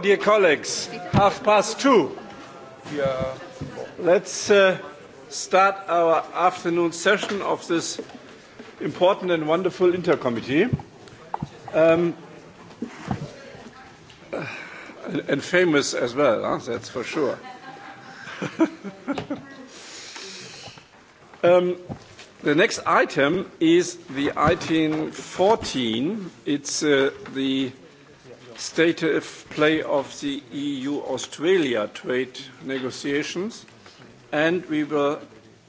dear colleagues, half past two. Let's start our afternoon session of this important and wonderful intercommittee. Um, and famous as well, that's for sure. um, the next item is the item 14. It's uh, the state of play of the EU-Australia trade negotiations, and we will,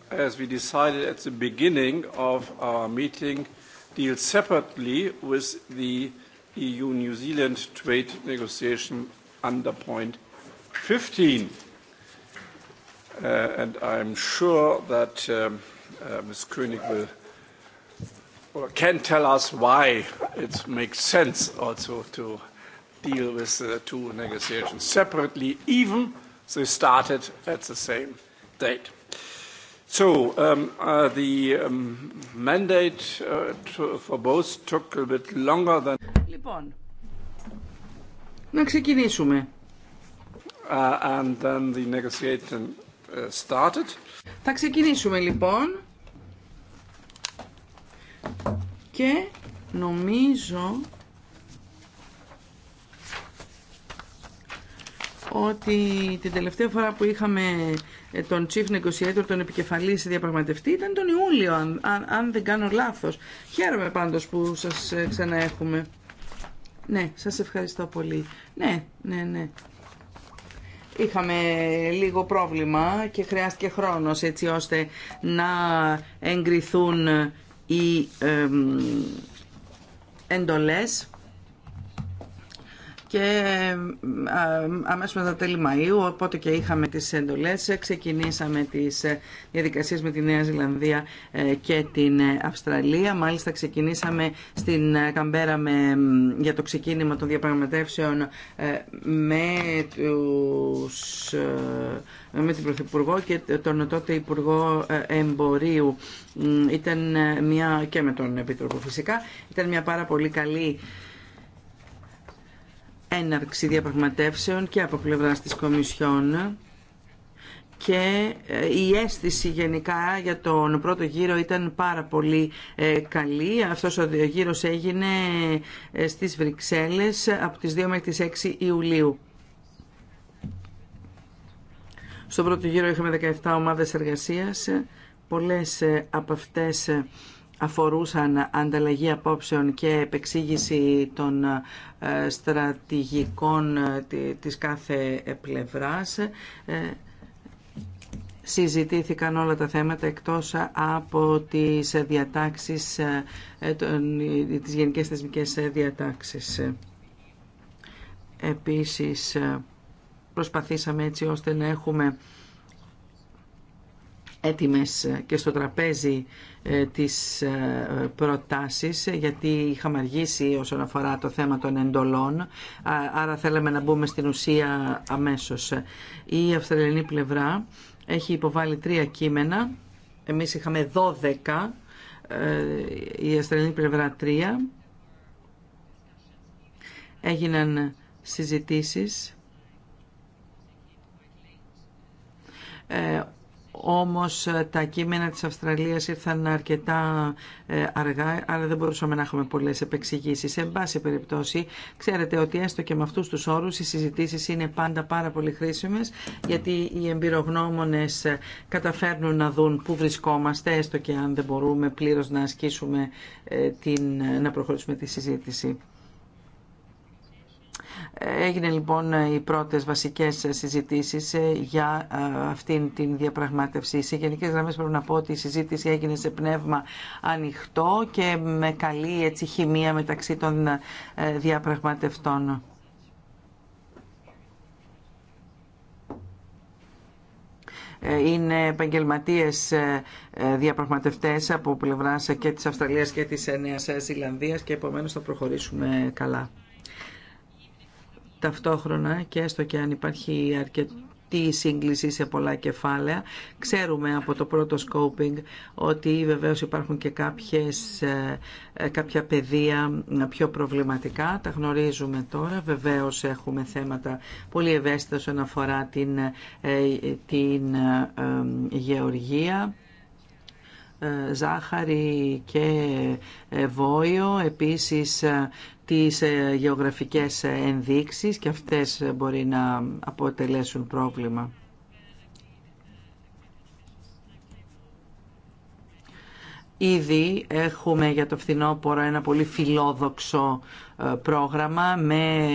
as we decided at the beginning of our meeting, deal separately with the EU-New Zealand trade negotiation under point 15. And I'm sure that Ms. Koenig will can tell us why it makes sense also to deal with the two negotiations separately, even they started at the same date. So um the mandate to for both took a bit longer than. Λοιπόν, να ξεκινήσουμε. And then the negotiation started. Θα ξεκινήσουμε λοιπόν. Και νομίζω ότι την τελευταία φορά που είχαμε ε, τον Chief Negotiator, τον σε διαπραγματευτή, ήταν τον Ιούλιο, αν, αν, δεν κάνω λάθος. Χαίρομαι πάντως που σας ε, ξαναέχουμε. Ναι, σας ευχαριστώ πολύ. Ναι, ναι, ναι. Είχαμε ε, λίγο πρόβλημα και χρειάστηκε χρόνος έτσι ώστε να εγκριθούν οι ε, εντολές και ε, ε, αμέσως μετά τέλη Μαΐου, οπότε και είχαμε τις εντολές, ε, ξεκινήσαμε τις διαδικασίες με τη Νέα Ζηλανδία και την Αυστραλία. Μάλιστα ξεκινήσαμε στην Καμπέρα με, για το ξεκίνημα των διαπραγματεύσεων με, τους, με την Πρωθυπουργό και τον τότε Υπουργό Εμπορίου. Ήταν μια, και με τον Επίτροπο φυσικά, ήταν μια πάρα πολύ καλή έναρξη διαπραγματεύσεων και από πλευρά της Κομισιόν και ε, η αίσθηση γενικά για τον πρώτο γύρο ήταν πάρα πολύ ε, καλή. Αυτός ο γύρος έγινε ε, στις Βρυξέλλες από τις 2 μέχρι τις 6 Ιουλίου. Στον πρώτο γύρο είχαμε 17 ομάδες εργασίας. Πολλές από αυτές αφορούσαν ανταλλαγή απόψεων και επεξήγηση των ε, στρατηγικών ε, της κάθε ε, πλευράς. Συζητήθηκαν όλα τα θέματα εκτός από τις διατάξεις, τις γενικές θεσμικές διατάξεις. Επίσης, προσπαθήσαμε έτσι ώστε να έχουμε έτοιμες και στο τραπέζι ε, της ε, προτάσεις ε, γιατί είχαμε αργήσει όσον αφορά το θέμα των εντολών άρα θέλαμε να μπούμε στην ουσία αμέσως. Η αυστραλιανή πλευρά έχει υποβάλει τρία κείμενα εμείς είχαμε δώδεκα. η αυστραλιανή πλευρά τρία έγιναν συζητήσεις όμως ε, τα κείμενα της Αυστραλίας ήρθαν αρκετά ε, αργά, αλλά δεν μπορούσαμε να έχουμε πολλές επεξηγήσεις. Σε πάση περιπτώσει, ξέρετε ότι έστω και με αυτούς τους όρους οι συζητήσεις είναι πάντα πάρα πολύ χρήσιμες, γιατί οι εμπειρογνώμονες ε, καταφέρνουν να δουν πού βρισκόμαστε, έστω και αν δεν μπορούμε πλήρως να ασκήσουμε, την, να προχωρήσουμε τη συζήτηση. Έγινε λοιπόν οι πρώτες βασικές συζητήσεις ε, για ε, αυτήν την διαπραγμάτευση. Σε γενικές γραμμές πρέπει να πω ότι η συζήτηση έγινε σε πνεύμα ανοιχτό και με καλή έτσι, χημεία μεταξύ των ε, διαπραγματευτών. είναι επαγγελματίε διαπραγματευτέ από πλευρά και τη Αυστραλία και τη Νέα Ζηλανδία και επομένω θα προχωρήσουμε καλά ταυτόχρονα και έστω και αν υπάρχει αρκετή σύγκληση σε πολλά κεφάλαια. Ξέρουμε από το πρώτο σκόπινγκ ότι βεβαίως υπάρχουν και κάποιες, ε, ε, κάποια πεδία πιο προβληματικά. Τα γνωρίζουμε τώρα. Βεβαίως έχουμε θέματα πολύ ευαίσθητα όσον αφορά την, ε, την γεωργία ζάχαρη και βόιο, επίσης τις ε, γεωγραφικές ενδείξεις και αυτές μπορεί να αποτελέσουν πρόβλημα. Ήδη έχουμε για το φθινόπωρο ένα πολύ φιλόδοξο ε, πρόγραμμα με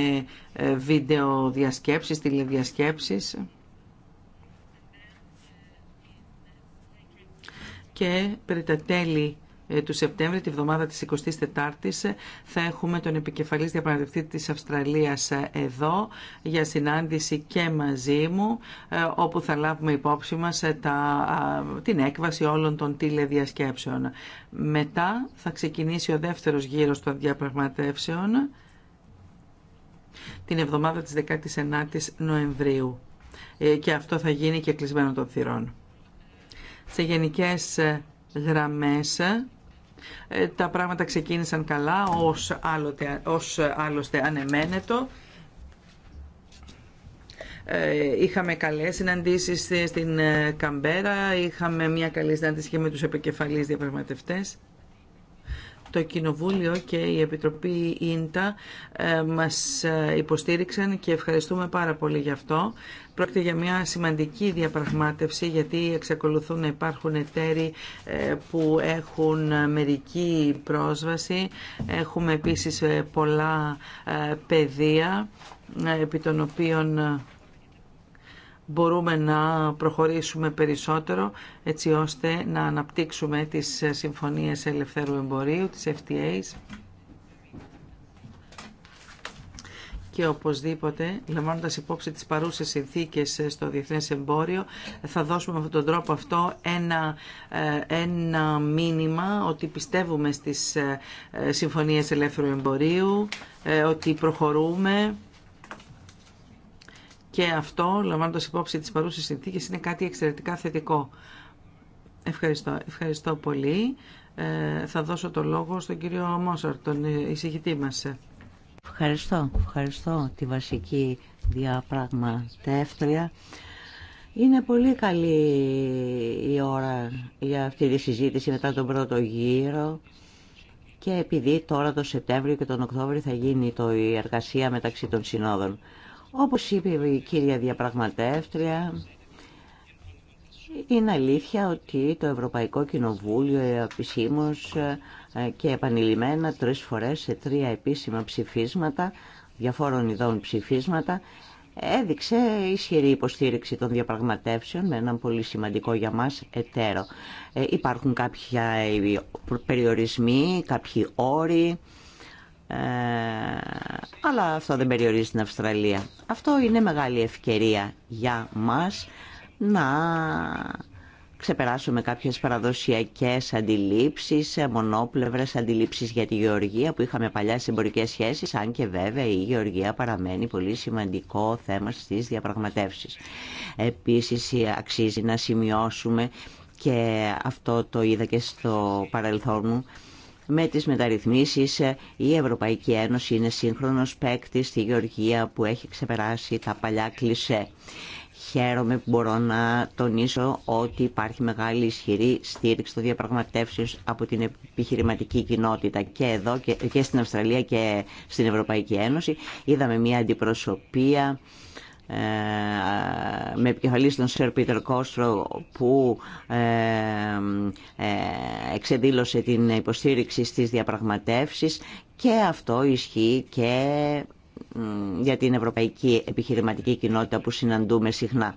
ε, βίντεο διασκέψεις, τηλεδιασκέψεις. Και περί τα ε, του Σεπτέμβρη, τη βδομάδα της 24 η ε, θα έχουμε τον επικεφαλής διαπραγματευτή της Αυστραλίας ε, εδώ για συνάντηση και μαζί μου, όπου θα λάβουμε υπόψη μας την έκβαση όλων των τηλεδιασκέψεων. Μετά θα ξεκινήσει ο δεύτερος γύρος των διαπραγματεύσεων την εβδομάδα της 19ης Νοεμβρίου. Και αυτό θα γίνει και κλεισμένο των θυρών. Σε γενικές γραμμές ε, τα πράγματα ξεκίνησαν καλά, ως, άλλοτε, ως άλλωστε ανεμένετο. Ε, είχαμε καλές συναντήσεις στην ε, Καμπέρα, είχαμε μια καλή συνάντηση και με τους επικεφαλείς διαπραγματευτές το Κοινοβούλιο και η Επιτροπή Ίντα ε, μας ε, υποστήριξαν και ευχαριστούμε πάρα πολύ γι' αυτό. Πρόκειται για μια σημαντική διαπραγμάτευση γιατί εξακολουθούν να υπάρχουν εταίροι ε, που έχουν μερική πρόσβαση. Έχουμε επίσης πολλά πεδία επί των οποίων μπορούμε να προχωρήσουμε περισσότερο έτσι ώστε να αναπτύξουμε τις συμφωνίες ελευθέρου εμπορίου, τις FTAs και οπωσδήποτε, λαμβάνοντα υπόψη τις παρούσες συνθήκες στο διεθνές εμπόριο, θα δώσουμε με αυτόν τον τρόπο αυτό ένα, ε, ένα μήνυμα ότι πιστεύουμε στις ε, συμφωνίες ελεύθερου εμπορίου, ε, ότι προχωρούμε και αυτό, λαμβάνοντας υπόψη τις παρούσες συνθήκε, είναι κάτι εξαιρετικά θετικό. Ευχαριστώ. Ευχαριστώ πολύ. Ε, θα δώσω το λόγο στον κύριο Μόσορ, τον εισηγητή μας. Ευχαριστώ. Ευχαριστώ τη βασική διαπραγματεύτρια. Είναι πολύ καλή η ώρα για αυτή τη συζήτηση μετά τον πρώτο γύρο και επειδή τώρα το Σεπτέμβριο και τον Οκτώβριο θα γίνει το, η εργασία μεταξύ των συνόδων. Όπως είπε η κυρία Διαπραγματεύτρια, είναι αλήθεια ότι το Ευρωπαϊκό Κοινοβούλιο επισήμως ε, και επανειλημμένα τρεις φορές σε τρία επίσημα ψηφίσματα, διαφόρων ειδών ψηφίσματα, έδειξε ισχυρή υποστήριξη των διαπραγματεύσεων με έναν πολύ σημαντικό για μας εταίρο. Ε, υπάρχουν κάποια ε, περιορισμοί, κάποιοι όροι, ε, αλλά αυτό δεν περιορίζει την Αυστραλία. Αυτό είναι μεγάλη ευκαιρία για μας να ξεπεράσουμε κάποιες παραδοσιακές αντιλήψεις, ε, μονόπλευρες αντιλήψεις για τη γεωργία που είχαμε παλιά σε εμπορικές σχέσεις, αν και βέβαια η γεωργία παραμένει πολύ σημαντικό θέμα στις διαπραγματεύσεις. Επίσης ε, αξίζει να σημειώσουμε και αυτό το είδα και στο παρελθόν μου, με τις μεταρρυθμίσεις η Ευρωπαϊκή Ένωση είναι σύγχρονος παίκτη στη Γεωργία που έχει ξεπεράσει τα παλιά κλισέ. Χαίρομαι που μπορώ να τονίσω ότι υπάρχει μεγάλη ισχυρή στήριξη των διαπραγματεύσεων από την επιχειρηματική κοινότητα και εδώ και, και στην Αυστραλία και στην Ευρωπαϊκή Ένωση. Είδαμε μια αντιπροσωπεία ε, με επικεφαλή στον Σερ Πίτερ Κόστρο που ε, ε, εξεδήλωσε την υποστήριξη στις διαπραγματεύσεις και αυτό ισχύει και για την ευρωπαϊκή επιχειρηματική κοινότητα που συναντούμε συχνά.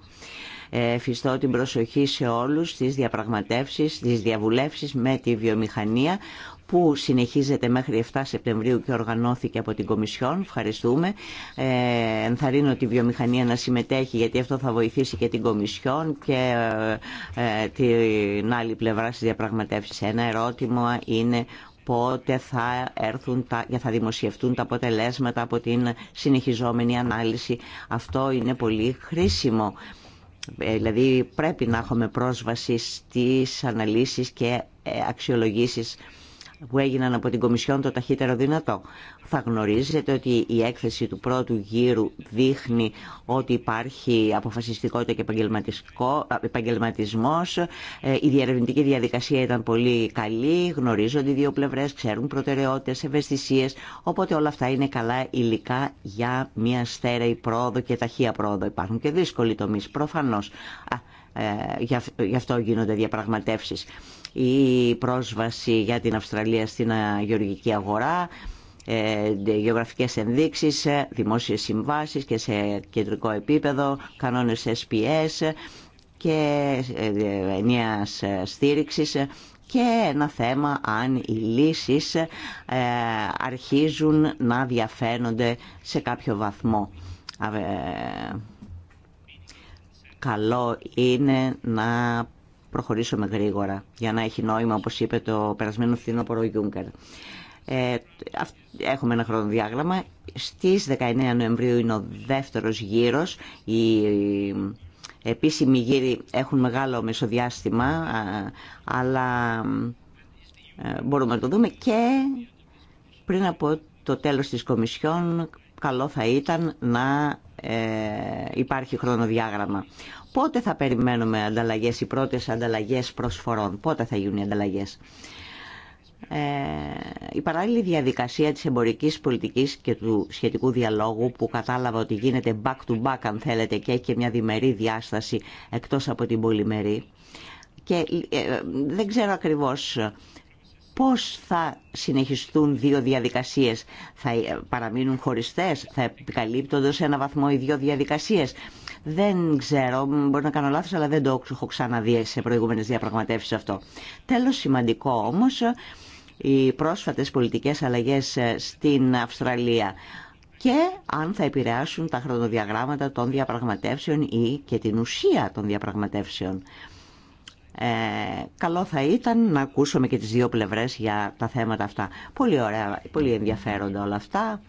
Φιστώ την προσοχή σε όλους στις διαπραγματεύσεις, στις διαβουλεύσεις με τη βιομηχανία που συνεχίζεται μέχρι 7 Σεπτεμβρίου και οργανώθηκε από την Κομισιόν. Ευχαριστούμε. Ε, ενθαρρύνω τη βιομηχανία να συμμετέχει γιατί αυτό θα βοηθήσει και την Κομισιόν και ε, την άλλη πλευρά στις διαπραγματεύσεις. Ένα ερώτημα είναι πότε θα, έρθουν τα, θα δημοσιευτούν τα αποτελέσματα από την συνεχιζόμενη ανάλυση. Αυτό είναι πολύ χρήσιμο. Ε, δηλαδή πρέπει να έχουμε πρόσβαση στις αναλύσεις και ε, αξιολογήσεις που έγιναν από την Κομισιόν το ταχύτερο δυνατό. Θα γνωρίζετε ότι η έκθεση του πρώτου γύρου δείχνει ότι υπάρχει αποφασιστικότητα και επαγγελματισμό. Ε, η διαρευνητική διαδικασία ήταν πολύ καλή, γνωρίζονται οι δύο πλευρές, ξέρουν προτεραιότητες, ευαισθησίες, οπότε όλα αυτά είναι καλά υλικά για μια στέρεη πρόοδο και ταχεία πρόοδο. Υπάρχουν και δύσκολοι τομεί. Προφανώ ε, γι' αυτό γίνονται διαπραγματεύσεις η πρόσβαση για την Αυστραλία στην ε, γεωργική αγορά, ε, γεωγραφικές ενδείξεις, ε, δημόσιες συμβάσεις και σε κεντρικό επίπεδο, κανόνες SPS και ενία στήριξης και ένα θέμα αν οι λύσεις αρχίζουν να διαφαίνονται σε κάποιο βαθμό. Καλό είναι να προχωρήσουμε γρήγορα για να έχει νόημα, όπως είπε το περασμένο φθινόπωρο Γιούγκερ. Ε, έχουμε ένα χρονοδιάγραμμα. Στις 19 Νοεμβρίου είναι ο δεύτερο γύρος. Οι επίσημοι γύροι έχουν μεγάλο μεσοδιάστημα, αλλά ε, μπορούμε να το δούμε και πριν από το τέλος της Κομισιόν καλό θα ήταν να ε, υπάρχει χρονοδιάγραμμα. Πότε θα περιμένουμε ανταλλαγές, οι πρώτες ανταλλαγές προσφορών, πότε θα γίνουν οι ανταλλαγές. Ε, η παράλληλη διαδικασία της εμπορικής πολιτικής και του σχετικού διαλόγου που κατάλαβα ότι γίνεται back to back αν θέλετε και έχει και μια διμερή διάσταση εκτός από την πολυμερή και ε, ε, δεν ξέρω ακριβώς Πώς θα συνεχιστούν δύο διαδικασίες, θα παραμείνουν χωριστές, θα επικαλύπτονται σε ένα βαθμό οι δύο διαδικασίες. Δεν ξέρω, μπορεί να κάνω λάθος, αλλά δεν το έχω ξαναδεί σε προηγούμενες διαπραγματεύσεις αυτό. Τέλος σημαντικό όμως, οι πρόσφατες πολιτικές αλλαγές ε, στην Αυστραλία και αν θα επηρεάσουν τα χρονοδιαγράμματα των διαπραγματεύσεων ή και την ουσία των διαπραγματεύσεων. Ε, καλό θα ήταν να ακούσουμε και τις δύο πλευρές για τα θέματα αυτά. Πολύ ωραία, πολύ ενδιαφέροντα όλα αυτά.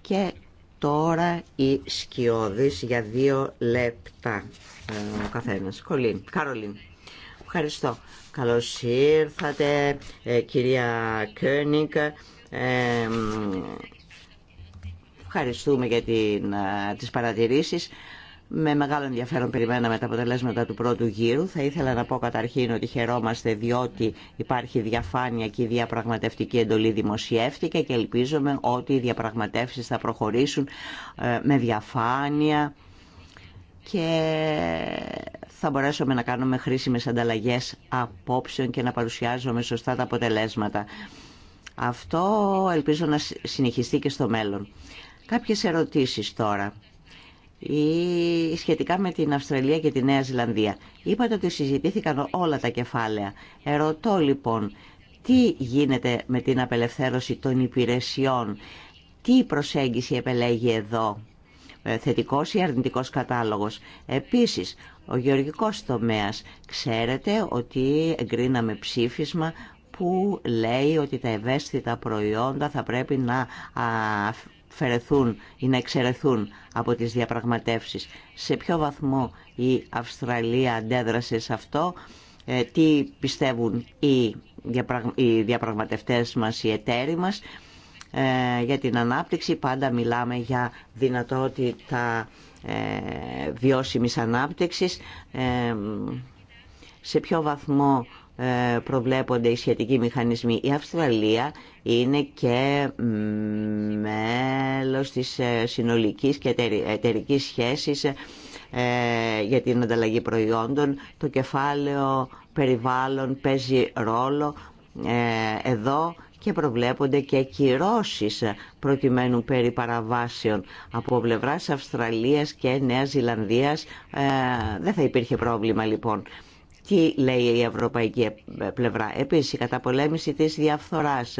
Και τώρα η Σκιώδης για δύο λεπτά. Ε, ο καθένας. Κολίν. Καρολίν. Ευχαριστώ. Καλώς ήρθατε, ε, κυρία Κέρνικ. Ε, ευχαριστούμε για την, ε, τις παρατηρήσεις. Με μεγάλο ενδιαφέρον περιμέναμε τα αποτελέσματα του πρώτου γύρου. Θα ήθελα να πω καταρχήν ότι χαιρόμαστε διότι υπάρχει διαφάνεια και η διαπραγματευτική εντολή δημοσιεύτηκε και ελπίζομαι ότι οι διαπραγματεύσεις θα προχωρήσουν ε, με διαφάνεια και θα μπορέσουμε να κάνουμε χρήσιμες ανταλλαγές απόψεων και να παρουσιάζουμε σωστά τα αποτελέσματα. Αυτό ελπίζω να συνεχιστεί και στο μέλλον. Κάποιες ερωτήσεις τώρα ή σχετικά με την Αυστραλία και τη Νέα Ζηλανδία. Είπατε ότι συζητήθηκαν όλα τα κεφάλαια. Ερωτώ λοιπόν, τι γίνεται με την απελευθέρωση των υπηρεσιών, τι προσέγγιση επελέγει εδώ, ε, θετικός ή αρνητικός κατάλογος. Επίσης, ο γεωργικός τομέας, ξέρετε ότι εγκρίναμε ψήφισμα που λέει ότι τα ευαίσθητα προϊόντα θα πρέπει να ή να εξαιρεθούν από τις διαπραγματεύσεις. Σε ποιο βαθμό η Αυστραλία αντέδρασε σε αυτό, ε, τι πιστεύουν οι, οι διαπραγματευτές μας, οι εταίροι μας ε, για την ανάπτυξη. Πάντα μιλάμε για δυνατότητα ε, βιώσιμης ανάπτυξης. Ε, σε ποιο βαθμό προβλέπονται οι σχετικοί μηχανισμοί. Η Αυστραλία είναι και μέλος της ε, συνολικής και εταιρική σχέσης ε, για την ανταλλαγή προϊόντων. Το κεφάλαιο περιβάλλον παίζει ρόλο ε, εδώ και προβλέπονται και κυρώσεις προκειμένου περί παραβάσεων. Από πλευράς Αυστραλίας και Νέας Ζηλανδίας δεν θα υπήρχε πρόβλημα λοιπόν. Τι λέει η ευρωπαϊκή πλευρά. Επίσης η καταπολέμηση της διαφθοράς.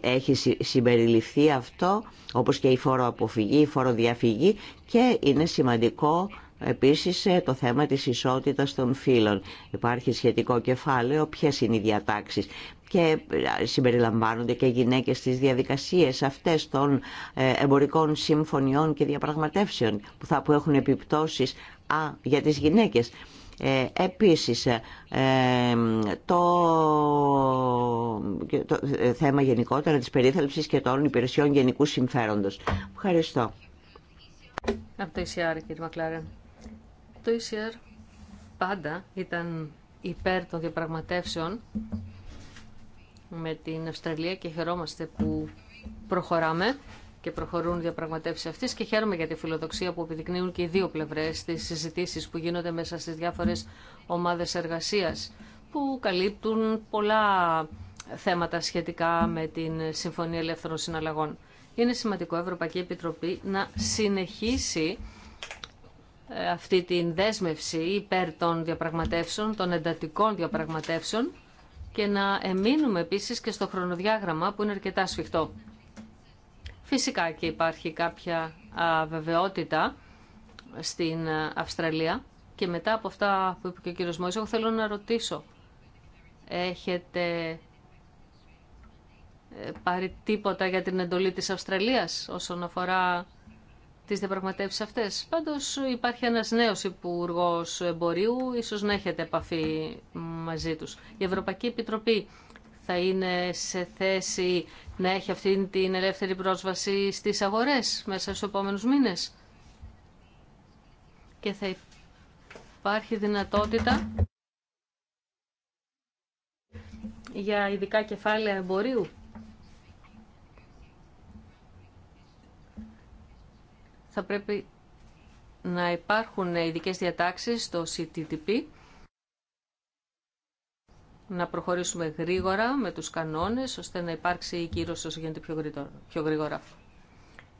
Έχει συμπεριληφθεί αυτό όπως και η φοροαποφυγή, η φοροδιαφυγή και είναι σημαντικό επίσης το θέμα της ισότητας των φύλων. Υπάρχει σχετικό κεφάλαιο, ποιες είναι οι διατάξεις και ε, συμπεριλαμβάνονται και γυναίκες στις διαδικασίες αυτές των ε, εμπορικών συμφωνιών και διαπραγματεύσεων που, θα, έχουν επιπτώσεις για τις γυναίκες. Ε, επίσης, ε, το... το ε, θέμα γενικότερα της περίθαλψης και των υπηρεσιών γενικού συμφέροντος. Ευχαριστώ. Από το ECR, κύριε Μακλάρεν. Το ECR πάντα ήταν υπέρ των διαπραγματεύσεων με την Αυστραλία και χαιρόμαστε που προχωράμε και προχωρούν διαπραγματεύσει αυτές και χαίρομαι για τη φιλοδοξία που επιδεικνύουν και οι δύο πλευρές στις συζητήσεις που γίνονται μέσα στις διάφορες ομάδες εργασίας που καλύπτουν πολλά θέματα σχετικά με την Συμφωνία Ελεύθερων Συναλλαγών. Είναι σημαντικό η Ευρωπαϊκή Επιτροπή να συνεχίσει ε, αυτή την δέσμευση υπέρ των διαπραγματεύσεων, των εντατικών διαπραγματεύσεων και να εμείνουμε επίσης και στο χρονοδιάγραμμα που είναι αρκετά σφιχτό. Φυσικά και υπάρχει κάποια βεβαιότητα στην Αυστραλία. Και μετά από αυτά που είπε και ο κύριο Μόης, εγώ θέλω να ρωτήσω. Έχετε ε, πάρει τίποτα για την εντολή της Αυστραλίας όσον αφορά τις διαπραγματεύσεις αυτές. Πάντως υπάρχει ένας νέος υπουργό εμπορίου, ίσως να έχετε επαφή μαζί τους. Η Ευρωπαϊκή Επιτροπή θα είναι σε θέση να έχει αυτή την ελεύθερη πρόσβαση στις αγορές μέσα στους επόμενους μήνες. Και θα υπάρχει δυνατότητα για ειδικά κεφάλαια εμπορίου. Θα πρέπει να υπάρχουν ειδικές διατάξεις στο CTTP να προχωρήσουμε γρήγορα με τους κανόνες, ώστε να υπάρξει η κύρωση όσο γίνεται πιο γρήγορα.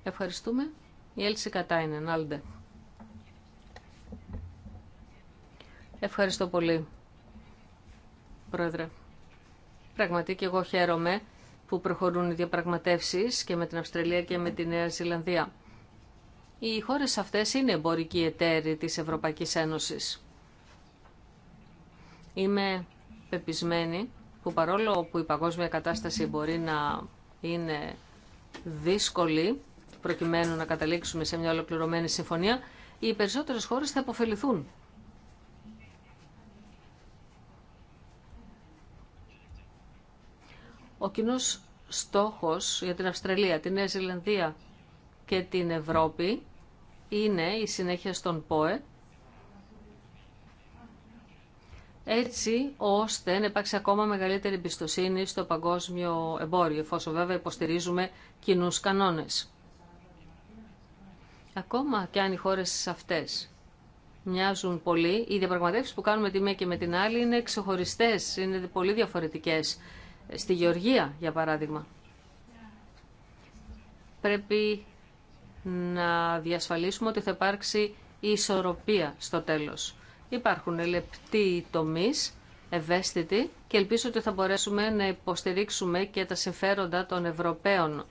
Ευχαριστούμε. Η Έλση Κατάινεν, Άλντε. Ευχαριστώ πολύ, Πρόεδρε. Πραγματικά και εγώ χαίρομαι που προχωρούν οι διαπραγματεύσεις και με την Αυστραλία και με τη Νέα Ζηλανδία. Οι χώρες αυτές είναι εμπορικοί εταίροι της Ευρωπαϊκής Ένωσης. Είμαι πεπισμένη που παρόλο που η παγκόσμια κατάσταση μπορεί να είναι δύσκολη, προκειμένου να καταλήξουμε σε μια ολοκληρωμένη συμφωνία, οι περισσότερες χώρες θα αποφεληθούν. Ο κοινό στόχος για την Αυστραλία, την Νέα Ζηλανδία και την Ευρώπη είναι η συνέχεια στον ΠΟΕ έτσι ώστε να υπάρξει ακόμα μεγαλύτερη εμπιστοσύνη στο παγκόσμιο εμπόριο, εφόσον βέβαια υποστηρίζουμε κοινού κανόνες. Ακόμα και αν οι χώρες αυτές μοιάζουν πολύ, οι διαπραγματεύσει που κάνουμε τη μία και με την άλλη είναι ξεχωριστές, είναι πολύ διαφορετικές. Στη Γεωργία, για παράδειγμα, πρέπει να διασφαλίσουμε ότι θα υπάρξει ισορροπία στο τέλος Υπάρχουν λεπτοί τομεί ευαίσθητοι και ελπίζω ότι θα μπορέσουμε να υποστηρίξουμε και τα συμφέροντα των Ευρωπαίων.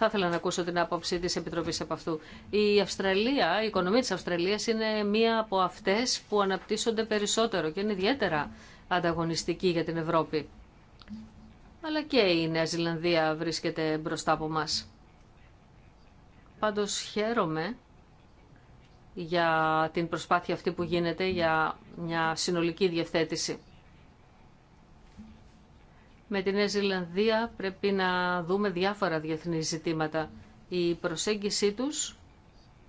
Θα ήθελα να ακούσω την άποψη της Επιτροπής από αυτού. Η Αυστραλία, η οικονομία της Αυστραλίας είναι μία από αυτές που αναπτύσσονται περισσότερο και είναι ιδιαίτερα ανταγωνιστική για την Ευρώπη. Αλλά και η Νέα Ζηλανδία βρίσκεται μπροστά από μας. Πάντως χαίρομαι για την προσπάθεια αυτή που γίνεται για μια συνολική διευθέτηση. Με την Νέα Ζηλανδία πρέπει να δούμε διάφορα διεθνή ζητήματα. Η προσέγγιση τους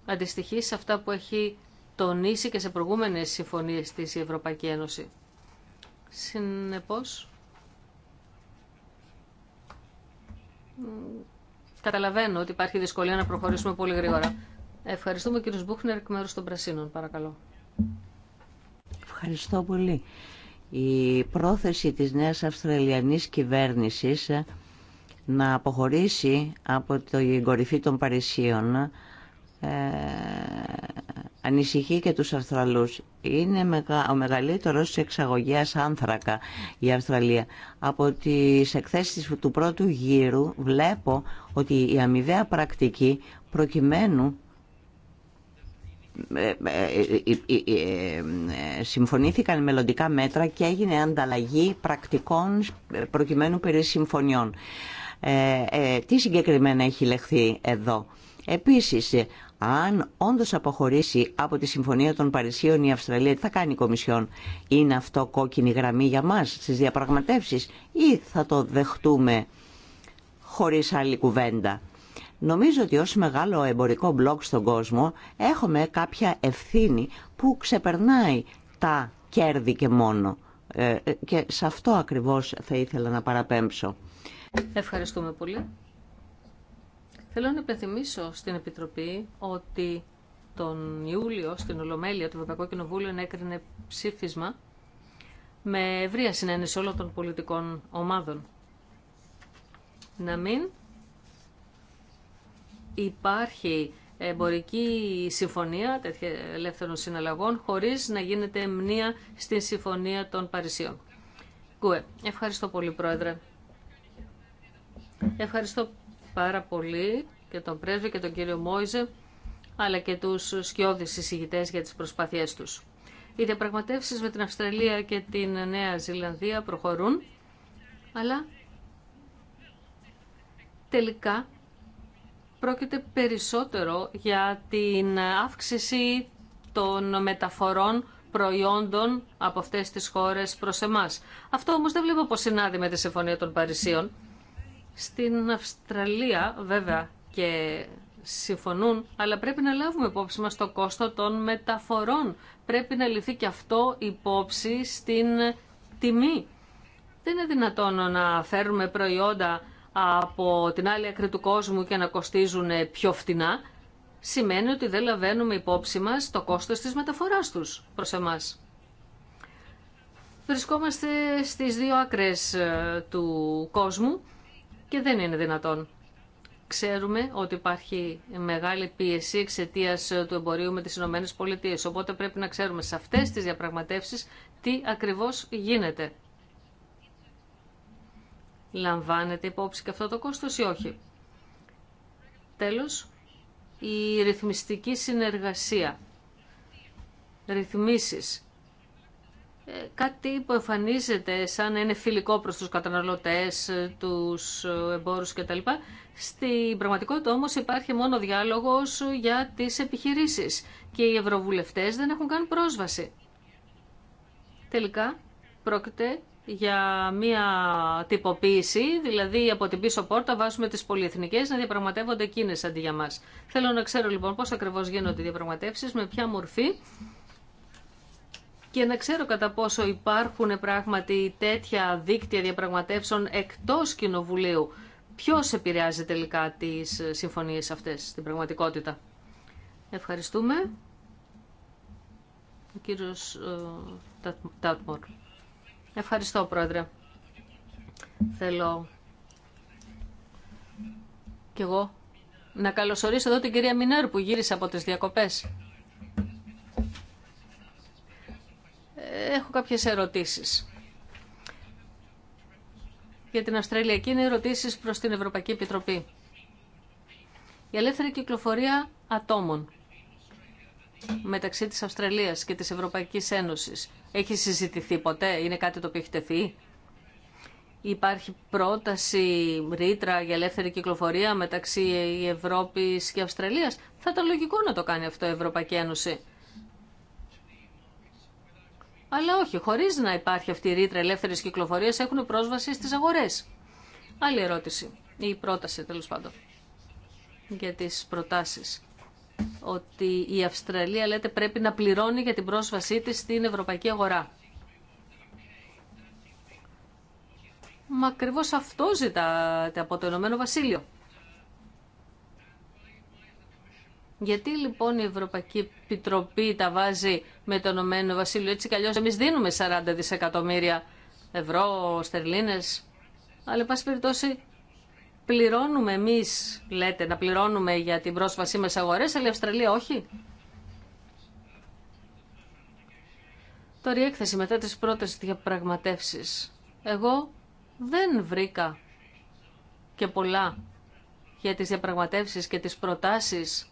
αντιστοιχεί σε αυτά που έχει τονίσει και σε προηγούμενες συμφωνίες της η Ευρωπαϊκή Ένωση. Συνεπώς, καταλαβαίνω ότι υπάρχει δυσκολία να προχωρήσουμε πολύ γρήγορα. Ευχαριστούμε κύριος Μπούχνερ εκ μέρους των Πρασίνων, παρακαλώ. Ευχαριστώ πολύ. Η πρόθεση της νέας Αυστραλιανής κυβέρνησης ε, να αποχωρήσει από την κορυφή των Παρισίων ε, ανησυχεί και τους Αυστραλούς. Είναι ο μεγαλύτερος εξαγωγέας άνθρακα η Αυστραλία. Από τις εκθέσεις του πρώτου γύρου βλέπω ότι η αμοιβαία πρακτική προκειμένου ε, ε, ε, συμφωνήθηκαν μελλοντικά μέτρα και έγινε ανταλλαγή πρακτικών προκειμένου περί συμφωνιών. Τι συγκεκριμένα έχει λεχθεί εδώ. Επίσης, αν όντως αποχωρήσει από τη Συμφωνία των Παρισίων η Αυστραλία, τι θα κάνει η Κομισιόν. Είναι αυτό κόκκινη γραμμή για μας στις διαπραγματεύσεις ή θα το δεχτούμε χωρίς άλλη κουβέντα. Νομίζω ότι ως μεγάλο εμπορικό μπλοκ στον κόσμο έχουμε κάποια ευθύνη που ξεπερνάει τα κέρδη και μόνο. Ε, ε, και σε αυτό ακριβώς θα ήθελα να παραπέμψω. Ευχαριστούμε πολύ. Θέλω να υπενθυμίσω στην Επιτροπή ότι τον Ιούλιο στην Ολομέλεια του Ευρωπαϊκού Κοινοβούλου ενέκρινε ψήφισμα με ευρεία συνένεση όλων των πολιτικών ομάδων. Να μην υπάρχει εμπορική συμφωνία ελεύθερων συναλλαγών χωρίς να γίνεται μνήα στη συμφωνία των Παρισιών. Κουέ, ευχαριστώ πολύ Πρόεδρε. Ευχαριστώ πάρα πολύ και τον πρέσβη και τον κύριο Μόιζε αλλά και τους σκιώδεις εισηγητές για τις προσπάθειές τους. Οι διαπραγματεύσεις με την Αυστραλία και την Νέα Ζηλανδία προχωρούν αλλά τελικά πρόκειται περισσότερο για την αύξηση των μεταφορών προϊόντων από αυτές τις χώρες προς εμάς. Αυτό όμως δεν βλέπω πως συνάδει με τη Συμφωνία των Παρισίων. Στην Αυστραλία βέβαια και συμφωνούν, αλλά πρέπει να λάβουμε υπόψη μας το κόστο των μεταφορών. Πρέπει να λυθεί και αυτό υπόψη στην τιμή. Δεν είναι δυνατόν να φέρουμε προϊόντα από την άλλη άκρη του κόσμου και να κοστίζουν πιο φτηνά, σημαίνει ότι δεν λαβαίνουμε υπόψη μας το κόστος της μεταφοράς τους προς εμάς. Βρισκόμαστε στις δύο άκρες ε, του κόσμου και δεν είναι δυνατόν. Ξέρουμε ότι υπάρχει μεγάλη πίεση εξαιτία ε, του εμπορίου με τις Ηνωμένες Πολιτείες, οπότε πρέπει να ξέρουμε σε αυτές τις διαπραγματεύσεις τι ακριβώς γίνεται λαμβάνεται υπόψη και αυτό το κόστος ή όχι. Τέλος, η ρυθμιστική συνεργασία, ρυθμίσεις, ε, κάτι που εμφανίζεται σαν είναι φιλικό προς τους καταναλωτές, τους εμπόρους κτλ. Στην πραγματικότητα όμως υπάρχει μόνο διάλογος για τις επιχειρήσεις και οι ευρωβουλευτές δεν έχουν καν πρόσβαση. Τελικά πρόκειται για μία τυποποίηση, δηλαδή από την πίσω πόρτα βάζουμε τις πολυεθνικές να διαπραγματεύονται εκείνες αντί για μας. Θέλω να ξέρω λοιπόν πώς ακριβώς γίνονται οι διαπραγματεύσεις, με ποια μορφή και να ξέρω κατά πόσο υπάρχουν πράγματι τέτοια δίκτυα διαπραγματεύσεων εκτός κοινοβουλίου. Ποιος επηρεάζει τελικά τις συμφωνίες αυτές στην πραγματικότητα. Ευχαριστούμε. Ο κύριος ε, Ευχαριστώ, Πρόεδρε. Θέλω κι εγώ να καλωσορίσω εδώ την κυρία Μινέρ που γύρισε από τις διακοπές. Έχω κάποιες ερωτήσεις. Για την Αυστραλιακή είναι ερωτήσεις προς την Ευρωπαϊκή Επιτροπή. Η ελεύθερη κυκλοφορία ατόμων μεταξύ της Αυστραλίας και της Ευρωπαϊκής Ένωσης έχει συζητηθεί ποτέ, είναι κάτι το οποίο έχει τεθεί. Υπάρχει πρόταση ρήτρα για ελεύθερη κυκλοφορία μεταξύ Ευρώπης και Αυστραλίας. Θα ήταν λογικό να το κάνει αυτό η Ευρωπαϊκή Ένωση. Αλλά όχι, χωρίς να υπάρχει αυτή η ρήτρα ελεύθερης κυκλοφορίας έχουν πρόσβαση στις αγορές. Άλλη ερώτηση, ή πρόταση τέλος πάντων, για τις προτάσεις ότι η Αυστραλία λέτε πρέπει να πληρώνει για την πρόσβασή της στην ευρωπαϊκή αγορά. Μα ακριβώ αυτό ζητάτε από το Ηνωμένο Βασίλειο. Γιατί λοιπόν η Ευρωπαϊκή Επιτροπή τα βάζει με το Ηνωμένο Βασίλειο έτσι κι αλλιώς εμείς δίνουμε 40 δισεκατομμύρια ευρώ, στερλίνες, αλλά εν πάση περιπτώσει πληρώνουμε εμεί λέτε, να πληρώνουμε για την πρόσβασή μα αγορές, αλλά η Αυστραλία όχι. Τώρα η έκθεση μετά τις πρώτες διαπραγματεύσεις. Εγώ δεν βρήκα και πολλά για τις διαπραγματεύσεις και τις προτάσεις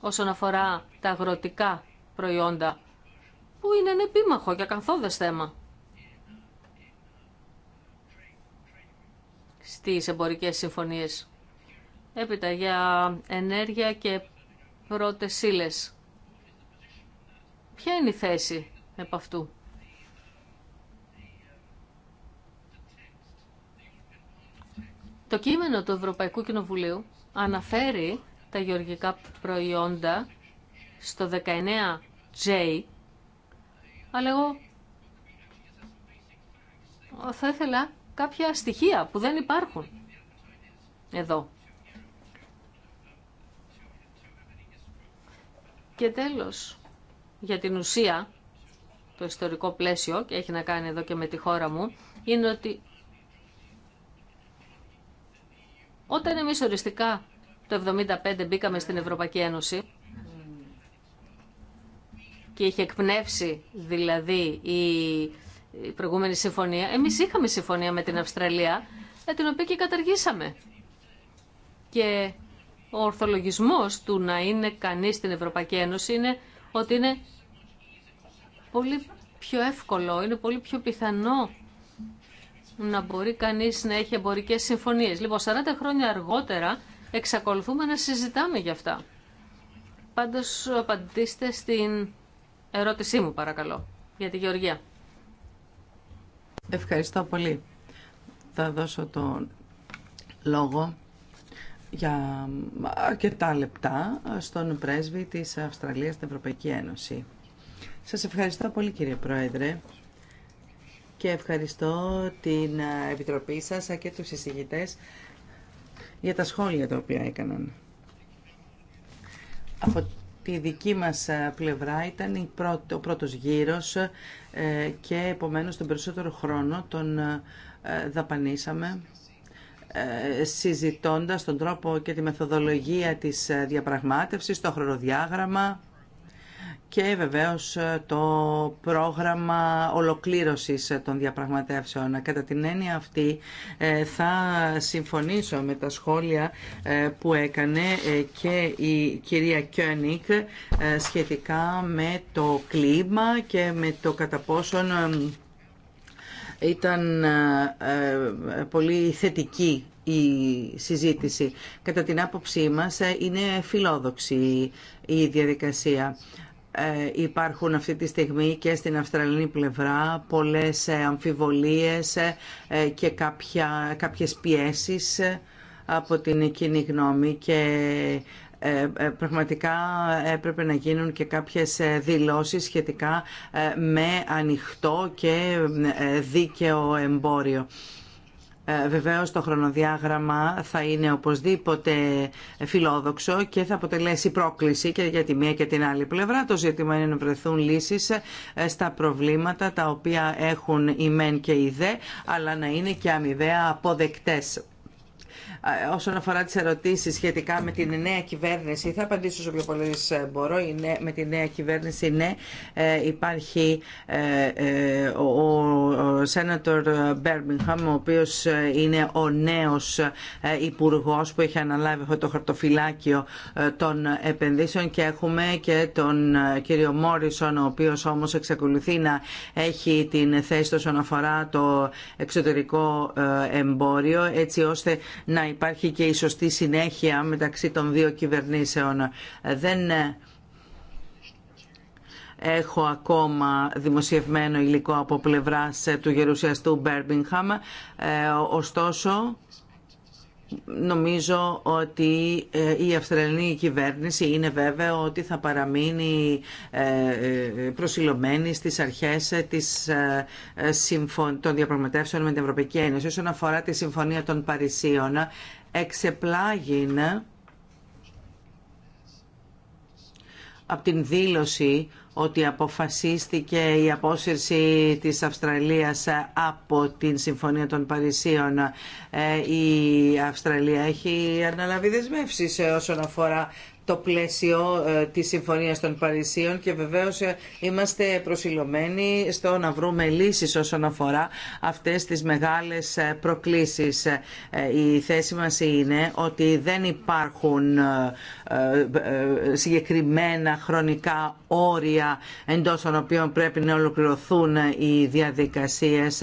όσον αφορά τα αγροτικά προϊόντα, που είναι ένα επίμαχο και ακαθόδες θέμα. στις εμπορικές συμφωνίες. Έπειτα για ενέργεια και πρώτες ύλες. Ποια είναι η θέση επ' αυτού. Το κείμενο του Ευρωπαϊκού Κοινοβουλίου αναφέρει τα γεωργικά προϊόντα στο 19J, αλλά εγώ θα ήθελα κάποια στοιχεία που δεν υπάρχουν εδώ. Και τέλος, για την ουσία, το ιστορικό πλαίσιο, και έχει να κάνει εδώ και με τη χώρα μου, είναι ότι όταν εμείς οριστικά το 1975 μπήκαμε στην Ευρωπαϊκή Ένωση και είχε εκπνεύσει δηλαδή η η προηγούμενη συμφωνία. Εμείς είχαμε συμφωνία με την Αυστραλία, την οποία και καταργήσαμε. Και ο ορθολογισμός του να είναι κανείς στην Ευρωπαϊκή Ένωση είναι ότι είναι πολύ πιο εύκολο, είναι πολύ πιο πιθανό να μπορεί κανείς να έχει εμπορικέ συμφωνίες. Λοιπόν, 40 χρόνια αργότερα εξακολουθούμε να συζητάμε για αυτά. Πάντως απαντήστε στην ερώτησή μου παρακαλώ για τη Γεωργία. Ευχαριστώ πολύ. Θα δώσω τον λόγο για αρκετά λεπτά στον πρέσβη της Αυστραλίας στην Ευρωπαϊκή Ένωση. Σας ευχαριστώ πολύ κύριε Πρόεδρε και ευχαριστώ την Επιτροπή σας και τους εισηγητές για τα σχόλια τα οποία έκαναν τη δική μας ε, πλευρά ήταν ο πρώτος γύρος ε, και επομένως τον περισσότερο χρόνο τον ε, δαπανίσαμε συζητώντας τον τρόπο και τη μεθοδολογία της διαπραγμάτευσης, το χρονοδιάγραμμα και βεβαίως ε, το πρόγραμμα ολοκλήρωσης ε, των διαπραγματεύσεων. Κατά την έννοια αυτή ε, θα συμφωνήσω με τα σχόλια που έκανε και η κυρία Κιόνικ σχετικά με το κλίμα και με το κατά πόσον ήταν πολύ θετική η συζήτηση. Κατά την άποψή μας είναι φιλόδοξη η διαδικασία. Ε, υπάρχουν αυτή τη στιγμή και στην Αυστραλινή πλευρά πολλές ε, αμφιβολίες ε, και κάποια, κάποιες πιέσεις από την κοινή γνώμη και πραγματικά έπρεπε να γίνουν και κάποιες δηλώσεις σχετικά με ανοιχτό και δίκαιο εμπόριο. Ε, βεβαίως το χρονοδιάγραμμα θα είναι οπωσδήποτε φιλόδοξο και θα αποτελέσει πρόκληση και για τη μία και την άλλη πλευρά. Το ζήτημα είναι να βρεθούν λύσεις ε, στα προβλήματα τα οποία έχουν η μεν και η δε, αλλά να είναι και αμοιβαία αποδεκτές όσον αφορά τις ερωτήσεις σχετικά με την νέα κυβέρνηση, θα απαντήσω όσο πιο πολύ ε, μπορώ. με την νέα κυβέρνηση, ναι, ε, υπάρχει ε, ο Σένατορ Μπέρμιγχαμ, ο οποίος είναι ο νέος υπουργός που έχει αναλάβει αυτό το χαρτοφυλάκιο των επενδύσεων και έχουμε και τον κύριο Μόρισον, ο οποίος όμως εξακολουθεί να έχει την θέση όσον αφορά το εξωτερικό εμπόριο, έτσι ώστε να υπάρχει και η σωστή συνέχεια μεταξύ των δύο κυβερνήσεων. Δεν έχω ακόμα δημοσιευμένο υλικό από πλευράς του γερουσιαστού Μπέρμπιγχαμ. Ε, ωστόσο, Νομίζω ότι ε, η Αυστραλινή κυβέρνηση είναι βέβαιο ότι θα παραμείνει ε, ε, προσιλωμένη στις αρχές της, των διαπραγματεύσεων με την Ευρωπαϊκή Ένωση. Όσον αφορά τη Συμφωνία των Παρισίων, εξεπλάγει από την δήλωση ότι αποφασίστηκε η απόσυρση της Αυστραλίας από την Συμφωνία των Παρισίων. Ε, η Αυστραλία έχει αναλάβει δεσμεύσεις ε, όσον αφορά το πλαίσιο ε, της Συμφωνίας των Παρισίων και βεβαίως ε, είμαστε προσιλωμένοι στο να βρούμε λύσεις όσον αφορά αυτές τις μεγάλες ε, προκλήσεις. Η θέση μας είναι ότι δεν υπάρχουν συγκεκριμένα χρονικά όρια εντός των οποίων πρέπει να ολοκληρωθούν οι διαδικασίες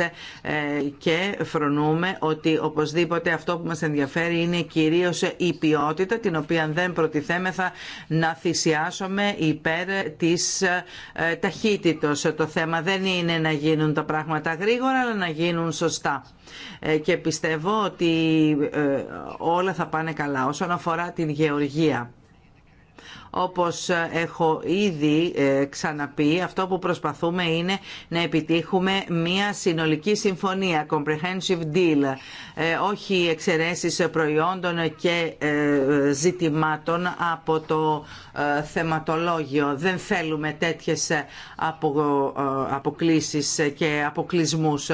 και φρονούμε ότι οπωσδήποτε αυτό που μας ενδιαφέρει είναι κυρίως η ποιότητα την οποία δεν προτιθέμεθα θα να θυσιάσουμε υπέρ της ε, ταχύτητος. Το θέμα δεν είναι να γίνουν τα πράγματα γρήγορα, αλλά να γίνουν σωστά. Ε, και πιστεύω ότι ε, όλα θα πάνε καλά όσον αφορά την γεωργία. Όπως έχω ήδη ε, ξαναπεί, αυτό που προσπαθούμε είναι να επιτύχουμε μια συνολική συμφωνία, comprehensive deal, ε, όχι εξαιρέσεις προϊόντων και ε, ζητημάτων από το θεματολόγιο. Δεν θέλουμε τέτοιες αποκλήσεις και αποκλισμούς.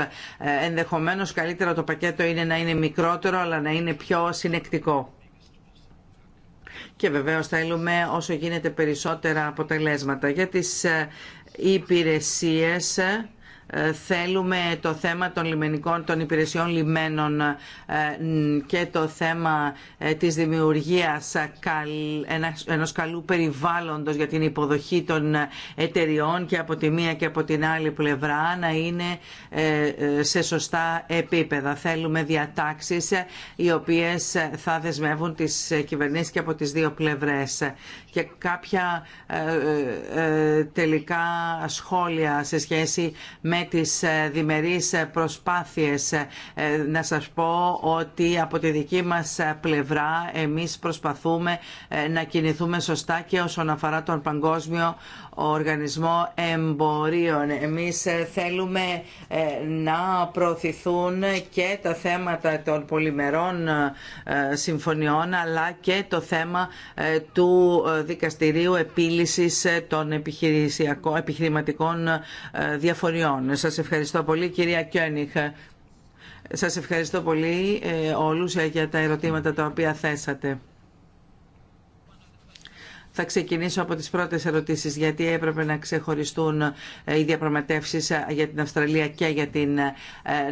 Ενδεχομένως καλύτερα το πακέτο είναι να είναι μικρότερο αλλά να είναι πιο συνεκτικό και βεβαίως θέλουμε όσο γίνεται περισσότερα αποτελέσματα. Για τις ε, υπηρεσίες ε, ε, θέλουμε το θέμα των λιμενικών, των υπηρεσιών λιμένων ε, και το θέμα ε, της δημιουργίας ενός καλού περιβάλλοντος για την υποδοχή των εταιριών και από τη μία και από την άλλη πλευρά να είναι σε σωστά επίπεδα. Θέλουμε διατάξεις οι οποίες θα δεσμεύουν τις κυβερνήσεις και από τις δύο πλευρές και κάποια τελικά σχόλια σε σχέση με με τις ε, διμερείς ε, προσπάθειες. Ε, να σας πω ότι από τη δική μας πλευρά εμείς προσπαθούμε να κινηθούμε σωστά και όσον αφορά τον παγκόσμιο Οργανισμό Εμπορίων. Εμείς ε, θέλουμε ε, να προωθηθούν και τα θέματα των πολυμερών ε, συμφωνιών αλλά και το θέμα του Δικαστηρίου Επίλυσης των Επιχειρηματικών Διαφοριών. Σας ευχαριστώ πολύ κυρία Κιόνιχ. Σας ευχαριστώ πολύ όλους για τα ερωτήματα τα οποία θέσατε. Θα ξεκινήσω από τις πρώτες ερωτήσεις, γιατί έπρεπε να ξεχωριστούν ε, οι διαπραγματεύσεις ε, για την Αυστραλία και για την ε,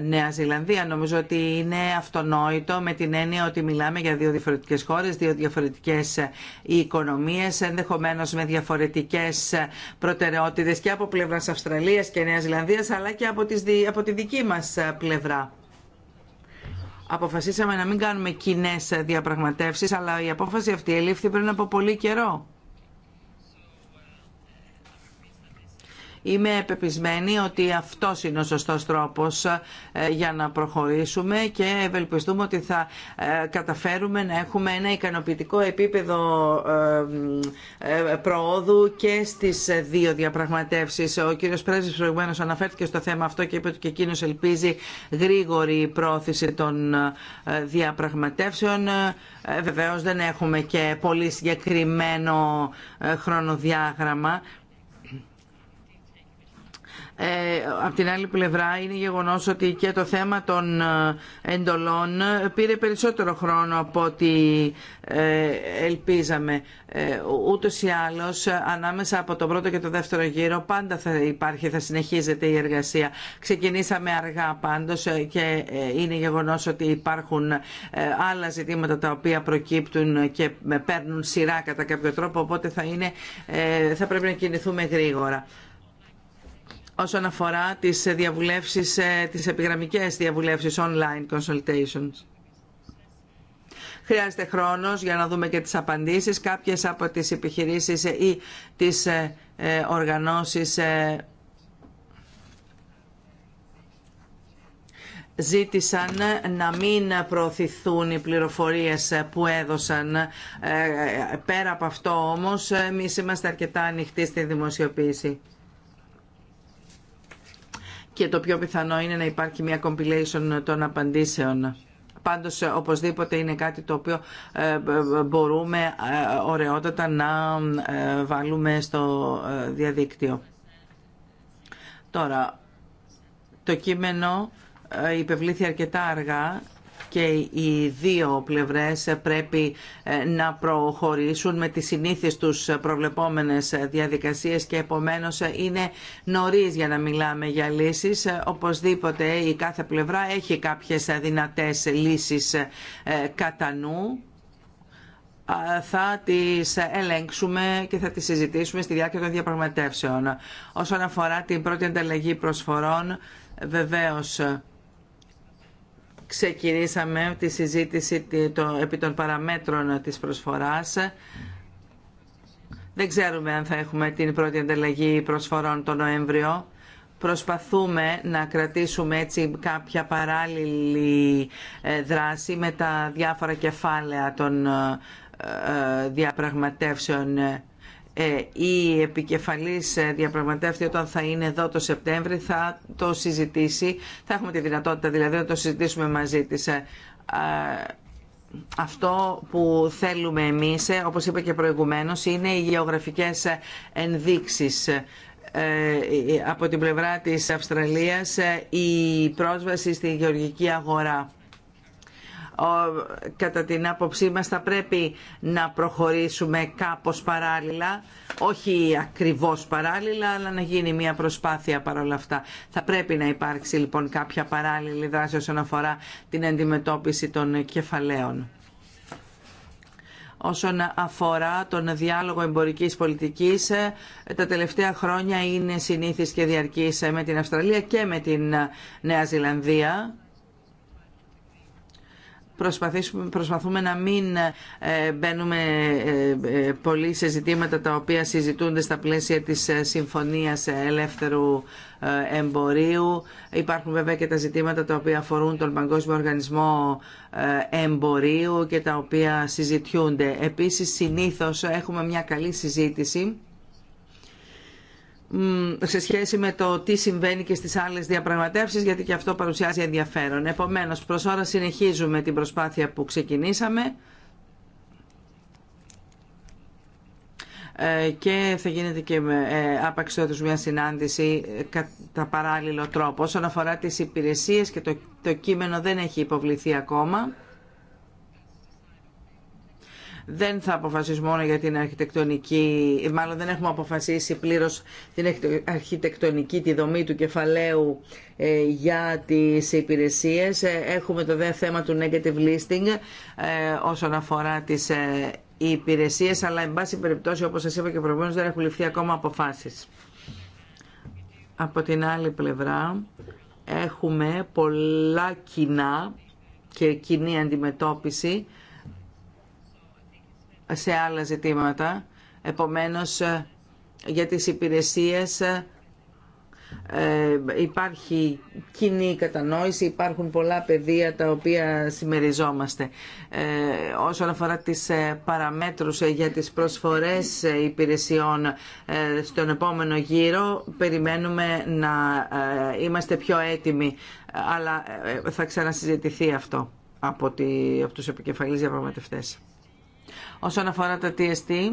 Νέα Ζηλανδία. Νομίζω ότι είναι αυτονόητο με την έννοια ότι μιλάμε για δύο διαφορετικές χώρες, δύο διαφορετικές οικονομίες, ενδεχομένως με διαφορετικές προτεραιότητες και από πλευράς Αυστραλίας και Νέας Ζηλανδίας, αλλά και από, τις, από τη δική μας πλευρά αποφασίσαμε να μην κάνουμε κοινέ διαπραγματεύσει, αλλά η απόφαση αυτή ελήφθη πριν από πολύ καιρό. Είμαι επεπισμένη ότι αυτό είναι ο σωστός τρόπος ε, για να προχωρήσουμε και ευελπιστούμε ότι θα ε, καταφέρουμε να έχουμε ένα ικανοποιητικό επίπεδο ε, προόδου και στις δύο διαπραγματεύσεις. Ο κύριος Πρέσβης προηγουμένως αναφέρθηκε στο θέμα αυτό και είπε ότι και εκείνος ελπίζει γρήγορη πρόθεση των διαπραγματεύσεων. Βεβαίως δεν έχουμε και πολύ συγκεκριμένο χρονοδιάγραμμα ε, απ' την άλλη πλευρά είναι γεγονός ότι και το θέμα των ε, εντολών πήρε περισσότερο χρόνο από ό,τι ε, ελπίζαμε. Ούτως ή άλλως, ανάμεσα από το πρώτο και το δεύτερο γύρο πάντα θα υπάρχει, θα συνεχίζεται η εργασία. Ξεκινήσαμε αργά πάντως και είναι γεγονός ότι υπάρχουν άλλα ζητήματα τα οποία προκύπτουν και παίρνουν σειρά κατά κάποιο τρόπο, οπότε θα, είναι, θα πρέπει να κινηθούμε γρήγορα όσον αφορά τις διαβουλεύσεις, ε, τις επιγραμμικές διαβουλεύσεις online consultations. Χρειάζεται χρόνος για να δούμε και τις απαντήσεις. Κάποιες από τις επιχειρήσεις ή τις ε, ε, οργανώσεις ζήτησαν να μην προωθηθούν οι πληροφορίες που έδωσαν. Πέρα από αυτό όμως, εμείς είμαστε αρκετά ανοιχτοί στη δημοσιοποίηση και το πιο πιθανό είναι να υπάρχει μια compilation των απαντήσεων. Πάντως, οπωσδήποτε είναι κάτι το οποίο ε, μπορούμε ε, ωραιότατα να ε, βάλουμε στο διαδίκτυο. Τώρα, το κείμενο υπευλήθη αρκετά αργά και οι δύο πλευρές πρέπει ε, να προχωρήσουν με τις συνήθεις τους προβλεπόμενες διαδικασίες και επομένως ε, είναι νωρίς για να μιλάμε για λύσεις. Ε, οπωσδήποτε η κάθε πλευρά έχει κάποιες δυνατές λύσεις κατά νου θα τις ελέγξουμε και θα τις συζητήσουμε στη διάρκεια των διαπραγματεύσεων. Όσον αφορά την πρώτη ανταλλαγή προσφορών, βεβαίως ξεκινήσαμε τη συζήτηση επί των παραμέτρων της προσφοράς. Δεν ξέρουμε αν θα έχουμε την πρώτη ανταλλαγή προσφορών τον Νοέμβριο. Προσπαθούμε να κρατήσουμε έτσι κάποια παράλληλη ε, δράση με τα διάφορα κεφάλαια των ε, ε, διαπραγματεύσεων ε, η επικεφαλής ε, διαπραγματεύτη όταν θα είναι εδώ το Σεπτέμβρη θα το συζητήσει, θα έχουμε τη δυνατότητα δηλαδή να το συζητήσουμε μαζί της. Ε, αυτό που θέλουμε εμείς, όπως είπα και προηγουμένως, είναι οι γεωγραφικές ενδείξεις από την πλευρά της Αυστραλίας η πρόσβαση στη γεωργική αγορά κατά την άποψή μας θα πρέπει να προχωρήσουμε κάπως παράλληλα, όχι ακριβώς παράλληλα, αλλά να γίνει μια προσπάθεια παρόλα αυτά. Θα πρέπει να υπάρξει λοιπόν κάποια παράλληλη δράση όσον αφορά την αντιμετώπιση των κεφαλαίων όσον αφορά τον διάλογο εμπορικής πολιτικής τα τελευταία χρόνια είναι συνήθις και διαρκής με την Αυστραλία και με την Νέα Ζηλανδία προσπαθούμε να μην ε, μπαίνουμε ε, ε, πολύ σε ζητήματα τα οποία συζητούνται στα πλαίσια της Συμφωνίας Ελεύθερου Εμπορίου. Υπάρχουν βέβαια και τα ζητήματα τα οποία αφορούν τον Παγκόσμιο Οργανισμό Εμπορίου και τα οποία συζητιούνται. Επίσης, συνήθως έχουμε μια καλή συζήτηση σε σχέση με το τι συμβαίνει και στις άλλες διαπραγματεύσεις γιατί και αυτό παρουσιάζει ενδιαφέρον. Επομένως, προς ώρα συνεχίζουμε την προσπάθεια που ξεκινήσαμε ε, και θα γίνεται και ε, άπαξ άπαξιότητας μια συνάντηση ε, κατά παράλληλο τρόπο. Όσον αφορά τις υπηρεσίες και το, το κείμενο δεν έχει υποβληθεί ακόμα δεν θα αποφασίσουμε μόνο για την αρχιτεκτονική, μάλλον δεν έχουμε αποφασίσει πλήρως την αρχιτεκτονική, τη δομή του κεφαλαίου ε, για τις υπηρεσίες. Ε, έχουμε το δε θέμα του negative listing ε, όσον αφορά τις υπηρεσίες, αλλά εν πάση περιπτώσει, όπως σας είπα και προηγουμένως, δεν έχουν ληφθεί ακόμα αποφάσεις. Από την άλλη πλευρά, έχουμε πολλά κοινά και κοινή αντιμετώπιση σε άλλα ζητήματα. Επομένως, ε, για τις υπηρεσίες ε, υπάρχει κοινή κατανόηση, υπάρχουν πολλά πεδία τα οποία συμμεριζόμαστε. Ε, όσον αφορά τις παραμέτρους για τις προσφορές υπηρεσιών στον επόμενο γύρο, περιμένουμε να είμαστε πιο έτοιμοι, αλλά θα ξανασυζητηθεί αυτό από, τους επικεφαλείς διαπραγματευτές. Όσον αφορά τα TST,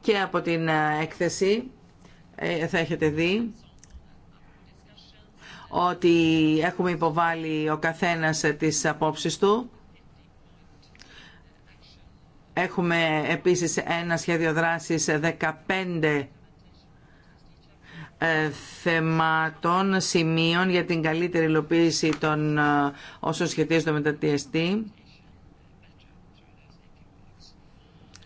και από την ε, έκθεση ε, θα έχετε δει ότι έχουμε υποβάλει ο καθένας ε, τις απόψεις του. Έχουμε επίσης ένα σχέδιο δράσης 15 ε, θεμάτων, σημείων για την καλύτερη υλοποίηση των ε, όσων σχετίζονται με τα TST.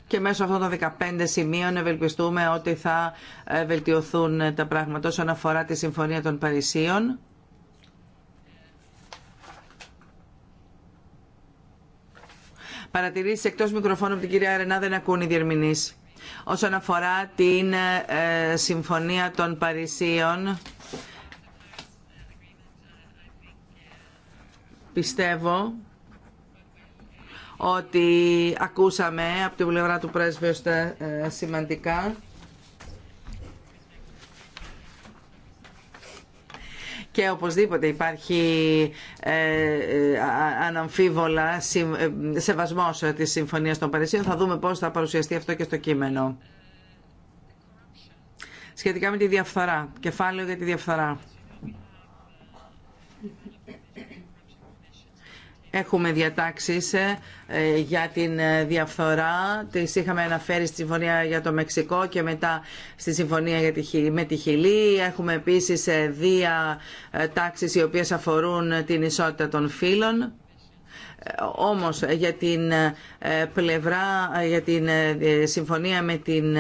και μέσω αυτών των 15 σημείων ευελπιστούμε ότι θα ε, βελτιωθούν τα πράγματα όσον αφορά τη Συμφωνία των Παρισίων. Παρατηρήσεις εκτός μικροφώνου από την κυρία Αρενά δεν ακούν οι διερμηνείς όσον αφορά την ε, Συμφωνία των Παρισίων. Πιστεύω ότι ακούσαμε από την πλευρά του πρέσβεως τα ε, σημαντικά και οπωσδήποτε υπάρχει ε, ε αναμφίβολα ε, σεβασμός ε, της συμφωνία των Παρισίων. Θα δούμε πώς θα παρουσιαστεί αυτό και στο κείμενο. Σχετικά με τη διαφθορά, κεφάλαιο για τη διαφθορά. Έχουμε διατάξεις ε, για την ε, διαφθορά. Τις είχαμε αναφέρει στη Συμφωνία για το Μεξικό και μετά στη Συμφωνία με τη Χιλή. Έχουμε επίσης ε, τάξεις οι οποίες αφορούν την ισότητα των φύλων όμως για την πλευρά, για την συμφωνία με την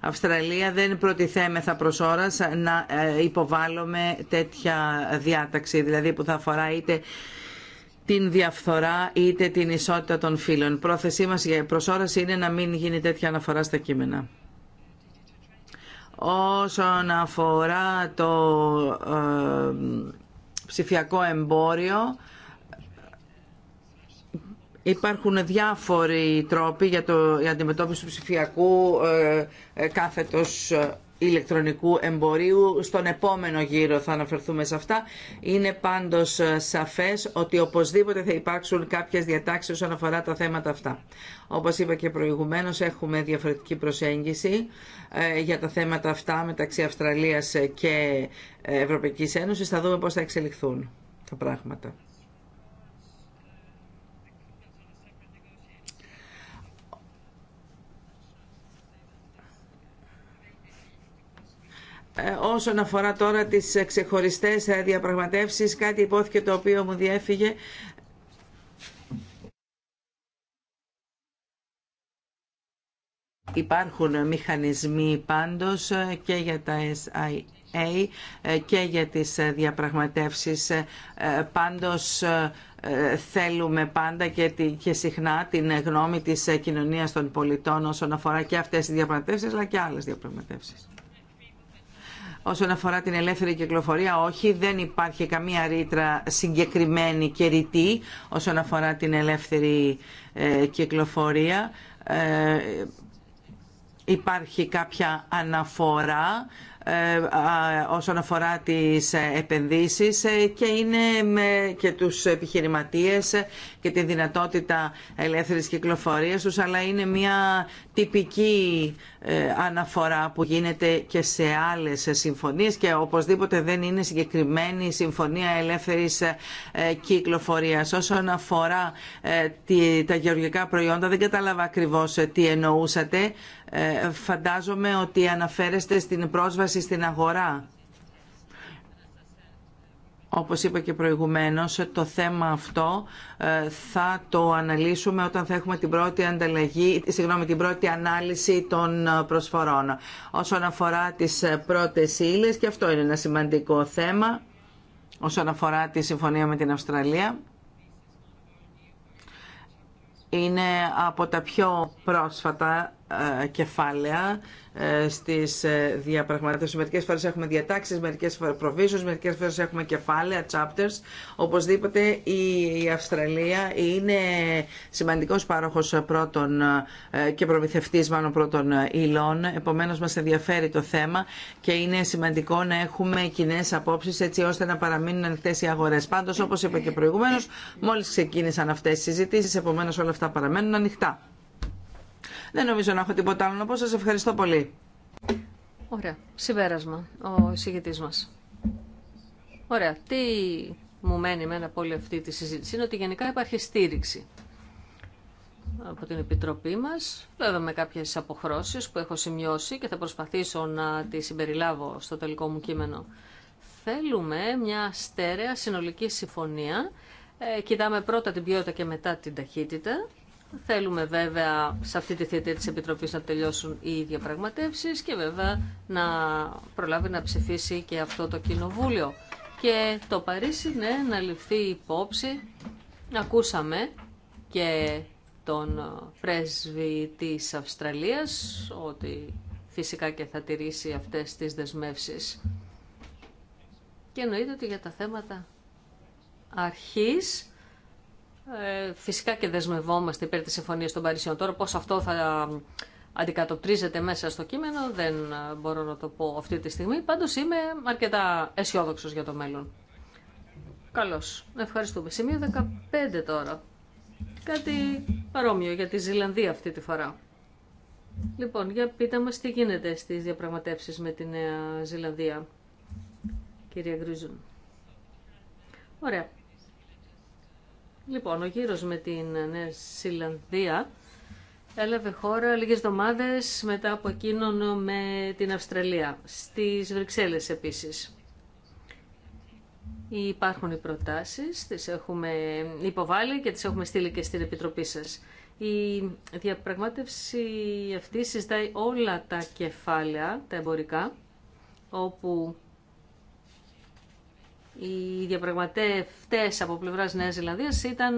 Αυστραλία δεν προτιθέμεθα προς ώρας να υποβάλλουμε τέτοια διάταξη, δηλαδή που θα αφορά είτε την διαφθορά είτε την ισότητα των φύλων. Πρόθεσή μας για προσόραση είναι να μην γίνει τέτοια αναφορά στα κείμενα. Όσον αφορά το ε, ψηφιακό εμπόριο, υπάρχουν διάφοροι τρόποι για, το, αντιμετώπιση του ψηφιακού ε, ε, ε ηλεκτρονικού εμπορίου. Στον επόμενο γύρο θα αναφερθούμε σε αυτά. Είναι πάντως ε, σαφές ότι οπωσδήποτε θα υπάρξουν κάποιες διατάξεις όσον αφορά τα θέματα αυτά. Όπως είπα και προηγουμένως έχουμε διαφορετική προσέγγιση ε, για τα θέματα αυτά μεταξύ Αυστραλίας και Ευρωπαϊκής Ένωσης. Θα δούμε πώς θα εξελιχθούν τα πράγματα. Ε, όσον αφορά τώρα τις ξεχωριστές ε, διαπραγματεύσεις, κάτι υπόθηκε το οποίο μου διέφυγε. Υπάρχουν μηχανισμοί πάντως ε, και για τα SIA και για τις διαπραγματεύσεις. Πάντως θέλουμε πάντα και συχνά την γνώμη της κοινωνίας των πολιτών όσον αφορά και αυτές τις διαπραγματεύσεις αλλά και άλλες διαπραγματεύσεις. Όσον αφορά την ελεύθερη κυκλοφορία, όχι, δεν υπάρχει καμία ρήτρα συγκεκριμένη και ρητή όσον αφορά την ελεύθερη ε, κυκλοφορία. Ε, υπάρχει κάποια αναφορά ε, όσον αφορά τις επενδύσεις και είναι με και τους επιχειρηματίες και τη δυνατότητα ελεύθερης κυκλοφορίας τους αλλά είναι μια τυπική ε, αναφορά που γίνεται και σε άλλες συμφωνίες και οπωσδήποτε δεν είναι συγκεκριμένη η Συμφωνία Ελεύθερης ε, Κυκλοφορίας. Όσον αφορά ε, τα γεωργικά προϊόντα, δεν κατάλαβα ακριβώς τι εννοούσατε. Φαντάζομαι ότι αναφέρεστε στην πρόσβαση στην αγορά. Όπως είπα και προηγουμένως, το θέμα αυτό ε, θα το αναλύσουμε όταν θα έχουμε την πρώτη, ανταλλαγή, συγγνώμη, την πρώτη ανάλυση των προσφορών. Όσον αφορά τις πρώτες ύλες, και αυτό είναι ένα σημαντικό θέμα, όσον αφορά τη συμφωνία με την Αυστραλία, είναι από τα πιο πρόσφατα ε, κεφάλαια ε, στι ε, διαπραγματεύσει. Μερικέ φορέ έχουμε διατάξει, μερικέ φορές προβίσει, μερικέ φορές έχουμε κεφάλαια, chapters. Οπωσδήποτε η Αυστραλία είναι σημαντικό πάροχο πρώτων και προμηθευτή μάλλον πρώτων υλών. Επομένω μα ενδιαφέρει το θέμα και είναι σημαντικό να έχουμε κοινέ απόψει έτσι ώστε να παραμείνουν ανοιχτέ οι αγορέ. Πάντως όπως είπα και προηγουμένως Μόλι ξεκίνησαν αυτέ οι συζητήσει, επομένω όλα αυτά παραμένουν ανοιχτά. Δεν νομίζω να έχω τίποτα άλλο να Σας ευχαριστώ πολύ. Ωραία. Συμπέρασμα. Ο εισηγητή μα. Ωραία. Τι μου μένει εμένα από όλη αυτή τη συζήτηση είναι ότι γενικά υπάρχει στήριξη από την Επιτροπή μας, βέβαια με κάποιες αποχρώσεις που έχω σημειώσει και θα προσπαθήσω να τις συμπεριλάβω στο τελικό μου κείμενο. Θέλουμε μια στέρεα συνολική συμφωνία. Ε, κοιτάμε πρώτα την ποιότητα και μετά την ταχύτητα Θέλουμε βέβαια σε αυτή τη θητεία της Επιτροπής να τελειώσουν οι διαπραγματεύσεις και βέβαια να προλάβει να ψηφίσει και αυτό το Κοινοβούλιο. Και το Παρίσι, ναι, να ληφθεί υπόψη. Ακούσαμε και τον πρέσβη της Αυστραλίας ότι φυσικά και θα τηρήσει αυτές τις δεσμεύσεις. Και εννοείται ότι για τα θέματα αρχής ε, φυσικά και δεσμευόμαστε υπέρ της Συμφωνίας των Παρισιών. Τώρα πώς αυτό θα αντικατοπτρίζεται μέσα στο κείμενο δεν μπορώ να το πω αυτή τη στιγμή. Πάντως είμαι αρκετά αισιόδοξο για το μέλλον. Καλώς. Ευχαριστούμε. Σημείο 15 τώρα. Κάτι παρόμοιο για τη Ζηλανδία αυτή τη φορά. Λοιπόν, για πείτε μας τι γίνεται στις διαπραγματεύσεις με τη Νέα Ζηλανδία, κυρία Γκρίζουν. Ωραία. Λοιπόν, ο γύρος με την Νέα Ζηλανδία έλαβε χώρα λίγες εβδομάδες μετά από εκείνον με την Αυστραλία, στις Βρυξέλλες επίσης. Υπάρχουν οι προτάσεις, τις έχουμε υποβάλει και τις έχουμε στείλει και στην Επιτροπή σας. Η διαπραγμάτευση αυτή συζητάει όλα τα κεφάλαια, τα εμπορικά, όπου οι διαπραγματεύτες από πλευράς Νέας Ζηλανδίας ήταν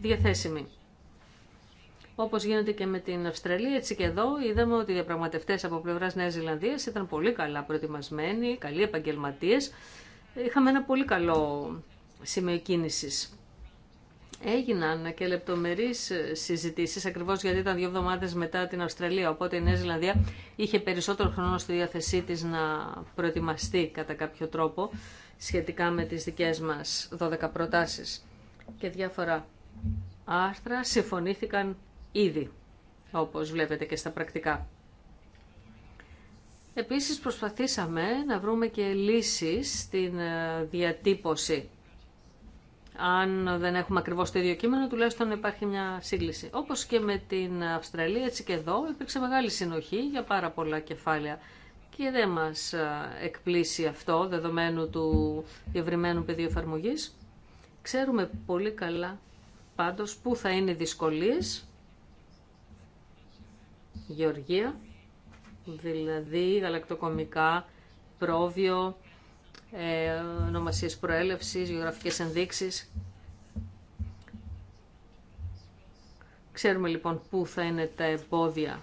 διαθέσιμοι. Όπως γίνεται και με την Αυστραλία, έτσι και εδώ είδαμε ότι οι διαπραγματευτές από πλευράς Νέας Ζηλανδίας ήταν πολύ καλά προετοιμασμένοι, καλοί επαγγελματίες. Είχαμε ένα πολύ καλό σημείο κίνησης. Έγιναν και λεπτομερείς συζητήσεις, ακριβώς γιατί ήταν δύο εβδομάδες μετά την Αυστραλία, οπότε η Νέα Ζηλανδία είχε περισσότερο χρόνο στη διάθεσή της να προετοιμαστεί κατά κάποιο τρόπο σχετικά με τις δικές μας 12 προτάσεις και διάφορα άρθρα συμφωνήθηκαν ήδη, όπως βλέπετε και στα πρακτικά. Επίσης προσπαθήσαμε να βρούμε και λύσεις στην ε, διατύπωση. Αν δεν έχουμε ακριβώς το ίδιο κείμενο, τουλάχιστον υπάρχει μια σύγκληση. Όπως και με την Αυστραλία, έτσι και εδώ, υπήρξε μεγάλη συνοχή για πάρα πολλά κεφάλαια και δεν μας ε, εκπλήσει αυτό δεδομένου του διευρυμένου πεδίου εφαρμογή. Ξέρουμε πολύ καλά πάντως πού θα είναι οι δυσκολίες. Γεωργία, δηλαδή γαλακτοκομικά, πρόβιο, ε, ονομασίες προέλευσης, γεωγραφικές ενδείξεις. Ξέρουμε λοιπόν πού θα είναι τα εμπόδια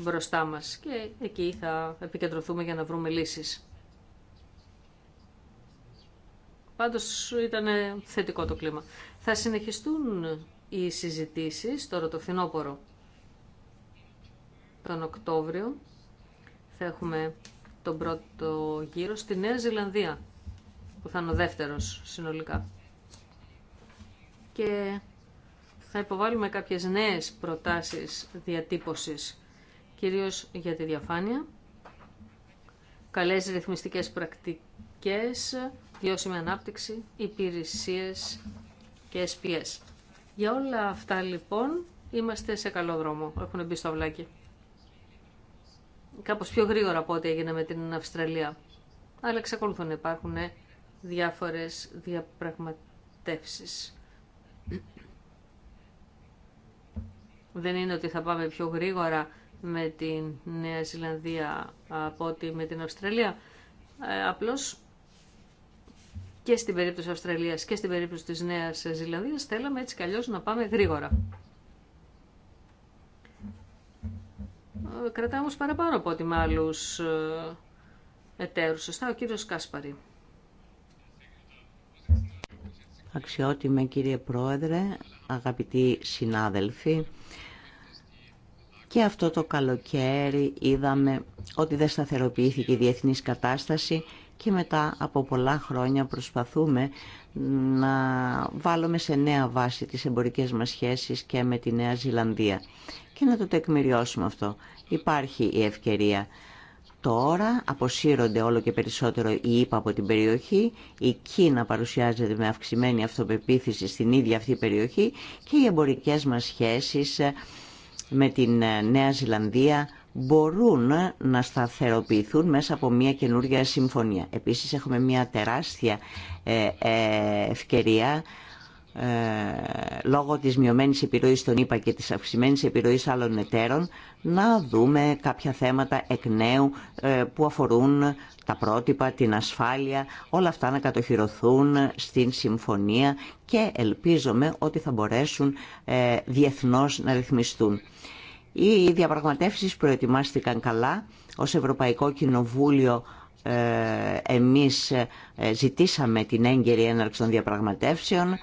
μπροστά μας και εκεί θα επικεντρωθούμε για να βρούμε λύσεις. Πάντως ήταν θετικό το κλίμα. Θα συνεχιστούν οι συζητήσεις τώρα το φθινόπωρο. Τον Οκτώβριο θα έχουμε τον πρώτο γύρο στη Νέα Ζηλανδία, που θα είναι ο δεύτερος συνολικά. Και θα υποβάλουμε κάποιες νέες προτάσεις διατύπωσης κυρίως για τη διαφάνεια, καλές ρυθμιστικές πρακτικές, βιώσιμη ανάπτυξη, υπηρεσίες και SPS. Για όλα αυτά λοιπόν είμαστε σε καλό δρόμο, έχουν μπει στο αυλάκι. Κάπως πιο γρήγορα από ό,τι έγινε με την Αυστραλία. Αλλά εξακολουθούν να υπάρχουν ε, διάφορες διαπραγματεύσεις. Δεν είναι ότι θα πάμε πιο γρήγορα με την Νέα Ζηλανδία από ότι με την Αυστραλία. Ε, απλώς και στην περίπτωση Αυστραλίας και στην περίπτωση της Νέας Ζηλανδίας θέλαμε έτσι καλλιώς να πάμε γρήγορα. Ε, κρατάμε όμως παραπάνω από ό,τι με άλλους ε, εταίρους. Σωστά, ο κύριος Κάσπαρη. Αξιότιμε κύριε Πρόεδρε, αγαπητοί συνάδελφοι, και αυτό το καλοκαίρι είδαμε ότι δεν σταθεροποιήθηκε η διεθνής κατάσταση και μετά από πολλά χρόνια προσπαθούμε να βάλουμε σε νέα βάση τις εμπορικές μας σχέσεις και με τη Νέα Ζηλανδία και να το τεκμηριώσουμε αυτό. Υπάρχει η ευκαιρία. Τώρα αποσύρονται όλο και περισσότερο οι ΙΠΑ από την περιοχή, η Κίνα παρουσιάζεται με αυξημένη αυτοπεποίθηση στην ίδια αυτή περιοχή και οι εμπορικές μας σχέσεις με την ε, Νέα Ζηλανδία μπορούν να σταθεροποιηθούν μέσα από μια καινούργια συμφωνία. Επίσης έχουμε μια τεράστια ε, ε, ευκαιρία λόγω της μειωμένης επιρροής των ΙΠΑ και της αυξημένης επιρροής άλλων εταίρων να δούμε κάποια θέματα εκ νέου ε, που αφορούν τα πρότυπα, την ασφάλεια, όλα αυτά να κατοχυρωθούν στην συμφωνία και ελπίζομαι ότι θα μπορέσουν ε, διεθνώς να ρυθμιστούν. Οι διαπραγματεύσεις προετοιμάστηκαν καλά. Ως Ευρωπαϊκό Κοινοβούλιο ε, εμείς ζητήσαμε την έγκαιρη έναρξη των διαπραγματεύσεων.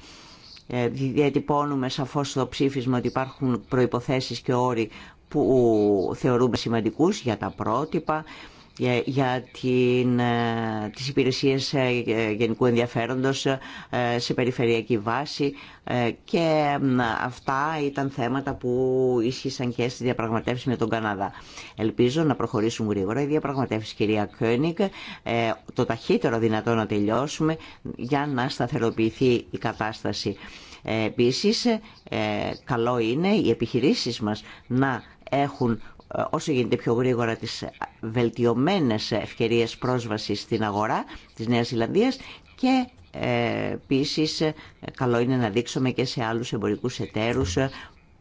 Διατυπώνουμε σαφώς στο ψήφισμα ότι υπάρχουν προϋποθέσεις και όροι που θεωρούμε σημαντικούς για τα πρότυπα, για, για την, ε, τις υπηρεσίες ε, γενικού ενδιαφέροντος ε, σε περιφερειακή βάση και αυτά ήταν θέματα που ίσχυσαν και στη διαπραγματεύση με τον Καναδά. Ελπίζω να προχωρήσουμε γρήγορα οι διαπραγματεύσεις κυρία Κόνικ, το ταχύτερο δυνατό να τελειώσουμε για να σταθεροποιηθεί η κατάσταση. Επίσης, καλό είναι οι επιχειρήσεις μας να έχουν ε, όσο γίνεται πιο γρήγορα τις βελτιωμένες ευκαιρίες πρόσβασης στην αγορά της Νέας Ζηλανδίας και ε, επίση ε, καλό είναι να δείξουμε και σε άλλους εμπορικούς εταίρους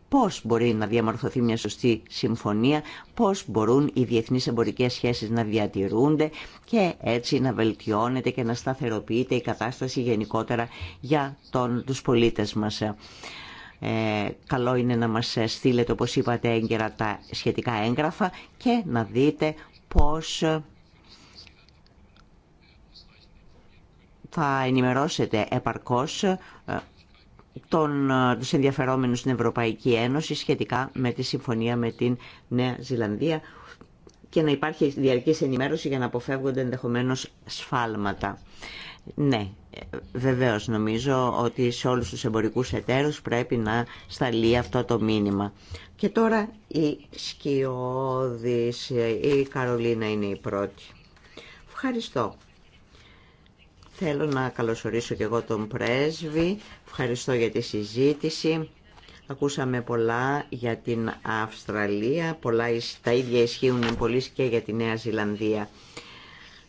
πώς μπορεί να διαμορφωθεί μια σωστή συμφωνία, πώς μπορούν οι διεθνείς εμπορικές σχέσεις να διατηρούνται και έτσι να βελτιώνεται και να σταθεροποιείται η κατάσταση γενικότερα για τον, τους πολίτες μας. Ε, καλό είναι να μας στείλετε, όπως είπατε, έγκαιρα τα σχετικά έγγραφα και να δείτε πώς θα ενημερώσετε επαρκώς ε, τον, τους ενδιαφερόμενους στην Ευρωπαϊκή Ένωση σχετικά με τη συμφωνία με την Νέα Ζηλανδία και να υπάρχει διαρκής ενημέρωση για να αποφεύγονται ενδεχομένως σφάλματα. Ναι, βεβαίως νομίζω ότι σε όλους τους εμπορικούς εταίρους πρέπει να σταλεί αυτό το μήνυμα. Και τώρα η Σκιώδης, η Καρολίνα είναι η πρώτη. Ευχαριστώ. Θέλω να καλωσορίσω και εγώ τον πρέσβη. Ευχαριστώ για τη συζήτηση. Ακούσαμε πολλά για την Αυστραλία, πολλά τα ίδια ισχύουν πολύ και για τη Νέα Ζηλανδία.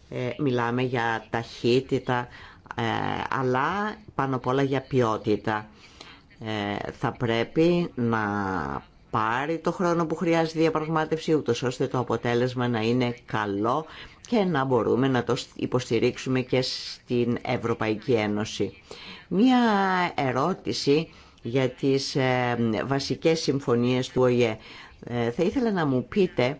Ε, μιλάμε για ταχύτητα, ε, αλλά πάνω απ' όλα για ποιότητα. Ε, θα πρέπει να πάρει το χρόνο που χρειάζεται η διαπραγμάτευση, ούτως ώστε το αποτέλεσμα να είναι καλό και να μπορούμε να το υποστηρίξουμε και στην Ευρωπαϊκή Ένωση. Μία ερώτηση για τις βασικές συμφωνίες του ΟΗΕ. Θα ήθελα να μου πείτε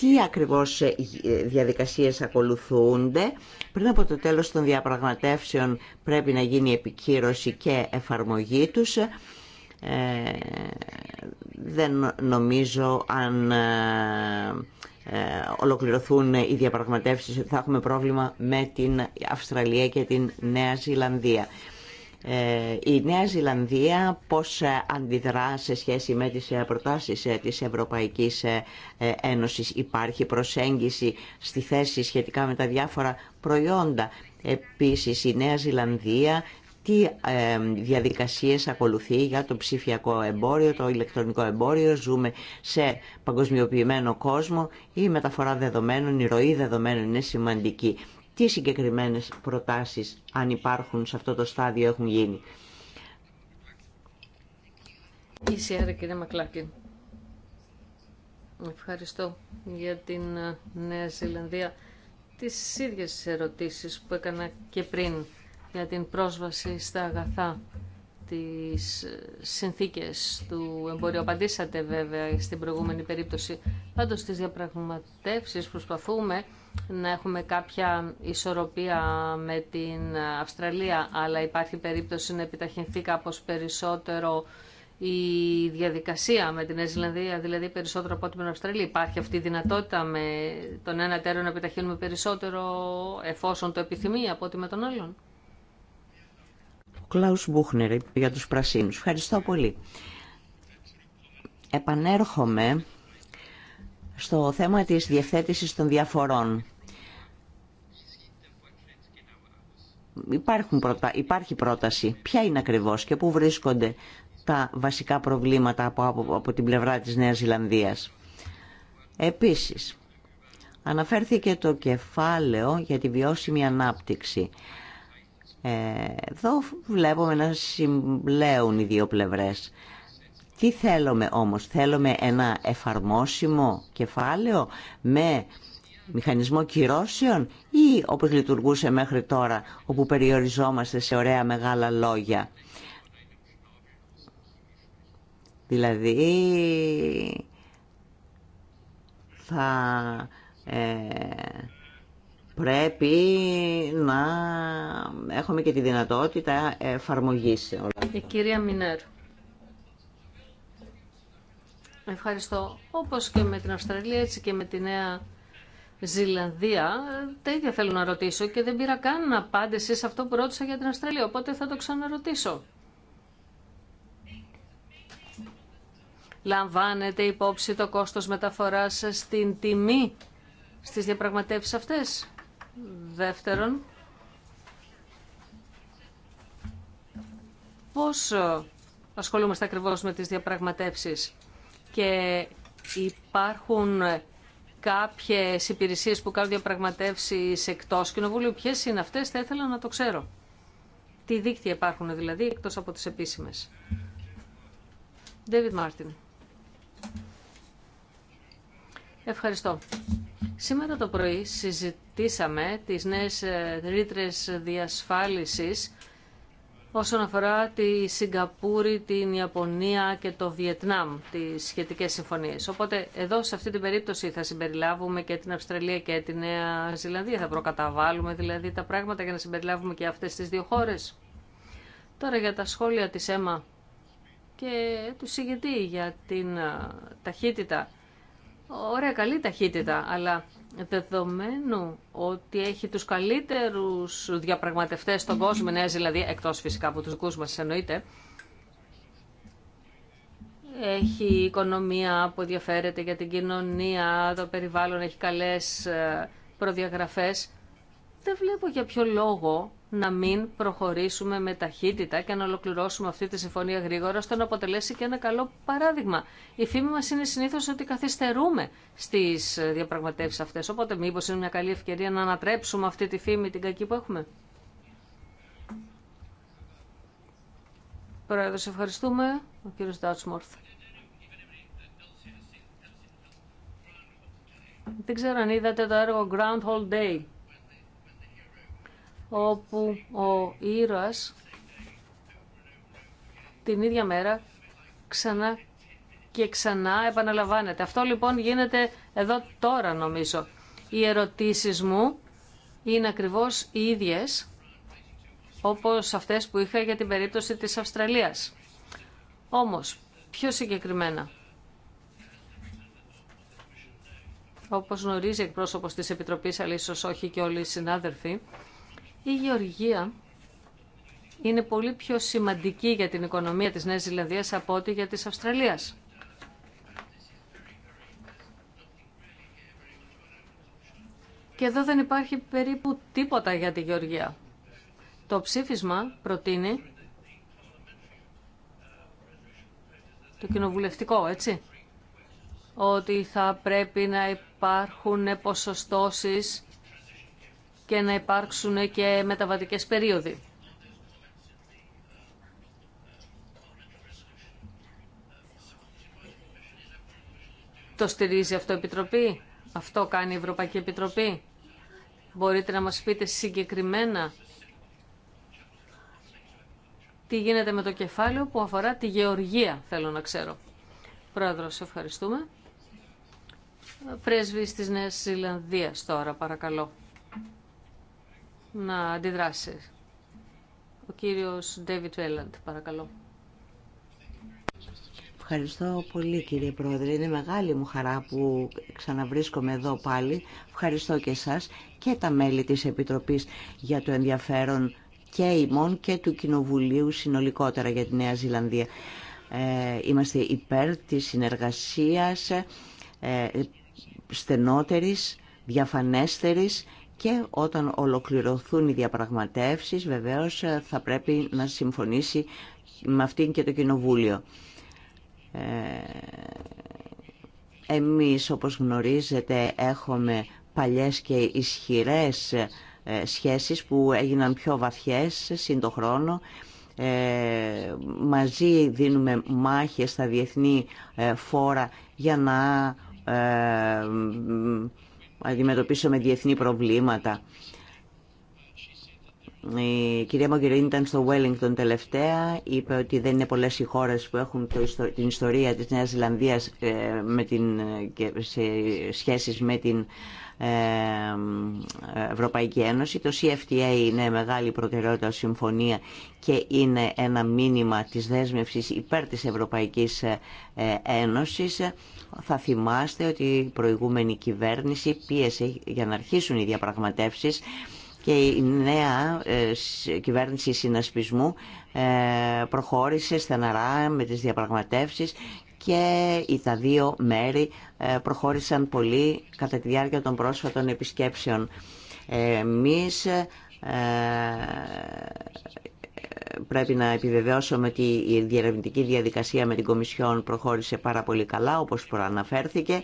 τι ακριβώς ε, ε, διαδικασίες ακολουθούνται. Πριν από το τέλος των διαπραγματεύσεων πρέπει να γίνει επικύρωση και εφαρμογή τους. Ε, δεν νομίζω αν ολοκληρωθούν οι διαπραγματεύσεις θα έχουμε πρόβλημα με την Αυστραλία και την Νέα Ζηλανδία. Ε, η Νέα Ζηλανδία πώς ε, αντιδρά σε σχέση με τις ε, προτάσεις της Ευρωπαϊκής Ένωσης. Υπάρχει προσέγγιση στη θέση σχετικά με τα διάφορα προϊόντα. Επίσης η Νέα Ζηλανδία τι διαδικασίες ακολουθεί για το ψηφιακό εμπόριο, το ηλεκτρονικό εμπόριο. Ζούμε σε παγκοσμιοποιημένο κόσμο. Η μεταφορά δεδομένων, η ροή δεδομένων είναι σημαντική. Τι συγκεκριμένες προτάσεις, αν υπάρχουν σε αυτό το στάδιο, έχουν γίνει. κύριε Ευχαριστώ για την ε, Νέα Ζηλανδία. Τις ίδιες ερωτήσεις που έκανα και πριν για την πρόσβαση στα αγαθά, τις ε, συνθήκες του εμπορίου. Απαντήσατε βέβαια στην προηγούμενη περίπτωση. Πάντως στις διαπραγματεύσεις προσπαθούμε να έχουμε κάποια ισορροπία με την Αυστραλία, αλλά υπάρχει περίπτωση να επιταχυνθεί κάπως περισσότερο η διαδικασία με την Νέα δηλαδή περισσότερο από ό,τι με την Αυστραλία. Υπάρχει αυτή η δυνατότητα με τον ένα τέρο να επιταχύνουμε περισσότερο εφόσον το επιθυμεί από ό,τι με τον άλλον. Ο Κλάους Μπούχνερ για τους Πρασίνους. Ευχαριστώ πολύ. Επανέρχομαι στο θέμα της διευθέτησης των διαφορών. Υπάρχουν προτα... Υπάρχει πρόταση. Ποια είναι ακριβώς και πού βρίσκονται τα βασικά προβλήματα από, από, την πλευρά της Νέας Ζηλανδίας. Επίσης, αναφέρθηκε το κεφάλαιο για τη βιώσιμη ανάπτυξη. Ε, εδώ βλέπουμε να συμπλέουν οι δύο πλευρές. Τι θέλουμε όμως, θέλουμε ένα εφαρμόσιμο κεφάλαιο με μηχανισμό κυρώσεων ή όπως λειτουργούσε μέχρι τώρα, όπου περιοριζόμαστε σε ωραία μεγάλα λόγια. Δηλαδή θα ε, πρέπει να έχουμε και τη δυνατότητα εφαρμογής. Η κυρία Μινέρου. Ευχαριστώ. Όπως και με την Αυστραλία, έτσι και με τη Νέα Ζηλανδία, τα ίδια θέλω να ρωτήσω και δεν πήρα καν απάντηση σε αυτό που ρώτησα για την Αυστραλία, οπότε θα το ξαναρωτήσω. Λαμβάνετε υπόψη το κόστος μεταφοράς στην τιμή στις διαπραγματεύσεις αυτές. Δεύτερον, πώς ε, ασχολούμαστε ακριβώς με τις διαπραγματεύσεις και υπάρχουν κάποιες υπηρεσίες που κάνουν διαπραγματεύσεις εκτός κοινοβουλίου. Ποιες είναι αυτές, θα ήθελα να το ξέρω. Τι δίκτυα υπάρχουν δηλαδή εκτός από τις επίσημες. David Μάρτιν. Ευχαριστώ. Σήμερα το πρωί συζητήσαμε τις νέες ε, ρήτρες διασφάλισης όσον αφορά τη Σιγκαπούρη, την Ιαπωνία και το Βιετνάμ, τις σχετικές συμφωνίες. Οπότε εδώ σε αυτή την περίπτωση θα συμπεριλάβουμε και την Αυστραλία και τη Νέα Ζηλανδία. Θα προκαταβάλουμε δηλαδή τα πράγματα για να συμπεριλάβουμε και αυτές τις δύο χώρες. Τώρα για τα σχόλια της ΕΜΑ και του συγητή για την ταχύτητα. Ωραία, καλή ταχύτητα, αλλά δεδομένου ότι έχει τους καλύτερους διαπραγματευτές στον κόσμο, Νέα δηλαδή εκτός φυσικά από τους δικούς μας εννοείται, έχει οικονομία που ενδιαφέρεται για την κοινωνία, το περιβάλλον έχει καλές ε, προδιαγραφές δεν βλέπω για ποιο λόγο να μην προχωρήσουμε με ταχύτητα και να ολοκληρώσουμε αυτή τη συμφωνία γρήγορα, ώστε να αποτελέσει και ένα καλό παράδειγμα. Η φήμη μα είναι συνήθως ότι καθυστερούμε στις διαπραγματεύσεις αυτές, οπότε μήπως είναι μια καλή ευκαιρία να ανατρέψουμε αυτή τη φήμη την κακή που έχουμε. Πρόεδρος, ευχαριστούμε. Ο κύριος Ντάτσμορθ. Δεν ξέρω αν είδατε το έργο Groundhog Day όπου ο ήρωας την ίδια μέρα ξανά και ξανά επαναλαμβάνεται. Αυτό λοιπόν γίνεται εδώ τώρα νομίζω. Οι ερωτήσεις μου είναι ακριβώς οι ίδιες όπως αυτές που είχα για την περίπτωση της Αυστραλίας. Όμως, πιο συγκεκριμένα, όπως γνωρίζει εκπρόσωπος της Επιτροπής, αλλά όχι και όλοι οι συνάδελφοι, η γεωργία είναι πολύ πιο σημαντική για την οικονομία της Νέας Ζηλανδίας από ό,τι για της Αυστραλίας. Και εδώ δεν υπάρχει περίπου τίποτα για τη Γεωργία. Το ψήφισμα προτείνει το κοινοβουλευτικό, έτσι, ότι θα πρέπει να υπάρχουν ποσοστώσεις και να υπάρξουν και μεταβατικές περίοδοι. Το στηρίζει αυτό η Επιτροπή, αυτό κάνει η Ευρωπαϊκή Επιτροπή. Μπορείτε να μας πείτε συγκεκριμένα τι γίνεται με το κεφάλαιο που αφορά τη γεωργία, θέλω να ξέρω. Πρόεδρος, ευχαριστούμε. Πρέσβης της Νέας Ζηλανδίας τώρα, παρακαλώ να αντιδράσει. Ο κύριος David Βέλλαντ, παρακαλώ. Ευχαριστώ πολύ κύριε Πρόεδρε. Είναι μεγάλη μου χαρά που ξαναβρίσκομαι εδώ πάλι. Ευχαριστώ και εσάς και τα μέλη της Επιτροπής για το ενδιαφέρον και ημών και του Κοινοβουλίου συνολικότερα για τη Νέα Ζηλανδία. Ε, είμαστε υπέρ της συνεργασίας ε, στενότερης, διαφανέστερης και όταν ολοκληρωθούν οι διαπραγματεύσεις βεβαίως ε, θα πρέπει να συμφωνήσει με αυτήν και το Κοινοβούλιο. Ε, εμείς όπως γνωρίζετε έχουμε παλιές και ισχυρές ε, σχέσεις που έγιναν πιο βαθιές σύν το χρόνο. Ε, μαζί δίνουμε μάχες στα διεθνή φόρα για να με διεθνή προβλήματα. Η κυρία Μογκυρίνη ήταν στο Wellington τελευταία, είπε ότι δεν είναι πολλές οι χώρες που έχουν την ιστορία της Νέας Ζηλανδίας ε, με την, ε, σε σχέσεις με την ε, Ευρωπαϊκή Ένωση. Το CFTA είναι μεγάλη προτεραιότητα συμφωνία και είναι ένα μήνυμα της δέσμευσης υπέρ της Ευρωπαϊκής ε, Ένωσης. Θα θυμάστε ότι η προηγούμενη κυβέρνηση πίεσε για να αρχίσουν οι διαπραγματεύσεις και η νέα ε, κυβέρνηση συνασπισμού προχώρησε στεναρά με τις διαπραγματεύσεις και οι τα δύο μέρη ε, προχώρησαν πολύ κατά τη διάρκεια των πρόσφατων επισκέψεων. Εμείς ε, πρέπει να επιβεβαιώσουμε ότι η διερευνητική διαδικασία με την Κομισιόν προχώρησε πάρα πολύ καλά, όπως προαναφέρθηκε.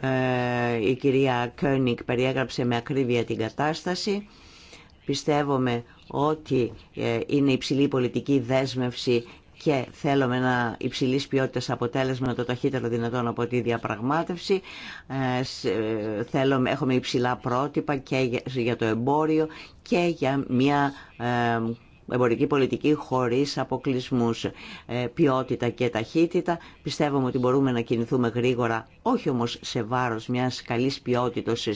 Ε, η κυρία Κόνικ περιέγραψε με ακρίβεια την κατάσταση. Πιστεύουμε ότι είναι υψηλή πολιτική δέσμευση και θέλουμε ένα υψηλής ποιότητας αποτέλεσμα το ταχύτερο δυνατόν από τη διαπραγμάτευση. Ε, ε, θέλουμε, έχουμε υψηλά πρότυπα και για το εμπόριο και για μια ε, εμπορική πολιτική χωρίς αποκλεισμούς, ποιότητα και ταχύτητα. Πιστεύουμε ότι μπορούμε να κινηθούμε γρήγορα, όχι όμως σε βάρος μιας καλής ποιότητας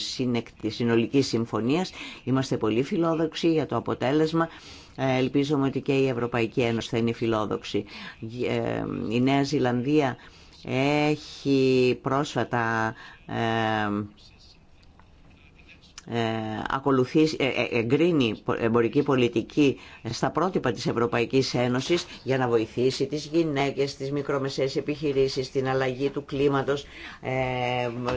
συνολικής συμφωνίας. Είμαστε πολύ φιλόδοξοι για το αποτέλεσμα ε, Ελπίζουμε ότι και η Ευρωπαϊκή Ένωση θα είναι φιλόδοξη. Ε, η Νέα Ζηλανδία έχει πρόσφατα ε, ακολουθήσει, εγκρίνει εμπορική πολιτική στα πρότυπα της Ευρωπαϊκής Ένωσης για να βοηθήσει τις γυναίκες, τις μικρομεσαίες επιχειρήσεις, την αλλαγή του κλίματος,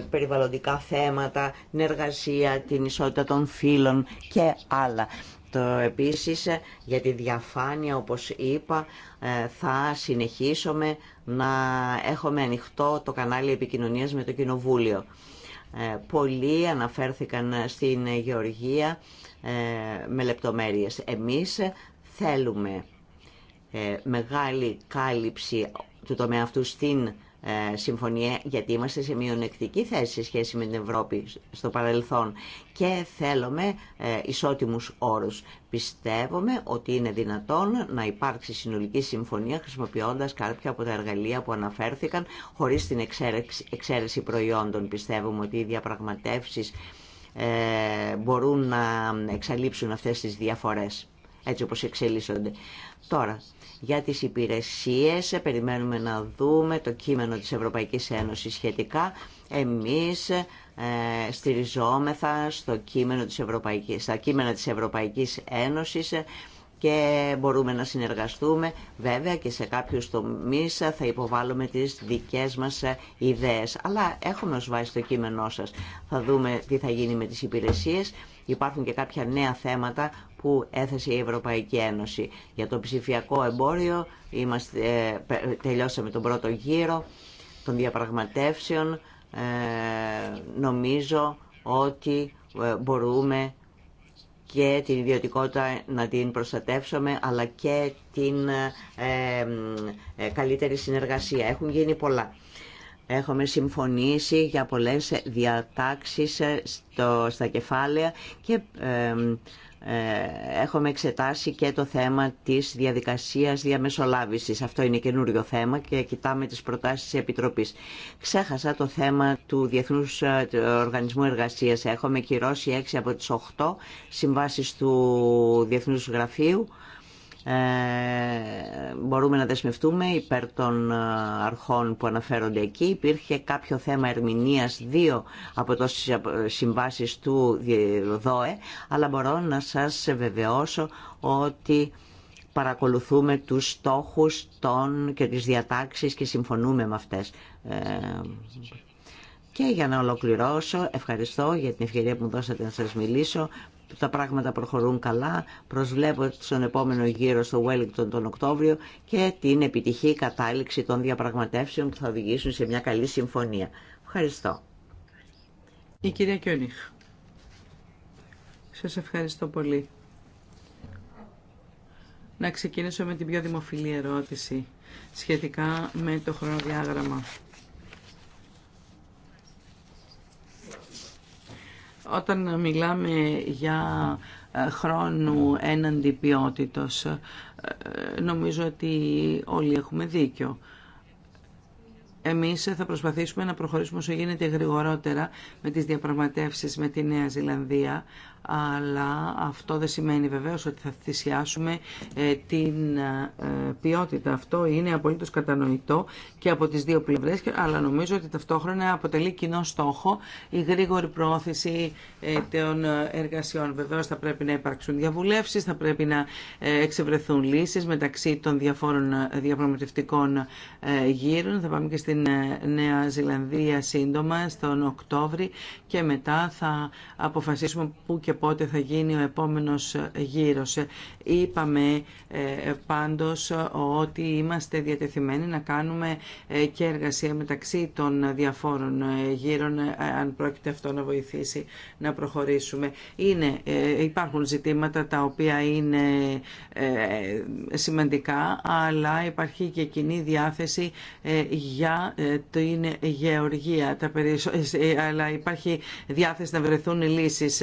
περιβαλλοντικά θέματα, την εργασία, την ισότητα των φύλων και άλλα. Το, ε, επίσης ε, για τη διαφάνεια όπως είπα ε, θα συνεχίσουμε να έχουμε ανοιχτό το κανάλι επικοινωνίας με το Κοινοβούλιο. Πολλοί αναφέρθηκαν στην Γεωργία με λεπτομέρειες. Εμείς θέλουμε μεγάλη κάλυψη του τομέα αυτού στην ε, συμφωνία γιατί είμαστε σε μειονεκτική θέση σε σχέση με την Ευρώπη στο παρελθόν και θέλουμε ε, ισότιμους όρους. Πιστεύουμε ότι είναι δυνατόν να υπάρξει συνολική συμφωνία χρησιμοποιώντας κάποια από τα εργαλεία που αναφέρθηκαν χωρίς την εξαίρεση προϊόντων. Πιστεύουμε ότι οι διαπραγματεύσεις ε, μπορούν να εξαλείψουν αυτές τις διαφορές έτσι όπως εξελίσσονται. Τώρα, για τις υπηρεσίες περιμένουμε να δούμε το κείμενο της Ευρωπαϊκής Ένωσης σχετικά. Εμείς ε, στηριζόμεθα στο κείμενο της Ευρωπαϊκής, στα κείμενα της Ευρωπαϊκής Ένωσης και μπορούμε να συνεργαστούμε. Βέβαια και σε κάποιους τομείς θα υποβάλλουμε τις δικές μας ιδέες. Αλλά έχουμε ως βάση το κείμενό σας. Θα δούμε τι θα γίνει με τις υπηρεσίες Υπάρχουν και κάποια νέα θέματα που έθεσε η Ευρωπαϊκή Ένωση. Για το ψηφιακό εμπόριο είμαστε, ε, τελειώσαμε τον πρώτο γύρο των διαπραγματεύσεων. Ε, νομίζω ότι ε, μπορούμε και την ιδιωτικότητα να την προστατεύσουμε, αλλά και την καλύτερη συνεργασία. Έχουν γίνει πολλά. Έχουμε συμφωνήσει για πολλές διατάξεις ε, στο, στα κεφάλαια και ε, έχουμε εξετάσει και το θέμα της διαδικασίας διαμεσολάβησης. Αυτό είναι καινούριο θέμα και κοιτάμε τις προτάσεις της Επιτροπής. Ξέχασα το θέμα του Διεθνούς ε, Οργανισμού Εργασίας. Έχουμε κυρώσει 6 από τις 8 συμβάσεις του Διεθνούς Γραφείου ε, μπορούμε να δεσμευτούμε υπέρ των ε, αρχών που αναφέρονται εκεί. Υπήρχε κάποιο θέμα ερμηνείας δύο από το ε, συμβάσεις του ΔΟΕ, αλλά μπορώ να σας βεβαιώσω ότι παρακολουθούμε τους στόχους των και τις διατάξεις και συμφωνούμε με αυτές. Και για να ολοκληρώσω, ευχαριστώ για την ευκαιρία που μου δώσατε να σας μιλήσω τα πράγματα προχωρούν καλά. Προσβλέπω στον επόμενο γύρο στο Wellington τον Οκτώβριο και την επιτυχή κατάληξη των διαπραγματεύσεων που θα οδηγήσουν σε μια καλή συμφωνία. Ευχαριστώ. Η κυρία Κιόνιχ. Σας ευχαριστώ πολύ. Να ξεκινήσω με την πιο δημοφιλή ερώτηση σχετικά με το χρονοδιάγραμμα. Όταν μιλάμε για ε, χρόνου έναντι ποιότητος, ε, νομίζω ότι όλοι έχουμε δίκιο. Εμείς θα προσπαθήσουμε να προχωρήσουμε όσο γίνεται γρηγορότερα με τις διαπραγματεύσεις με τη Νέα Ζηλανδία, αλλά αυτό δεν σημαίνει βεβαίως ότι θα θυσιάσουμε ε, την ε, ποιότητα. Αυτό είναι απολύτως κατανοητό και από τις δύο πλευρές, αλλά νομίζω ότι ταυτόχρονα αποτελεί κοινό στόχο η γρήγορη προώθηση ε, των εργασιών. Βεβαίως θα πρέπει να υπάρξουν διαβουλεύσεις, θα πρέπει να εξευρεθούν λύσεις μεταξύ των διαφόρων διαπραγματευτικών γύρων. Θα πάμε και στην Νέα Ζηλανδία σύντομα, στον Οκτώβρη και μετά θα αποφασίσουμε πού και και πότε θα γίνει ο επόμενος γύρος. Είπαμε ε, πάντως ότι είμαστε διατεθειμένοι να κάνουμε ε, και εργασία μεταξύ των διαφόρων ε, γύρων αν πρόκειται αυτό να βοηθήσει να προχωρήσουμε. Είναι, υπάρχουν ζητήματα τα οποία είναι σημαντικά αλλά υπάρχει και κοινή διάθεση για το είναι γεωργία αλλά υπάρχει διάθεση να βρεθούν λύσεις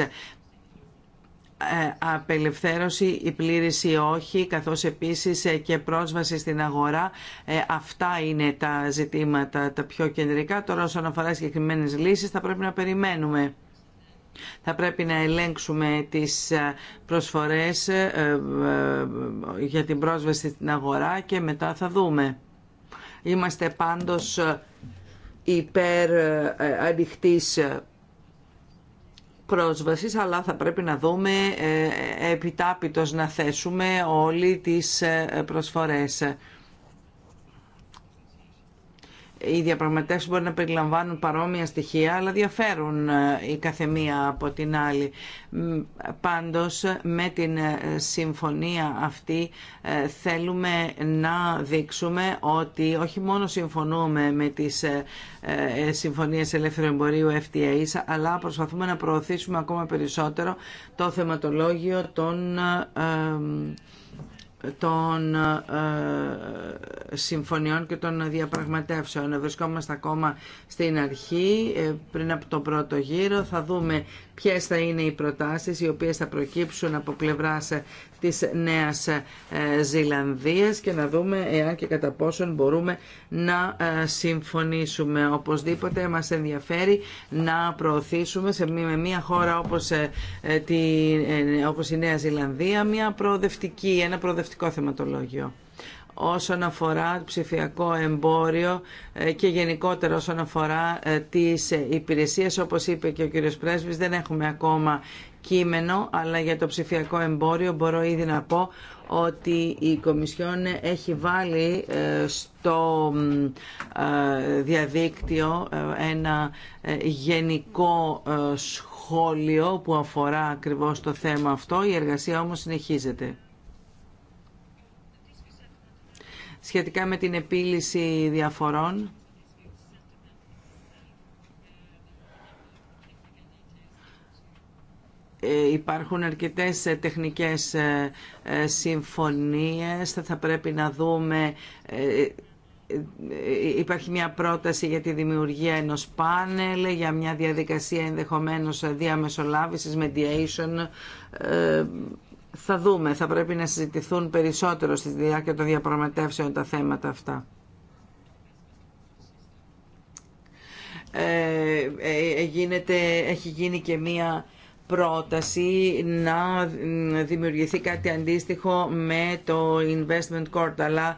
ε, απελευθέρωση η πλήρηση όχι καθώς επίσης ε, και πρόσβαση στην αγορά ε, αυτά είναι τα ζητήματα τα πιο κεντρικά τώρα όσον αφορά συγκεκριμένε λύσεις θα πρέπει να περιμένουμε θα πρέπει να ελέγξουμε τις προσφορές για την πρόσβαση στην αγορά και μετά θα δούμε είμαστε πάντως υπέρ ανοιχτής πρόσβασης, αλλά θα πρέπει να δούμε ε, ε, επιτάπητος να θέσουμε όλοι τις ε, προσφορές οι διαπραγματεύσει μπορεί να περιλαμβάνουν παρόμοια στοιχεία, αλλά διαφέρουν ε, η καθεμία από την άλλη. Πάντως, με την ε, συμφωνία αυτή ε, θέλουμε να δείξουμε ότι όχι μόνο συμφωνούμε με τις συμφωνίες ελεύθερου εμπορίου FTA, αλλά προσπαθούμε να προωθήσουμε ακόμα περισσότερο το θεματολόγιο των των ε, ε, συμφωνιών και των διαπραγματεύσεων. Βρισκόμαστε ακόμα στην αρχή, ε, πριν από τον πρώτο γύρο. Θα δούμε ποιε θα είναι οι προτάσεις οι οποίες θα προκύψουν από πλευρά ε, της Νέας ε, Ζηλανδίας και να δούμε εάν και κατά πόσον μπορούμε να ε, συμφωνήσουμε. Οπωσδήποτε μας ενδιαφέρει να προωθήσουμε σε μια χώρα όπως, όπως η Νέα Ζηλανδία μια προοδευτική, ένα προοδευτικό θεματολόγιο όσον αφορά ψηφιακό εμπόριο ε, και γενικότερα όσον αφορά ε, τις υπηρεσίες. Όπως είπε και ο κύριος Πρέσβης, δεν έχουμε ακόμα κείμενο, αλλά για το ψηφιακό εμπόριο μπορώ ήδη να πω ότι η Κομισιόν έχει βάλει ε, στο διαδίκτυο ένα γενικό σχόλιο που αφορά ακριβώς το θέμα αυτό. Η εργασία όμως συνεχίζεται. σχετικά με την επίλυση διαφορών. Ε, υπάρχουν αρκετές ε, τεχνικές ε, συμφωνίες. Θα πρέπει να δούμε υπάρχει μια πρόταση για τη δημιουργία ενός πάνελ, για μια διαδικασία ενδεχομένως διαμεσολάβησης, mediation θα δούμε, θα πρέπει να συζητηθούν περισσότερο στη διάρκεια των διαπραγματεύσεων τα θέματα αυτά. Ε, ε, ε, έχει γίνει και μία πρόταση να δημιουργηθεί κάτι αντίστοιχο με το Investment Court, αλλά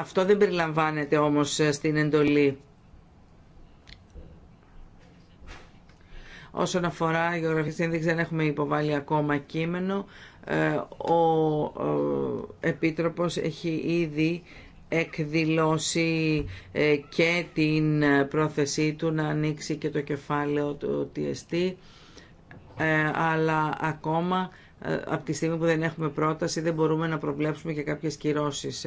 αυτό δεν περιλαμβάνεται όμως στην εντολή. Όσον αφορά γεωγραφική σύνδεξη δεν έχουμε υποβάλει ακόμα κείμενο. Ε, ο Επίτροπος έχει ήδη εκδηλώσει ε, και την πρόθεσή του να ανοίξει και το κεφάλαιο του TST, ε, αλλά ακόμα από τη στιγμή που δεν έχουμε πρόταση δεν μπορούμε να προβλέψουμε και κάποιες κυρώσεις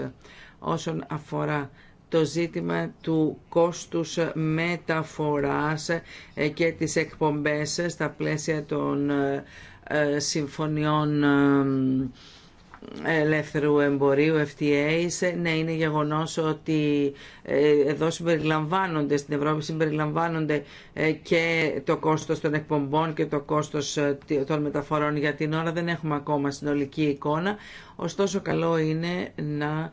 όσον αφορά το ζήτημα του κόστους μεταφοράς και τις εκπομπές στα πλαίσια των ε, συμφωνιών ε, ελεύθερου εμπορίου, FTA, ναι, είναι γεγονός ότι ε, εδώ συμπεριλαμβάνονται, στην Ευρώπη συμπεριλαμβάνονται και το κόστος των εκπομπών και το κόστος των μεταφορών. Για την ώρα δεν έχουμε ακόμα συνολική εικόνα, ωστόσο καλό είναι να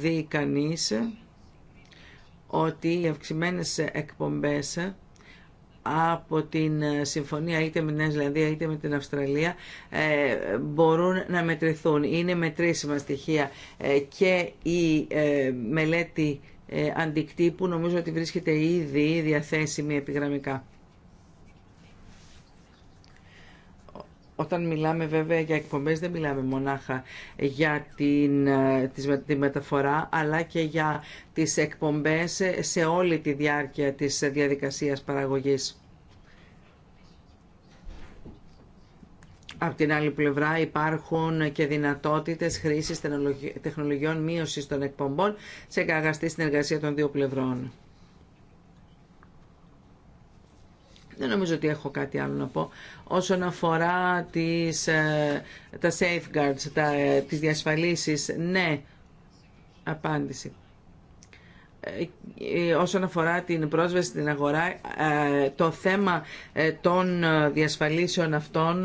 δει κανείς ότι οι αυξημένες εκπομπές από την ε, συμφωνία είτε με την Νέα Ζηλανδία είτε με την Αυστραλία ε, μπορούν να μετρηθούν. Είναι μετρήσιμα στοιχεία ε, και η μελέτη αντικτύπου νομίζω ότι βρίσκεται ήδη διαθέσιμη επιγραμμικά. Όταν μιλάμε βέβαια για εκπομπές δεν μιλάμε μονάχα για την, ε, τη μεταφορά αλλά και για τις εκπομπές σε όλη τη διάρκεια της διαδικασίας παραγωγής. Από την άλλη πλευρά υπάρχουν και δυνατότητες χρήσης τεχνολογιών μείωσης των εκπομπών σε καγαστή συνεργασία των δύο πλευρών. Δεν νομίζω ότι έχω κάτι άλλο να πω. Όσον αφορά τις, ε, τα safeguards, τα, ε, τις διασφαλίσεις, ναι, απάντηση. Ε, όσον αφορά την πρόσβαση στην αγορά, το θέμα των διασφαλίσεων αυτών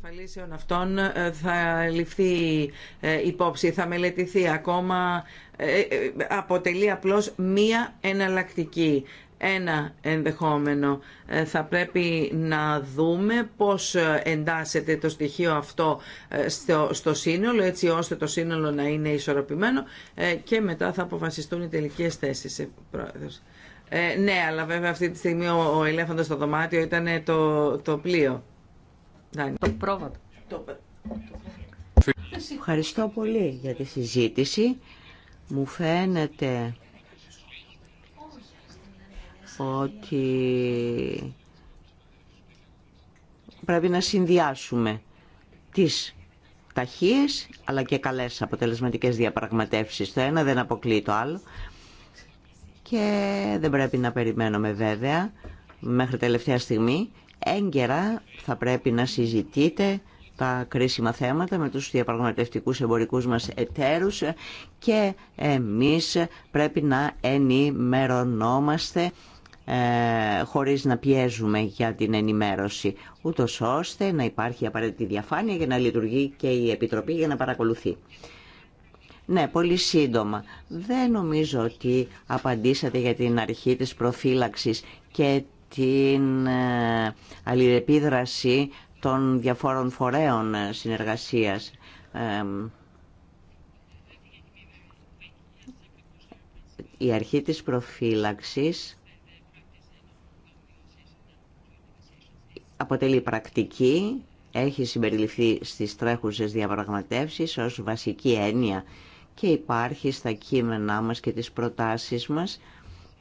διασφαλίσεων αυτών ε, θα ληφθεί ε, υπόψη, θα μελετηθεί ακόμα, ε, αποτελεί απλώς μία εναλλακτική ένα ενδεχόμενο. Θα πρέπει να δούμε πώς εντάσσεται το στοιχείο αυτό στο, στο σύνολο, έτσι ώστε το σύνολο να είναι ισορροπημένο και μετά θα αποφασιστούν οι τελικές θέσεις. Ε, ναι, αλλά βέβαια αυτή τη στιγμή ο, ο ελέφαντος στο δωμάτιο ήταν το, το πλοίο. Το πρόβατο. Ευχαριστώ πολύ για τη συζήτηση. Μου φαίνεται ότι πρέπει να συνδυάσουμε τις ταχείες αλλά και καλές αποτελεσματικές διαπραγματεύσεις. Το ένα δεν αποκλείει το άλλο και δεν πρέπει να περιμένουμε βέβαια μέχρι τελευταία στιγμή Έγκαιρα θα πρέπει να συζητείτε τα κρίσιμα θέματα με τους διαπραγματευτικούς εμπορικούς μας εταίρους και εμείς πρέπει να ενημερωνόμαστε ε, χωρίς να πιέζουμε για την ενημέρωση, ούτω ώστε να υπάρχει απαραίτητη διαφάνεια για να λειτουργεί και η Επιτροπή για να παρακολουθεί. Ναι, πολύ σύντομα. Δεν νομίζω ότι απαντήσατε για την αρχή της προφύλαξης και την ε, αλληλεπίδραση των διαφόρων φορέων ε, συνεργασίας. Η αρχή της προφύλαξης αποτελεί πρακτική, έχει συμπεριληφθεί στις τρέχουσες διαπραγματεύσεις ως βασική έννοια και υπάρχει στα κείμενά μας και τις προτάσεις μας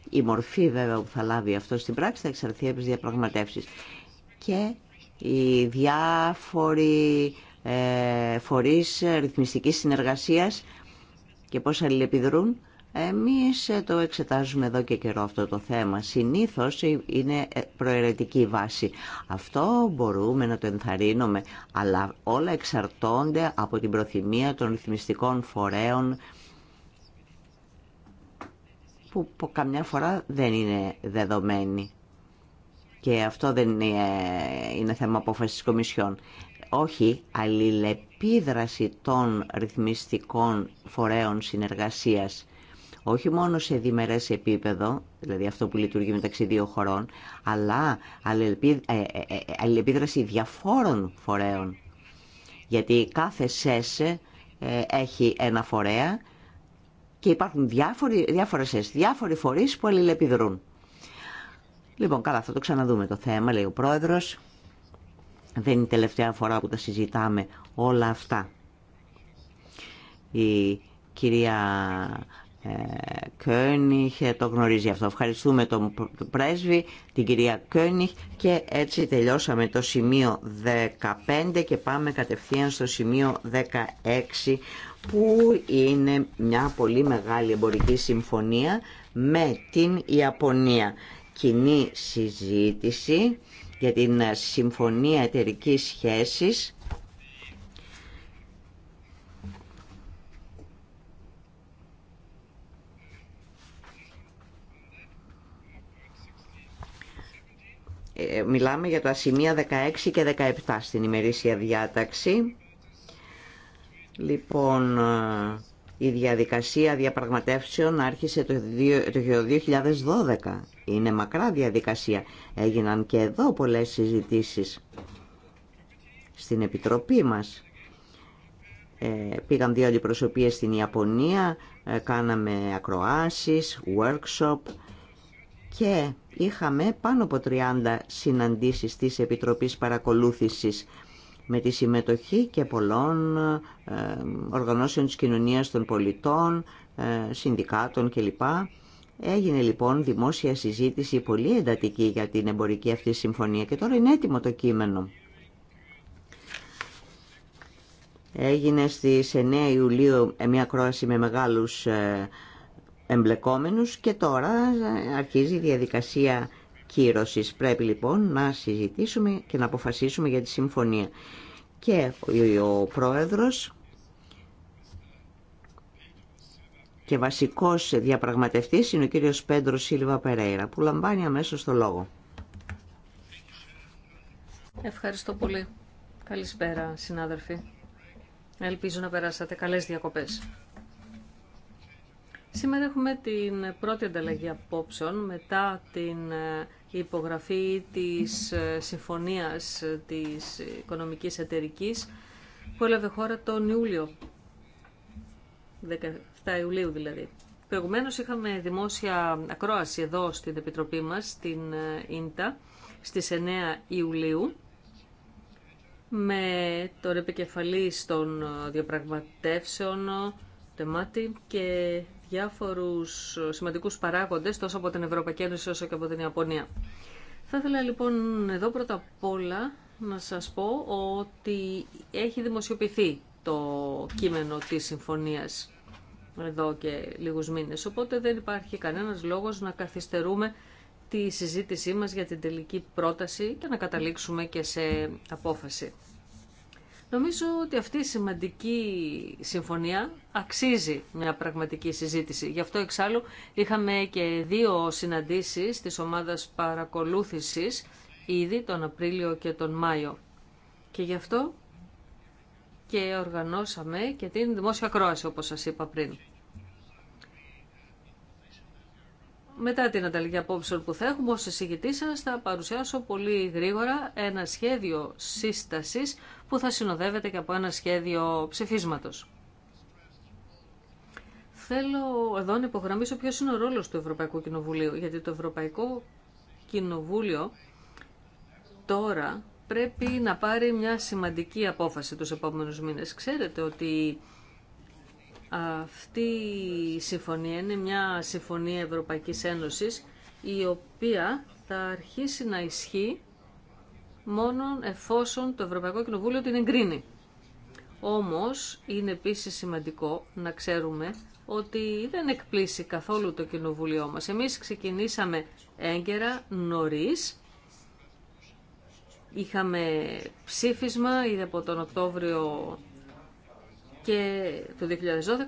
η μορφή βέβαια που θα λάβει αυτό στην πράξη θα εξαρθεί από τις διαπραγματεύσεις. Και οι διάφοροι ε, φορείς ρυθμιστικής συνεργασίας και πώς αλληλεπιδρούν. Εμείς το εξετάζουμε εδώ και καιρό αυτό το θέμα. Συνήθως είναι προαιρετική βάση. Αυτό μπορούμε να το ενθαρρύνουμε, αλλά όλα εξαρτώνται από την προθυμία των ρυθμιστικών φορέων που καμιά φορά δεν είναι δεδομένη. Και αυτό δεν είναι, είναι θέμα απόφαση τη Κομισιόν. Όχι, αλληλεπίδραση των ρυθμιστικών φορέων συνεργασίας όχι μόνο σε διμερές επίπεδο, δηλαδή αυτό που λειτουργεί μεταξύ δύο χωρών, αλλά ε, ε, ε, αλληλεπίδραση διαφόρων φορέων. Γιατί κάθε σέσε έχει ένα φορέα και υπάρχουν διάφοροι, διάφορες, διάφοροι φορείς που αλληλεπιδρούν. Λοιπόν, καλά, θα το ξαναδούμε το θέμα, λέει ο πρόεδρος. Δεν είναι η τελευταία φορά που τα συζητάμε όλα αυτά. Η κυρία ε, το γνωρίζει αυτό. Ευχαριστούμε τον πρέσβη, την κυρία Κόνιχ και έτσι τελειώσαμε το σημείο 15 και πάμε κατευθείαν στο σημείο 16 που είναι μια πολύ μεγάλη εμπορική συμφωνία με την Ιαπωνία. Κοινή συζήτηση για την Συμφωνία εταιρική Σχέσης ε, Μιλάμε για τα σημεία 16 και 17 στην ημερήσια διάταξη. Λοιπόν, ε, η διαδικασία διαπραγματεύσεων άρχισε το 2012. Είναι μακρά διαδικασία. Έγιναν και εδώ πολλές συζητήσεις στην Επιτροπή μας. Ε, πήγαν δύο αντιπροσωπείες στην Ιαπωνία, ε, κάναμε ακροάσεις, workshop και είχαμε πάνω από 30 συναντήσεις της Επιτροπής Παρακολούθησης με τη συμμετοχή και πολλών ε, οργανώσεων της κοινωνίας των πολιτών, ε, συνδικάτων κλπ. Έγινε λοιπόν δημόσια συζήτηση πολύ εντατική για την εμπορική αυτή συμφωνία και τώρα είναι έτοιμο το κείμενο. Έγινε στις 9 Ιουλίου μια κρόαση με μεγάλους ε, εμπλεκόμενους και τώρα αρχίζει η διαδικασία κύρωσης. Πρέπει λοιπόν να συζητήσουμε και να αποφασίσουμε για τη συμφωνία. Και ο πρόεδρος και βασικός διαπραγματευτής είναι ο κύριος Πέντρο Σίλβα Περέιρα που λαμβάνει αμέσως το λόγο. Ευχαριστώ πολύ. Καλησπέρα συνάδελφοι. Ελπίζω να περάσατε καλές διακοπές. Σήμερα έχουμε την πρώτη ανταλλαγή απόψεων μετά την ε, υπογραφή της ε, συμφωνίας ε, της οικονομικής εταιρικής που έλαβε χώρα τον Ιούλιο, 17 Ιουλίου δηλαδή. Προηγουμένως είχαμε δημόσια ακρόαση εδώ στην Επιτροπή μας, στην ΙΝΤΑ, στις 9 Ιουλίου με τον επικεφαλής των διαπραγματεύσεων, τεμάτι και διάφορους σημαντικούς παράγοντες τόσο από την Ευρωπαϊκή Ένωση όσο και από την Ιαπωνία. Θα ήθελα λοιπόν εδώ πρώτα απ' όλα να σας πω ότι έχει δημοσιοποιηθεί το κείμενο της συμφωνίας εδώ και λίγους μήνες, οπότε δεν υπάρχει κανένας λόγος να καθυστερούμε τη συζήτησή μας για την τελική πρόταση και να καταλήξουμε και σε απόφαση. Νομίζω ότι αυτή η σημαντική συμφωνία αξίζει μια πραγματική συζήτηση. Γι' αυτό εξάλλου είχαμε και δύο συναντήσεις της ομάδας παρακολούθησης ήδη τον Απρίλιο και τον Μάιο. Και γι' αυτό και οργανώσαμε και την δημόσια κρόαση όπως σας είπα πριν. μετά την ανταλλαγή απόψεων που θα έχουμε ως εισηγητή σα θα παρουσιάσω πολύ γρήγορα ένα σχέδιο σύστασης που θα συνοδεύεται και από ένα σχέδιο ψηφίσματος. Θέλω εδώ να υπογραμμίσω ποιος είναι ο ρόλος του Ευρωπαϊκού Κοινοβουλίου, γιατί το Ευρωπαϊκό Κοινοβούλιο τώρα πρέπει να πάρει μια σημαντική απόφαση τους επόμενους μήνες. Ξέρετε ότι αυτή η συμφωνία είναι μια συμφωνία Ευρωπαϊκής Ένωσης η οποία θα αρχίσει να ισχύει μόνο εφόσον το Ευρωπαϊκό Κοινοβούλιο την εγκρίνει. Όμως είναι επίσης σημαντικό να ξέρουμε ότι δεν εκπλήσει καθόλου το Κοινοβούλιο μας. Εμείς ξεκινήσαμε έγκαιρα νωρίς. Είχαμε ψήφισμα ήδη από τον Οκτώβριο και το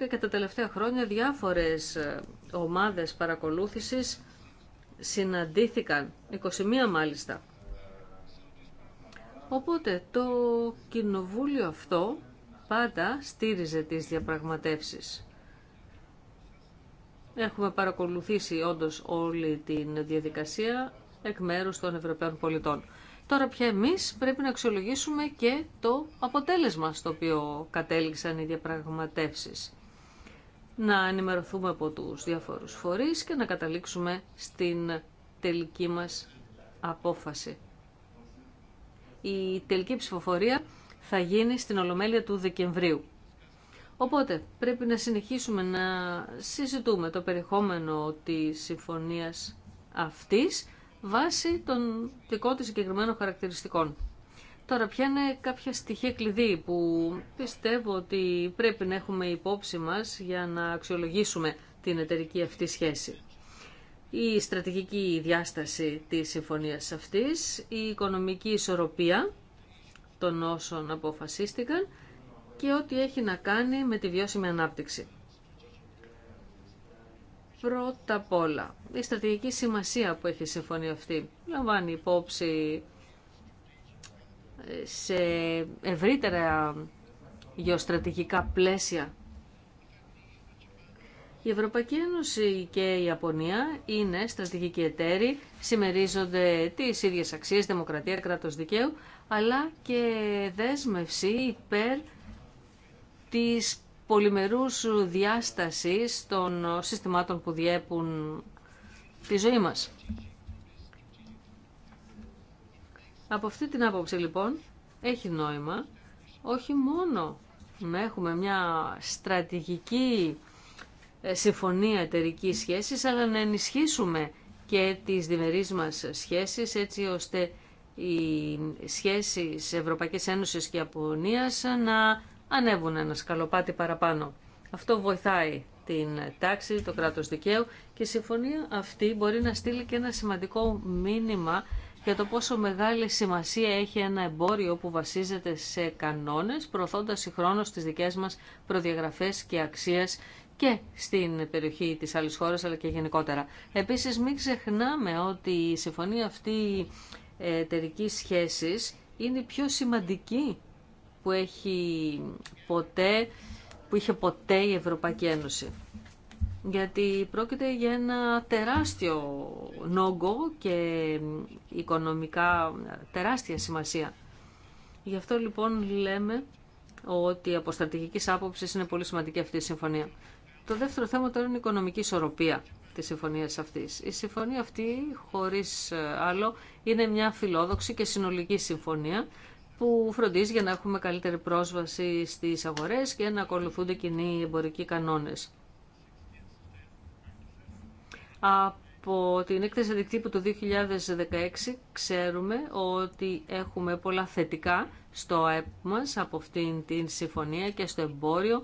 2012 και τα τελευταία χρόνια διάφορες ε, ομάδες παρακολούθησης συναντήθηκαν, 21 μάλιστα. Οπότε το κοινοβούλιο αυτό πάντα στήριζε τις διαπραγματεύσεις. Έχουμε παρακολουθήσει όντως όλη την διαδικασία εκ μέρους των Ευρωπαίων πολιτών. Τώρα πια εμείς πρέπει να αξιολογήσουμε και το αποτέλεσμα στο οποίο κατέληξαν οι διαπραγματεύσεις. Να ενημερωθούμε από τους διάφορους φορείς και να καταλήξουμε στην τελική μας απόφαση. Η τελική ψηφοφορία θα γίνει στην Ολομέλεια του Δεκεμβρίου. Οπότε πρέπει να συνεχίσουμε να συζητούμε το περιεχόμενο της συμφωνίας αυτής βάσει των δικών της συγκεκριμένων χαρακτηριστικών. Τώρα, ποια είναι κάποια στοιχεία κλειδί που πιστεύω ότι πρέπει να έχουμε υπόψη μας για να αξιολογήσουμε την εταιρική αυτή σχέση. Η στρατηγική διάσταση της συμφωνίας αυτής, η οικονομική ισορροπία των όσων αποφασίστηκαν και ό,τι έχει να κάνει με τη βιώσιμη ανάπτυξη. Πρώτα απ' όλα, η στρατηγική σημασία που έχει συμφωνεί αυτή λαμβάνει υπόψη ε, σε ευρύτερα γεωστρατηγικά πλαίσια. Η Ευρωπαϊκή Ένωση και η Ιαπωνία είναι στρατηγικοί εταίροι, συμμερίζονται τις ίδιες αξίες, δημοκρατία, κράτος δικαίου, αλλά και δέσμευση υπέρ της πολυμερούς διάστασης των συστημάτων που διέπουν τη ζωή μας. Από αυτή την άποψη λοιπόν έχει νόημα όχι μόνο να έχουμε μια στρατηγική ε, συμφωνία εταιρική σχέσης, αλλά να ενισχύσουμε και τις διμερείς μας σχέσεις, έτσι ώστε οι σχέσεις Ευρωπαϊκής Ένωσης και Ιαπωνίας να ανέβουν ένα σκαλοπάτι παραπάνω. Αυτό βοηθάει την τάξη, το κράτος δικαίου και η συμφωνία αυτή μπορεί να στείλει και ένα σημαντικό μήνυμα για το πόσο μεγάλη σημασία έχει ένα εμπόριο που βασίζεται σε κανόνες, προωθώντας συγχρόνως τις δικές μας προδιαγραφές και αξίες και στην περιοχή της άλλης χώρας, αλλά και γενικότερα. Επίσης, μην ξεχνάμε ότι η συμφωνία αυτή εταιρική σχέσης είναι πιο σημαντική που, έχει ποτέ, που είχε ποτέ η Ευρωπαϊκή Ένωση. Γιατί πρόκειται για ένα τεράστιο νόγκο και οικονομικά τεράστια σημασία. Γι' αυτό λοιπόν λέμε ότι από στρατηγική άποψη είναι πολύ σημαντική αυτή η συμφωνία. Το δεύτερο θέμα τώρα είναι η οικονομική ισορροπία της συμφωνίας αυτής. Η συμφωνία αυτή, χωρίς άλλο, είναι μια φιλόδοξη και συνολική συμφωνία που φροντίζει για να έχουμε καλύτερη πρόσβαση στις αγορές και να ακολουθούνται κοινοί εμπορικοί κανόνες. Από την έκθεση δικτύπου του 2016 ξέρουμε ότι έχουμε πολλά θετικά στο ΑΕΠ μας από αυτήν την συμφωνία και στο εμπόριο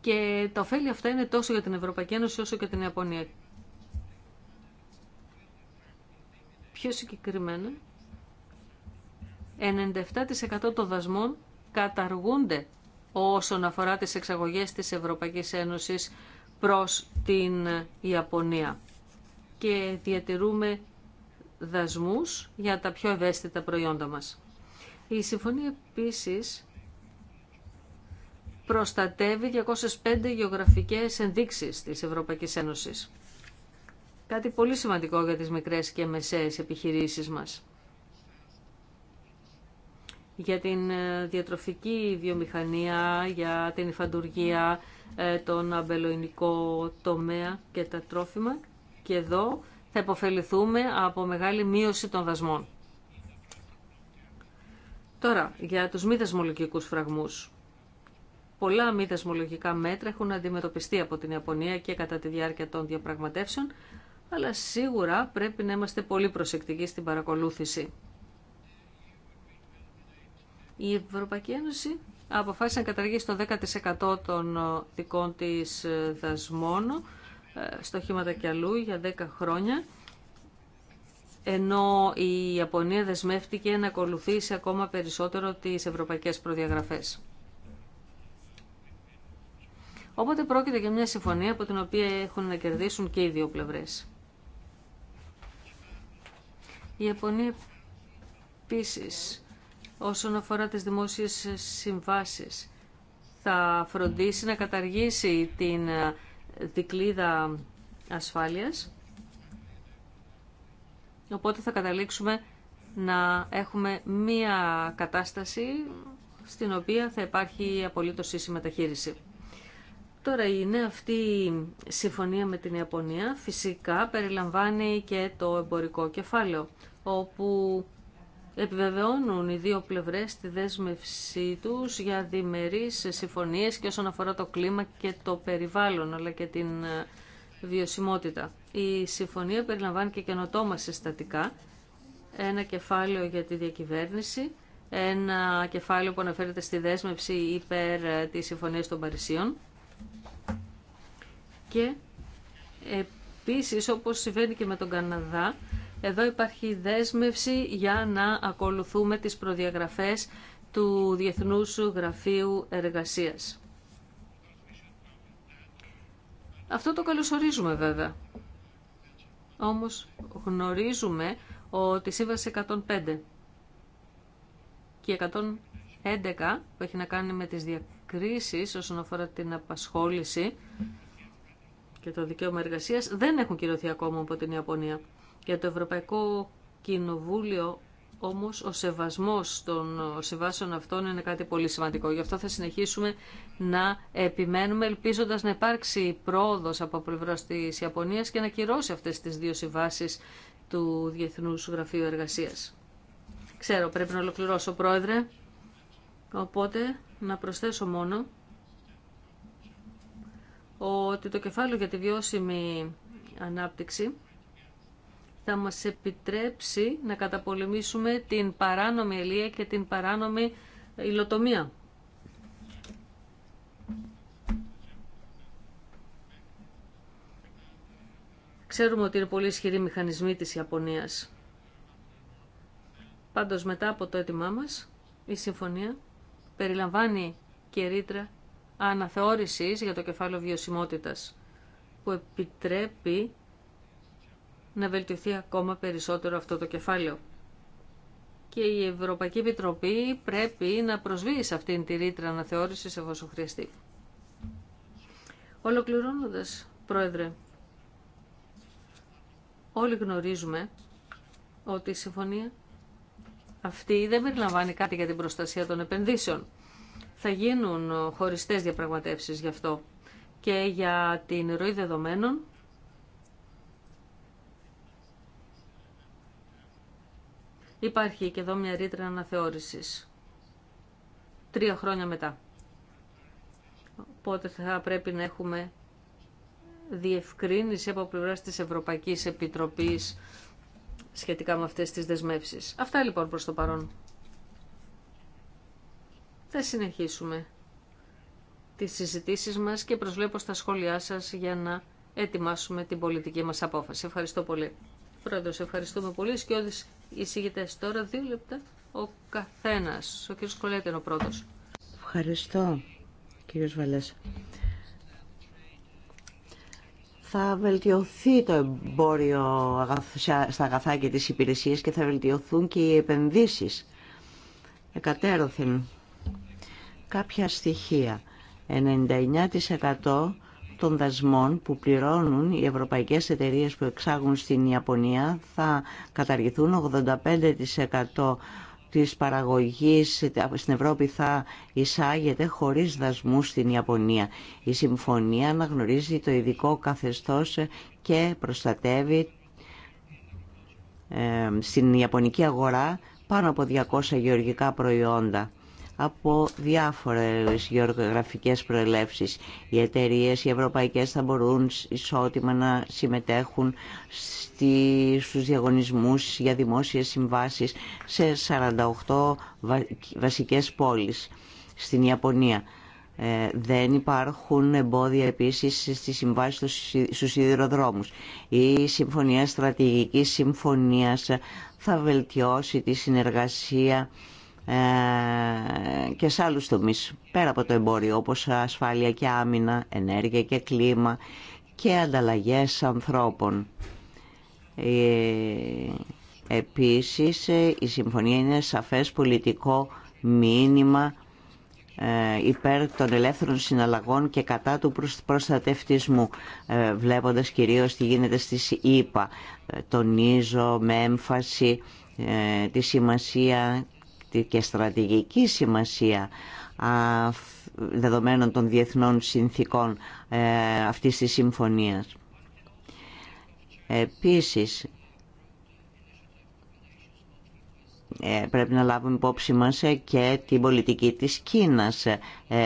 και τα ωφέλη αυτά είναι τόσο για την Ευρωπαϊκή Ένωση όσο και την Ιαπωνία. Πιο συγκεκριμένα, 97% των δασμών καταργούνται όσον αφορά τις εξαγωγές της Ευρωπαϊκής Ένωσης προς την Ιαπωνία. Και διατηρούμε δασμούς για τα πιο ευαίσθητα προϊόντα μας. Η συμφωνία επίσης προστατεύει 205 γεωγραφικές ενδείξεις της Ευρωπαϊκής Ένωσης. Κάτι πολύ σημαντικό για τις μικρές και μεσαίες επιχειρήσεις μας για την ε, διατροφική βιομηχανία, για την υφαντουργία, ε, τον αμπελοϊνικό τομέα και τα τρόφιμα. Και εδώ θα υποφεληθούμε από μεγάλη μείωση των δασμών. Τώρα, για τους μη δασμολογικούς φραγμούς. Πολλά μη δασμολογικά μέτρα έχουν αντιμετωπιστεί από την Ιαπωνία και κατά τη διάρκεια των διαπραγματεύσεων, αλλά σίγουρα πρέπει να είμαστε πολύ προσεκτικοί στην παρακολούθηση η Ευρωπαϊκή Ένωση αποφάσισε να καταργήσει το 10% των ε, δικών της ε, δασμών ε, στοχήματα και αλλού για 10 χρόνια ενώ η Ιαπωνία δεσμεύτηκε να ακολουθήσει ακόμα περισσότερο τις ευρωπαϊκές προδιαγραφές. Οπότε πρόκειται για μια συμφωνία από την οποία έχουν να κερδίσουν και οι δύο πλευρές. Η Ιαπωνία επίσης όσον αφορά τις δημόσιες συμβάσεις. Θα φροντίσει να καταργήσει την ε, δικλίδα ασφάλειας. Οπότε θα καταλήξουμε να έχουμε μία κατάσταση στην οποία θα υπάρχει απολύτως ίση μεταχείριση. Τώρα η αυτή αυτή συμφωνία με την Ιαπωνία φυσικά περιλαμβάνει και το εμπορικό κεφάλαιο, όπου επιβεβαιώνουν οι δύο πλευρές τη δέσμευσή τους για διμερείς συμφωνίες και όσον αφορά το κλίμα και το περιβάλλον αλλά και την ε, βιωσιμότητα. Η συμφωνία περιλαμβάνει και καινοτόμα συστατικά, ένα κεφάλαιο για τη διακυβέρνηση, ένα κεφάλαιο που αναφέρεται στη δέσμευση υπέρ ε, της Συμφωνίας των Παρισίων και επίσης όπως συμβαίνει και με τον Καναδά εδώ υπάρχει δέσμευση για να ακολουθούμε τις προδιαγραφές του Διεθνούς Γραφείου Εργασίας. Αυτό το καλωσορίζουμε βέβαια. Όμως γνωρίζουμε ότι η Σύμβαση 105 και 111 που έχει να κάνει με τις διακρίσεις όσον αφορά την απασχόληση και το δικαίωμα εργασίας δεν έχουν κυρωθεί ακόμα από την Ιαπωνία. Για το Ευρωπαϊκό Κοινοβούλιο όμως ο σεβασμός των συμβάσεων αυτών είναι κάτι πολύ σημαντικό. Γι' αυτό θα συνεχίσουμε να επιμένουμε ελπίζοντας να υπάρξει πρόοδος από πλευρά της Ιαπωνίας και να κυρώσει αυτές τις δύο συμβάσεις του Διεθνούς Γραφείου Εργασίας. Ξέρω, πρέπει να ολοκληρώσω, Πρόεδρε, οπότε να προσθέσω μόνο ότι το κεφάλαιο για τη βιώσιμη ανάπτυξη θα μας επιτρέψει να καταπολεμήσουμε την παράνομη ελεία και την παράνομη υλοτομία. Ξέρουμε ότι είναι πολύ ισχυροί μηχανισμοί της Ιαπωνίας. Πάντως μετά από το έτοιμά μας, η συμφωνία περιλαμβάνει και ρήτρα αναθεώρησης για το κεφάλαιο βιωσιμότητας, που επιτρέπει να βελτιωθεί ακόμα περισσότερο αυτό το κεφάλαιο. Και η Ευρωπαϊκή Επιτροπή πρέπει να προσβεί σε αυτήν τη ρήτρα σε εφόσον χρειαστεί. Ολοκληρώνοντα, Πρόεδρε, όλοι γνωρίζουμε ότι η συμφωνία αυτή δεν περιλαμβάνει κάτι για την προστασία των επενδύσεων. Θα γίνουν χωριστές διαπραγματεύσεις γι' αυτό και για την ροή δεδομένων Υπάρχει και εδώ μια ρήτρα αναθεώρησης. Τρία χρόνια μετά. Οπότε θα πρέπει να έχουμε διευκρίνηση από πλευράς της Ευρωπαϊκής Επιτροπής σχετικά με αυτές τις δεσμεύσεις. Αυτά λοιπόν προς το παρόν. Θα συνεχίσουμε τις συζητήσεις μας και προσβλέπω στα σχόλιά σας για να ετοιμάσουμε την πολιτική μας απόφαση. Ευχαριστώ πολύ. ευχαριστούμε πολύ εισηγητές. Τώρα δύο λεπτά ο καθένας. Ο κύριος Κολέτη είναι ο πρώτος. Ευχαριστώ κύριος Βαλές. Θα βελτιωθεί το εμπόριο στα αγαθά και τις υπηρεσίες και θα βελτιωθούν και οι επενδύσεις. Εκατέρωθεν κάποια στοιχεία. 99% των δασμών που πληρώνουν οι ευρωπαϊκές εταιρείες που εξάγουν στην Ιαπωνία θα καταργηθούν 85% της παραγωγής στην Ευρώπη θα εισάγεται χωρίς δασμού στην Ιαπωνία. Η συμφωνία αναγνωρίζει το ειδικό καθεστώς και προστατεύει ε, στην Ιαπωνική αγορά πάνω από 200 γεωργικά προϊόντα από διάφορες γεωγραφικές προελεύσεις. Οι εταιρείες οι ευρωπαϊκές θα μπορούν ισότιμα να συμμετέχουν στη, στους διαγωνισμούς για δημόσιες συμβάσεις σε 48 βασικές πόλεις στην Ιαπωνία. Ε, δεν υπάρχουν εμπόδια επίσης στις συμβάσεις στους σιδηροδρόμους. Η Συμφωνία Στρατηγικής Συμφωνίας θα βελτιώσει τη συνεργασία ε, και σε άλλους τομείς πέρα από το εμπόριο όπως ασφάλεια και άμυνα, ενέργεια και κλίμα και ανταλλαγές ανθρώπων. Ε, επίσης η συμφωνία είναι σαφές πολιτικό μήνυμα ε, υπέρ των ελεύθερων συναλλαγών και κατά του προστατευτισμού βλέποντας κυρίως τι γίνεται στη ΗΠΑ. Τονίζω με έμφαση τη σημασία και στρατηγική σημασία δεδομένων των διεθνών συνθήκων ε, αυτής της συμφωνίας. Επίσης, ε, πρέπει να λάβουμε υπόψη μας ε, και την πολιτική της Κίνας,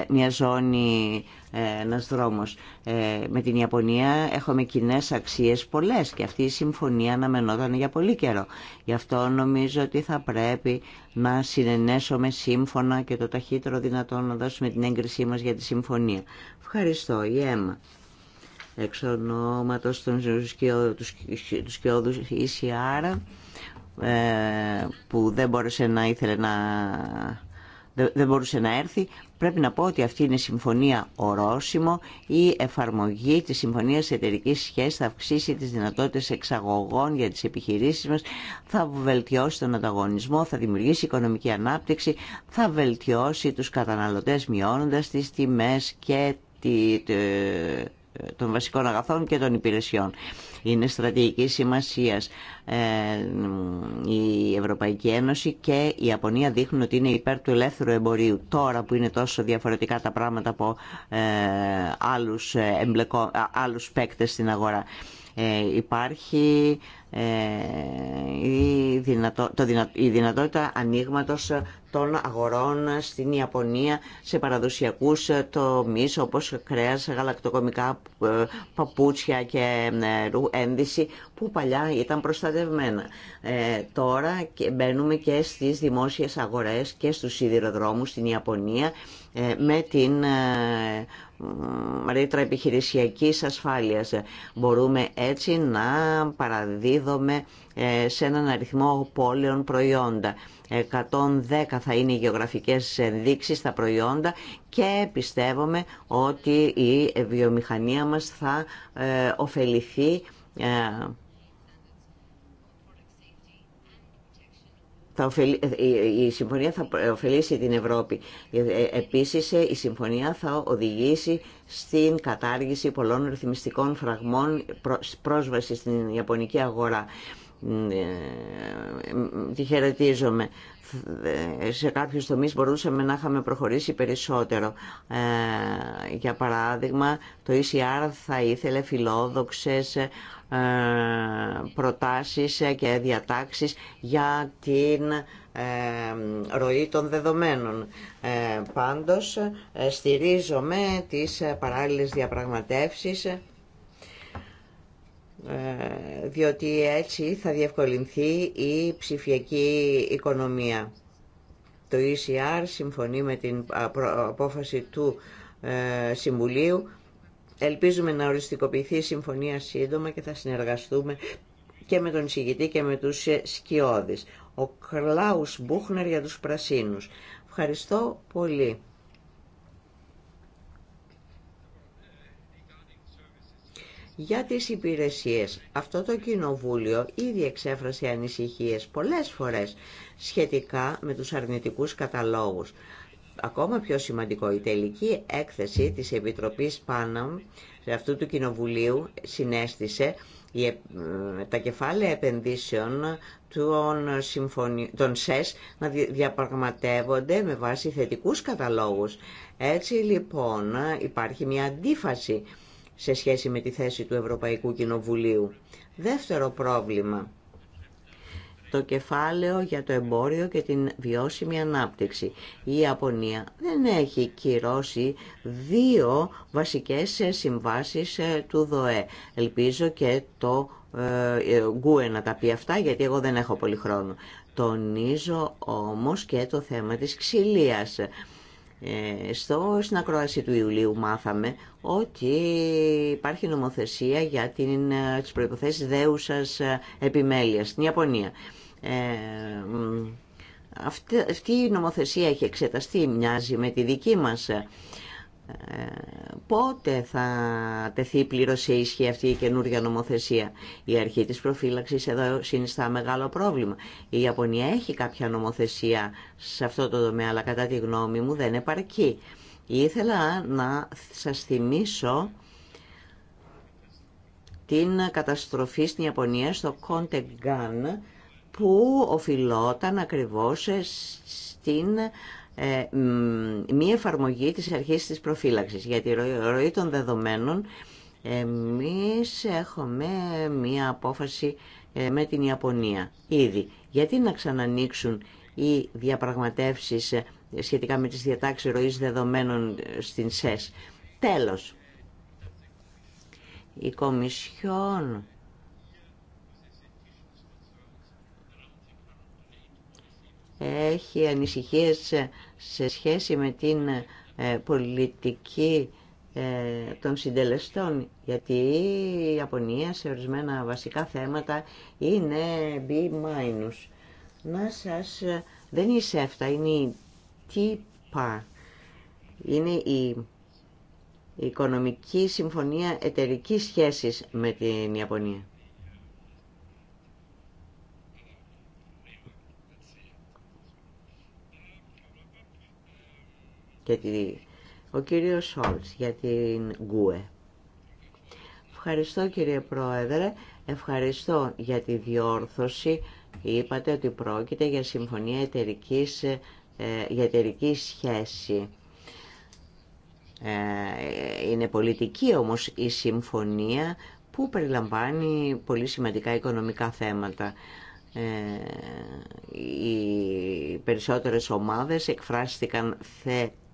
μια ζώνη ένας δρόμος. Ε, με την Ιαπωνία έχουμε κοινέ αξίες πολλές και αυτή η συμφωνία αναμενόταν για πολύ καιρό. Γι' αυτό νομίζω ότι θα πρέπει να συνενέσουμε σύμφωνα και το ταχύτερο δυνατόν να δώσουμε την έγκρισή μας για τη συμφωνία. Ευχαριστώ. Η ΕΜΑ. Εξ ονόματος των Σκιώδους Ισιάρα ε, που δεν μπόρεσε να ήθελε να δεν μπορούσε να έρθει Πρέπει να πω ότι αυτή είναι συμφωνία ορόσημο. Η εφαρμογή της συμφωνίας εταιρική σχέσης θα αυξήσει τις δυνατότητες εξαγωγών για τις επιχειρήσεις μας, θα βελτιώσει τον ανταγωνισμό, θα δημιουργήσει οικονομική ανάπτυξη, θα βελτιώσει τους καταναλωτές μειώνοντας τις τιμές και των βασικών αγαθών και των υπηρεσιών. Είναι στρατηγική σημασία. Ε, η Ευρωπαϊκή Ένωση και η Ιαπωνία δείχνουν ότι είναι υπέρ του ελεύθερου εμπορίου. Τώρα που είναι τόσο διαφορετικά τα πράγματα από ε, άλλους, ε, εμπλεκο, άλλους παίκτες στην αγορά. Ε, υπάρχει ε, η, δυνατό, το, η δυνατότητα ανοίγματο των αγορών στην Ιαπωνία σε παραδοσιακούς τομείς όπως κρέας, γαλακτοκομικά, ε, παπούτσια και ε, ένδυση που παλιά ήταν προστατευμένα. Ε, τώρα μπαίνουμε και στις δημόσιες αγορές και στους σιδηροδρόμους στην Ιαπωνία ε, με την ε, ρήτρα επιχειρησιακής ασφάλειας. Μπορούμε έτσι να παραδίδουμε ε, σε έναν αριθμό πόλεων προϊόντα. 110 θα είναι οι γεωγραφικές ενδείξεις στα προϊόντα και πιστεύουμε ότι η βιομηχανία μας θα ωφεληθεί Ε, η συμφωνία θα ωφελήσει την Ευρώπη. Ε, ε, επίσης, η συμφωνία θα οδηγήσει στην κατάργηση πολλών ρυθμιστικών φραγμών πρόσβαση στην Ιαπωνική αγορά. Ε, τη χαιρετίζομαι. Σε κάποιους τομείς μπορούσαμε να είχαμε προχωρήσει περισσότερο. Ε, για παράδειγμα, το ECR θα ήθελε φιλόδοξες ε, προτάσεις και διατάξεις για την ροή των δεδομένων. πάντως, στηρίζομαι τις παράλληλες διαπραγματεύσεις ε, διότι έτσι θα διευκολυνθεί η ψηφιακή οικονομία. Το ECR συμφωνεί με την απόφαση του ε, Συμβουλίου. Ελπίζουμε να οριστικοποιηθεί η συμφωνία σύντομα και θα συνεργαστούμε και με τον εισηγητή και με τους σκιώδεις. Ο Κλάους Μπούχνερ για τους πρασίνους. Ευχαριστώ πολύ. Για τις υπηρεσίες, αυτό το κοινοβούλιο ήδη εξέφρασε ανησυχίες πολλές φορές σχετικά με τους αρνητικούς καταλόγους. Ακόμα πιο σημαντικό, η τελική έκθεση της Επιτροπής Πάναμ σε αυτού του κοινοβουλίου συνέστησε ε, τα κεφάλαια επενδύσεων των, συμφωνι... των ΣΕΣ να διαπραγματεύονται με βάση θετικούς καταλόγους. Έτσι λοιπόν υπάρχει μια αντίφαση σε σχέση με τη θέση του Ευρωπαϊκού Κοινοβουλίου. Δεύτερο πρόβλημα, το κεφάλαιο για το εμπόριο και την βιώσιμη ανάπτυξη. Η Ιαπωνία δεν έχει κυρώσει δύο βασικές συμβάσεις ε, του ΔΟΕ. Ελπίζω και το ε, ε, Γκούε να τα πει αυτά, γιατί εγώ δεν έχω πολύ χρόνο. Τονίζω όμως και το θέμα της ξυλίας. Ε, στο, στην ακρόαση του Ιουλίου μάθαμε ότι υπάρχει νομοθεσία για την, ε, τις προϋποθέσεις δέουσας ε, επιμέλειας στην Ιαπωνία. Ε, αυτή, αυτή η νομοθεσία έχει εξεταστεί, μοιάζει με τη δική μας πότε θα τεθεί πλήρως σε ισχύ αυτή η καινούργια νομοθεσία. Η αρχή της προφύλαξης εδώ συνιστά μεγάλο πρόβλημα. Η Ιαπωνία έχει κάποια νομοθεσία σε αυτό το τομέα, αλλά κατά τη γνώμη μου δεν επαρκεί. Ήθελα να σας θυμίσω την καταστροφή στην Ιαπωνία στο Κόντεγκάν που οφειλόταν ακριβώς στην ε, μία εφαρμογή της αρχής της προφύλαξης. Για τη ροή των δεδομένων εμείς έχουμε μία απόφαση ε, με την Ιαπωνία ήδη. Γιατί να ξανανοίξουν οι διαπραγματεύσεις ε, σχετικά με τις διατάξεις ροής δεδομένων στην ΣΕΣ. Τέλος, η Κομισιόν έχει ανησυχίες σε σχέση με την ε, πολιτική ε, των συντελεστών γιατί η Ιαπωνία σε ορισμένα βασικά θέματα είναι B-. Να σας... Ε, δεν είναι η ΣΕΦΤΑ, είναι η TIPA. Είναι η η Οικονομική Συμφωνία Εταιρικής Σχέσης με την Ιαπωνία. και ο κύριος Σόλτς για την ΓΚΟΕ. Ευχαριστώ κύριε Πρόεδρε, ευχαριστώ για τη διόρθωση. Είπατε ότι πρόκειται για συμφωνία εταιρικής, ε, εταιρική σχέση. Ε, είναι πολιτική όμως η συμφωνία που περιλαμβάνει πολύ σημαντικά οικονομικά θέματα. Ε, οι περισσότερες ομάδες εκφράστηκαν θετικά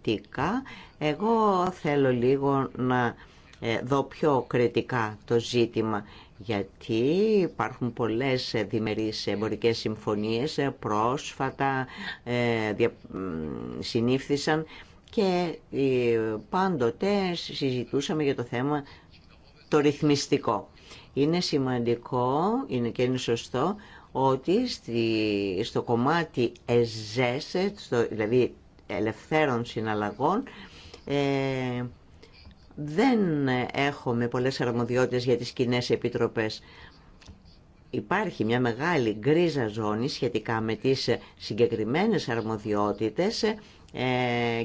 εγώ θέλω λίγο να ε, δω πιο κριτικά το ζήτημα γιατί υπάρχουν πολλές διμερείς εμπορικές συμφωνίες ε, πρόσφατα ε, συνήφθησαν και πάντοτε συζητούσαμε για το θέμα το ρυθμιστικό. Είναι σημαντικό, είναι και είναι σωστό, ότι στο κομμάτι ΕΖΕΣ, δηλαδή ελευθέρων συναλλαγών ε, δεν έχουμε πολλές αρμοδιότητες για τις κοινέ επιτροπές. Υπάρχει μια μεγάλη γκρίζα ζώνη σχετικά με τις συγκεκριμένες αρμοδιότητες ε,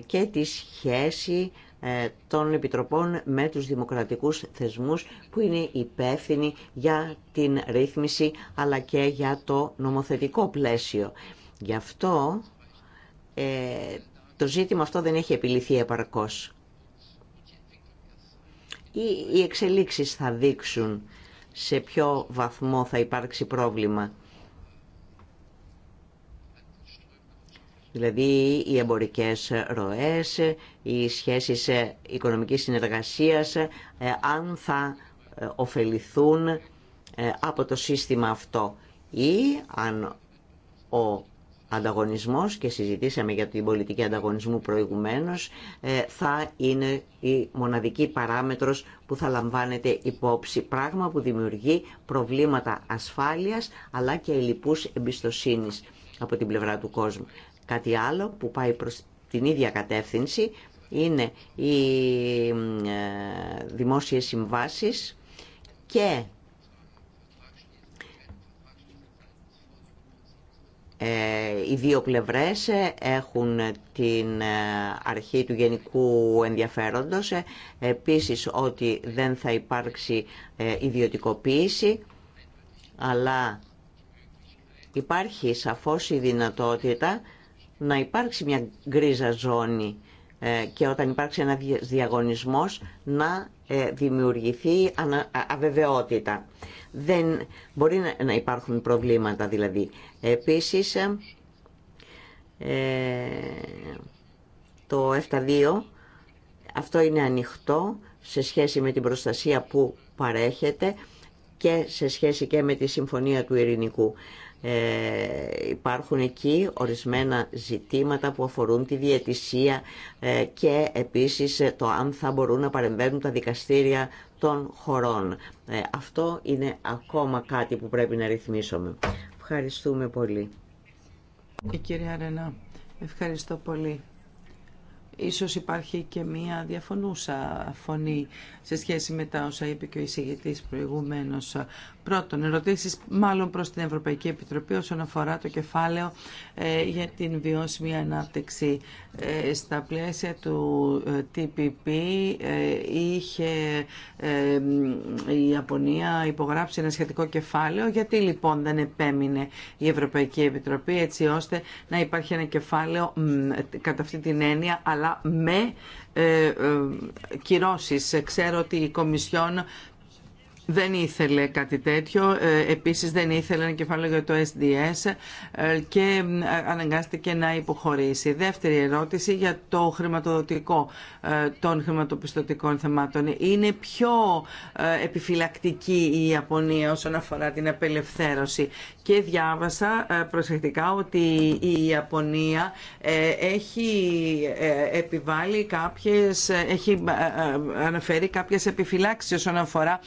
και τη σχέση ε, των Επιτροπών με τους δημοκρατικούς θεσμούς που είναι υπεύθυνοι για την ρύθμιση αλλά και για το νομοθετικό πλαίσιο. Γι' αυτό ε, το ζήτημα αυτό δεν έχει επιληθεί επαρκώς. Οι εξελίξεις θα δείξουν σε ποιο βαθμό θα υπάρξει πρόβλημα. Δηλαδή οι εμπορικές ροές, οι σχέσεις οικονομικής συνεργασίας, ε, αν θα ε, ωφεληθούν ε, από το σύστημα αυτό ή αν ο ανταγωνισμός και συζητήσαμε για την πολιτική ανταγωνισμού προηγουμένως ε, θα είναι η μοναδική παράμετρος που θα λαμβάνεται υπόψη πράγμα που δημιουργεί προβλήματα ασφάλειας αλλά και ελλειπούς εμπιστοσύνης από την πλευρά του κόσμου. Κάτι άλλο που πάει προς την ίδια κατεύθυνση είναι οι ε, δημόσιες συμβάσεις και Ε, οι δύο πλευρές ε, έχουν την ε, αρχή του γενικού ενδιαφέροντος, επίσης ότι δεν θα υπάρξει ιδιωτικοποίηση, αλλά υπάρχει σαφώς η δυνατότητα να υπάρξει μια γκρίζα ζώνη ε, και όταν υπάρξει ένα διαγωνισμός να ε, δημιουργηθεί αβεβαιότητα. Δεν μπορεί να υπάρχουν προβλήματα δηλαδή. Επίσης, ε, το 7-2 αυτό είναι ανοιχτό σε σχέση με την προστασία που παρέχεται και σε σχέση και με τη Συμφωνία του Ειρηνικού. Ε, υπάρχουν εκεί ορισμένα ζητήματα που αφορούν τη διαιτησία ε, και επίσης ε, το αν θα μπορούν να παρεμβαίνουν τα δικαστήρια των χωρών. Αυτό είναι ακόμα κάτι που πρέπει να ρυθμίσουμε. Ευχαριστούμε πολύ. Η κυρία Ρενά, ευχαριστώ πολύ. Ίσως υπάρχει και μία διαφωνούσα φωνή σε σχέση με τα όσα είπε και ο εισηγητής προηγουμένως. Πρώτον, ερωτήσεις μάλλον προς την Ευρωπαϊκή Επιτροπή όσον αφορά το κεφάλαιο ε, για την βιώσιμη ανάπτυξη. Ε, στα πλαίσια του ε, TPP είχε η Ιαπωνία υπογράψει ένα σχετικό κεφάλαιο. Γιατί λοιπόν δεν επέμεινε η Ευρωπαϊκή Επιτροπή έτσι ώστε να υπάρχει ένα κεφάλαιο κατά αυτή την έννοια αλλά με κυρώσεις. Ξέρω ότι η Κομισιόν δεν ήθελε κάτι τέτοιο, ε, επίσης δεν ήθελε ένα κεφάλαιο για το SDS ε, και ε, αναγκάστηκε να υποχωρήσει. Δεύτερη ερώτηση για το χρηματοδοτικό των χρηματοπιστωτικών θεμάτων. Είναι πιο επιφυλακτική η Ιαπωνία όσον αφορά την απελευθέρωση και διάβασα προσεκτικά ότι η Ιαπωνία έχει επιβάλει κάποιες, έχει αναφέρει κάποιες επιφυλάξεις όσον αφορά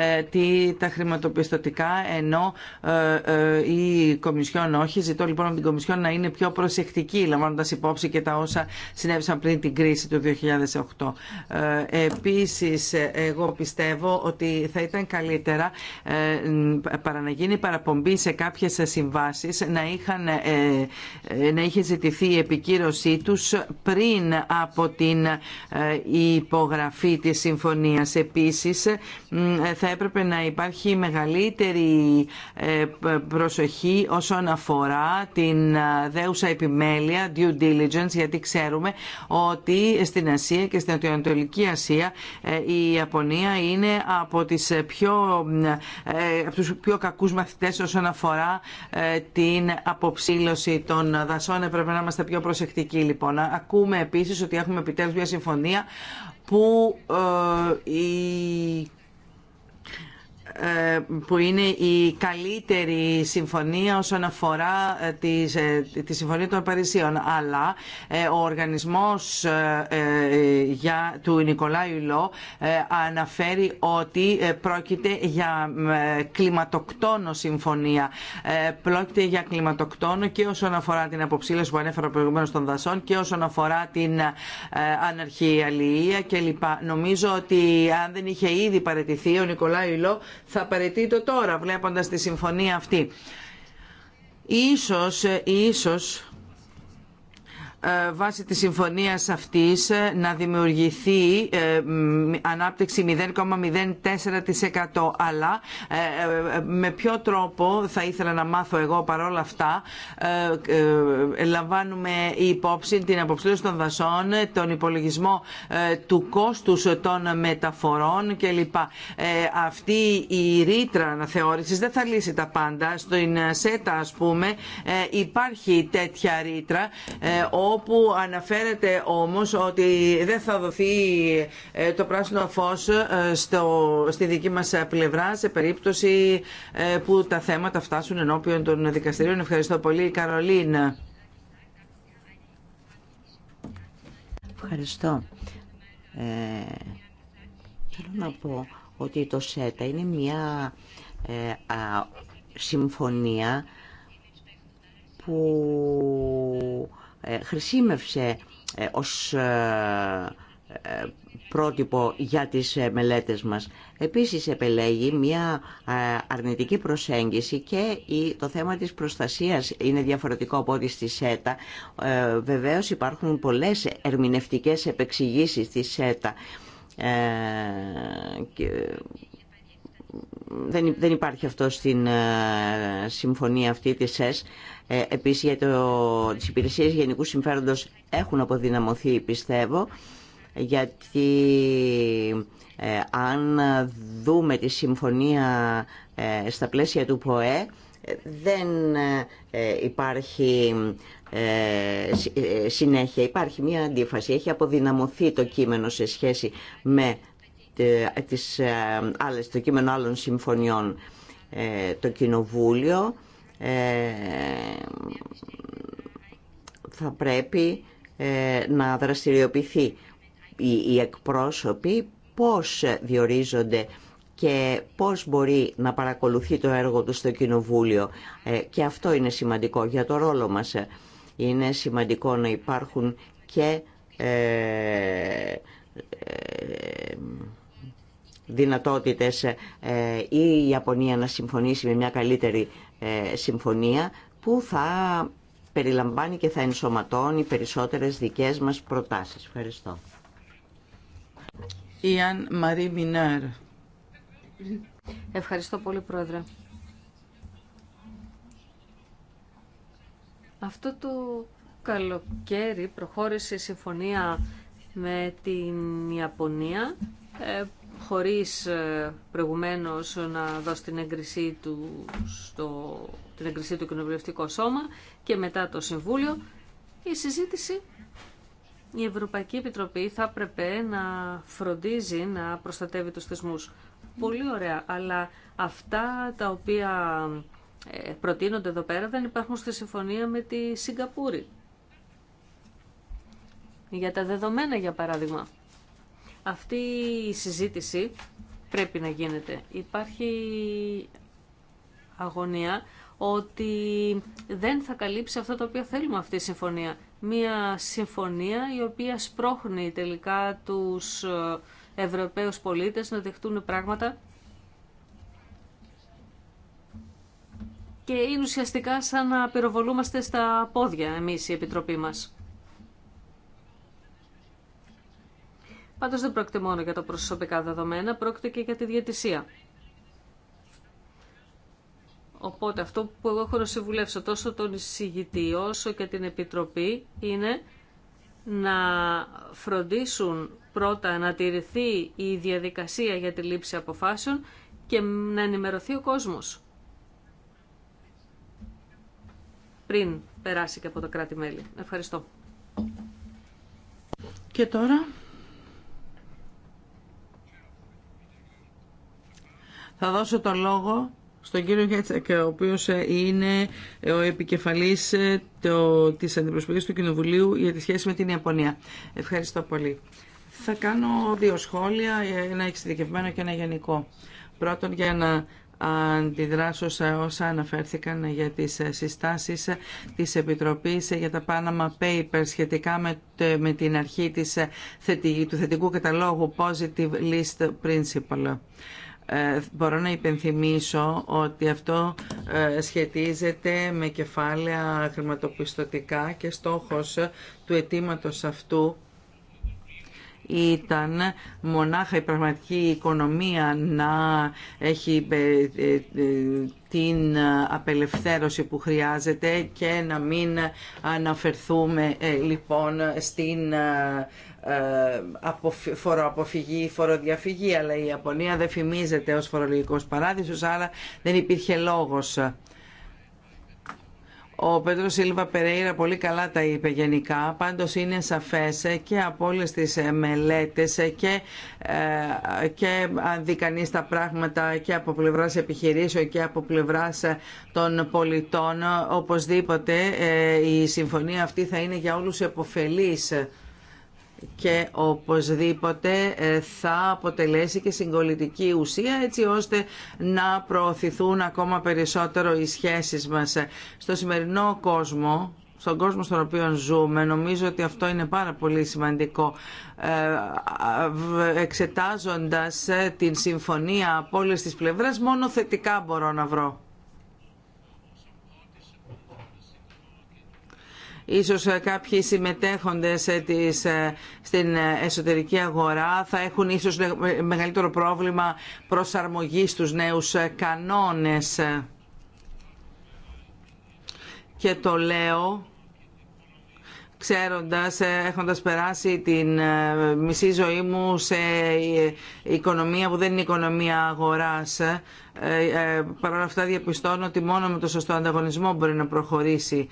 ε, τι, τα χρηματοπιστωτικά ενώ ε, ε, η Κομισιόν όχι. Ζητώ λοιπόν από την Κομισιόν να είναι πιο προσεκτική λαμβάνοντας υπόψη και τα όσα συνέβησαν πριν την κρίση του 2008. Επίσης εγώ πιστεύω ότι θα ήταν καλύτερα παρά να γίνει παραπομπή σε κάποιες συμβάσεις να, να είχε ζητηθεί η επικύρωσή τους πριν από την υπογραφή της συμφωνίας. Επίσης θα έπρεπε να υπάρχει μεγαλύτερη ε, προσοχή όσον αφορά την ε, δέουσα επιμέλεια, due diligence, γιατί ξέρουμε ότι στην Ασία και στην Ανατολική Ασία ε, η Ιαπωνία είναι από, τις πιο, από τους πιο κακούς μαθητές όσον αφορά την αποψήλωση των δασών. Έπρεπε να είμαστε πιο προσεκτικοί λοιπόν. Ακούμε επίσης ότι έχουμε επιτέλους μια συμφωνία που η ε, που είναι η καλύτερη συμφωνία όσον αφορά ε, τη, ε, τη Συμφωνία των Παρισίων. Αλλά ο οργανισμός για, του Νικολάου Λό αναφέρει ότι πρόκειται για κλιματοκτόνο συμφωνία. Πρόκειται για κλιματοκτόνο και όσον αφορά την αποψήλωση που ανέφερα προηγουμένω των δασών και όσον αφορά την αναρχία αλληλεία κλπ. Νομίζω ότι αν δεν είχε ήδη παρετηθεί ο Νικολάου Λό θα το τώρα βλέποντας τη συμφωνία αυτή. Ίσως, ε, ίσως ε, βάσει της συμφωνίας αυτής ε, να δημιουργηθεί ε, ανάπτυξη 0,04% αλλά με ποιο τρόπο θα ήθελα να μάθω εγώ παρόλα αυτά λαμβάνουμε υπόψη την αποψήλωση των δασών, τον υπολογισμό του κόστους των μεταφορών κλπ. Αυτή η ρήτρα αναθεώρησης δεν θα λύσει τα πάντα. Στην ΣΕΤΑ ας πούμε υπάρχει τέτοια ρήτρα όπου αναφέρεται όμως ότι δεν θα δοθεί ε, το πράσινο φως ε, στο, στη δική μας πλευρά σε περίπτωση ε, που τα θέματα φτάσουν ενώπιον των δικαστηρίων. Ευχαριστώ πολύ Καρολίνα. Ευχαριστώ. Ε, θέλω να πω ότι το ΣΕΤΑ είναι μια α, συμφωνία που ε, χρησιμεύσε ε, ως ε, πρότυπο για τις μελέτες μας. Επίσης επελέγει μια αρνητική προσέγγιση και το θέμα της προστασίας είναι διαφορετικό από ό,τι στη ΣΕΤΑ. Βεβαίως υπάρχουν πολλές ερμηνευτικές επεξηγήσεις στη ΣΕΤΑ. Δεν υπάρχει αυτό στην συμφωνία αυτή της ΣΕΣ. Ε, επίσης για το, τις υπηρεσίες γενικού συμφέροντος έχουν αποδυναμωθεί πιστεύω γιατί ε, αν δούμε τη συμφωνία ε, στα πλαίσια του ΠΟΕ δεν υπάρχει συνέχεια, υπάρχει μια αντίφαση. Έχει αποδυναμωθεί το κείμενο σε σχέση με τις άλλες, το κείμενο άλλων συμφωνιών. Το Κοινοβούλιο ε, θα πρέπει ε, να δραστηριοποιηθεί οι εκπρόσωποι πώς διορίζονται και πώς μπορεί να παρακολουθεί το έργο του στο Κοινοβούλιο. Ε, και αυτό είναι σημαντικό για το ρόλο μας. Είναι σημαντικό να υπάρχουν και δυνατότητες ή η Ιαπωνία να συμφωνήσει με μια καλύτερη ε, συμφωνία που θα περιλαμβάνει και θα ενσωματώνει περισσότερες δικές μας προτάσεις. Ευχαριστώ. Ιαν Μαρή Ευχαριστώ πολύ, Πρόεδρε. Αυτό το καλοκαίρι προχώρησε η συμφωνία με την Ιαπωνία ε, χωρίς ε, προηγουμένως να δώσει την έγκρισή του στο την του κοινοβουλευτικό σώμα και μετά το Συμβούλιο, η συζήτηση η Ευρωπαϊκή Επιτροπή θα έπρεπε να φροντίζει να προστατεύει τους θεσμούς. Πολύ ωραία, αλλά αυτά τα οποία ε, προτείνονται εδώ πέρα δεν υπάρχουν στη συμφωνία με τη Σιγκαπούρη. Για τα δεδομένα, για παράδειγμα. Αυτή η συζήτηση πρέπει να γίνεται. Υπάρχει αγωνία ότι δεν θα καλύψει αυτό το οποίο θέλουμε αυτή η συμφωνία. Μία συμφωνία η οποία σπρώχνει τελικά τους ε, Ευρωπαίους πολίτες να δεχτούν πράγματα και είναι ουσιαστικά σαν να πυροβολούμαστε στα πόδια εμείς η Επιτροπή μας. Πάντω δεν πρόκειται μόνο για τα προσωπικά δεδομένα, πρόκειται και για τη διατησία. Οπότε αυτό που εγώ έχω να συμβουλεύσω τόσο τον εισηγητή όσο και την Επιτροπή είναι να φροντίσουν πρώτα να τηρηθεί η διαδικασία για τη λήψη αποφάσεων και να ενημερωθεί ο κόσμος πριν περάσει και από το κράτη-μέλη. Ευχαριστώ. Και τώρα Θα δώσω το λόγο στον κύριο και ο οποίος ε, είναι ε, ο επικεφαλής ε, τη της του Κοινοβουλίου για τη σχέση με την Ιαπωνία. Ευχαριστώ πολύ. Θα κάνω δύο σχόλια, ένα εξειδικευμένο και ένα γενικό. Πρώτον, για να αντιδράσω σε όσα αναφέρθηκαν για τις συστάσεις της Επιτροπής για τα Panama Papers σχετικά με, με την αρχή της, του θετικού καταλόγου Positive List Principle. Ε, μπορώ να υπενθυμίσω ότι αυτό ε, σχετίζεται με κεφάλαια χρηματοπιστωτικά και στόχος του αιτήματο αυτού ήταν μονάχα η πραγματική οικονομία να έχει ε, την απελευθέρωση που χρειάζεται και να μην αναφερθούμε λοιπόν στην ε, φοροαποφυγή, φοροδιαφυγή, αλλά η Ιαπωνία δεν φημίζεται ως φορολογικός παράδεισος, άρα δεν υπήρχε λόγος. Ο Πέτρος Σίλβα Περέιρα πολύ καλά τα είπε γενικά, πάντως είναι σαφές και από όλε τις μελέτες και, ε, και αν δει κανεί τα πράγματα και από πλευράς επιχειρήσεων και από πλευράς των πολιτών, οπωσδήποτε ε, η συμφωνία αυτή θα είναι για όλους επωφελής και οπωσδήποτε ε, θα αποτελέσει και συγκολητική ουσία έτσι ώστε να προωθηθούν ακόμα περισσότερο οι σχέσεις μας. Στο σημερινό κόσμο, στον κόσμο στον οποίο ζούμε, νομίζω ότι αυτό είναι πάρα πολύ σημαντικό. Ε, ε, εξετάζοντας την συμφωνία από όλες τις πλευρές, μόνο θετικά μπορώ να βρω. Ίσως ε, κάποιοι συμμετέχοντες ε, της, ε, στην εσωτερική αγορά θα έχουν ίσως μεγαλύτερο πρόβλημα προσαρμογής στους νέους κανόνες. Και το λέω ξέροντας, ε, έχοντας περάσει την ε, μισή ζωή μου σε ε, οικονομία που δεν είναι οικονομία αγοράς, παρ' όλα αυτά διαπιστώνω ότι μόνο με το σωστό ανταγωνισμό μπορεί να προχωρήσει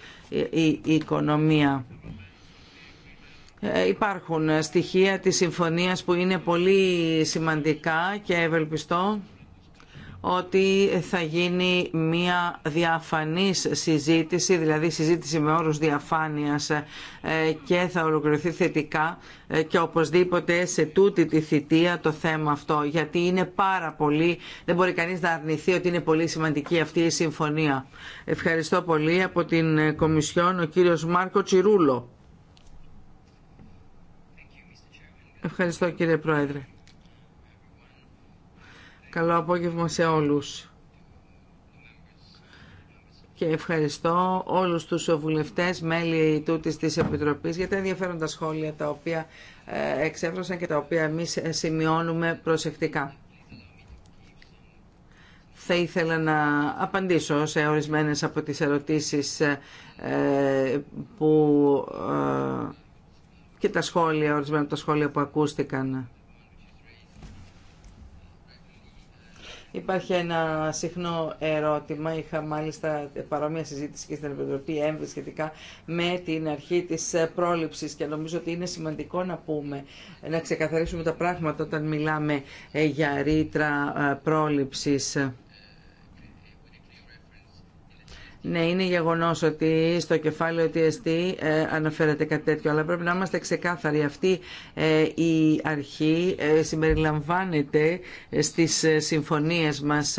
η οικονομία. Υπάρχουν στοιχεία της συμφωνίας που είναι πολύ σημαντικά και ευελπιστώ ότι θα γίνει μια διαφανής συζήτηση, δηλαδή συζήτηση με όρους διαφάνειας ε, και θα ολοκληρωθεί θετικά ε, και οπωσδήποτε σε τούτη τη θητεία το θέμα αυτό, γιατί είναι πάρα πολύ, δεν μπορεί κανείς να αρνηθεί ότι είναι πολύ σημαντική αυτή η συμφωνία. Ευχαριστώ πολύ από την Κομισιόν ο κύριος Μάρκο Τσιρούλο. Ευχαριστώ κύριε Πρόεδρε. Καλό απόγευμα σε όλους. Και ευχαριστώ όλους τους βουλευτές, μέλη τούτης της Επιτροπής για τα ενδιαφέροντα σχόλια τα οποία ε, εξέφρασαν και τα οποία εμείς ε, σημειώνουμε προσεκτικά. Θα ήθελα να απαντήσω σε ορισμένες από τις ερωτήσεις ε, που και τα σχόλια, ορισμένα από τα σχόλια που ακούστηκαν. Υπάρχει ένα συχνό ερώτημα. Είχα μάλιστα παρόμοια συζήτηση και στην Επιτροπή ΕΜΒΗ σχετικά με την αρχή της πρόληψης και νομίζω ότι είναι σημαντικό να πούμε, να ξεκαθαρίσουμε τα πράγματα όταν μιλάμε ε, για ρήτρα ε, πρόληψης. Ναι, είναι γεγονό ότι στο κεφάλαιο TST ε, αναφέρεται κάτι τέτοιο, αλλά πρέπει να είμαστε ξεκάθαροι. Αυτή ε, η αρχή ε, συμπεριλαμβάνεται στις συμφωνίες μας.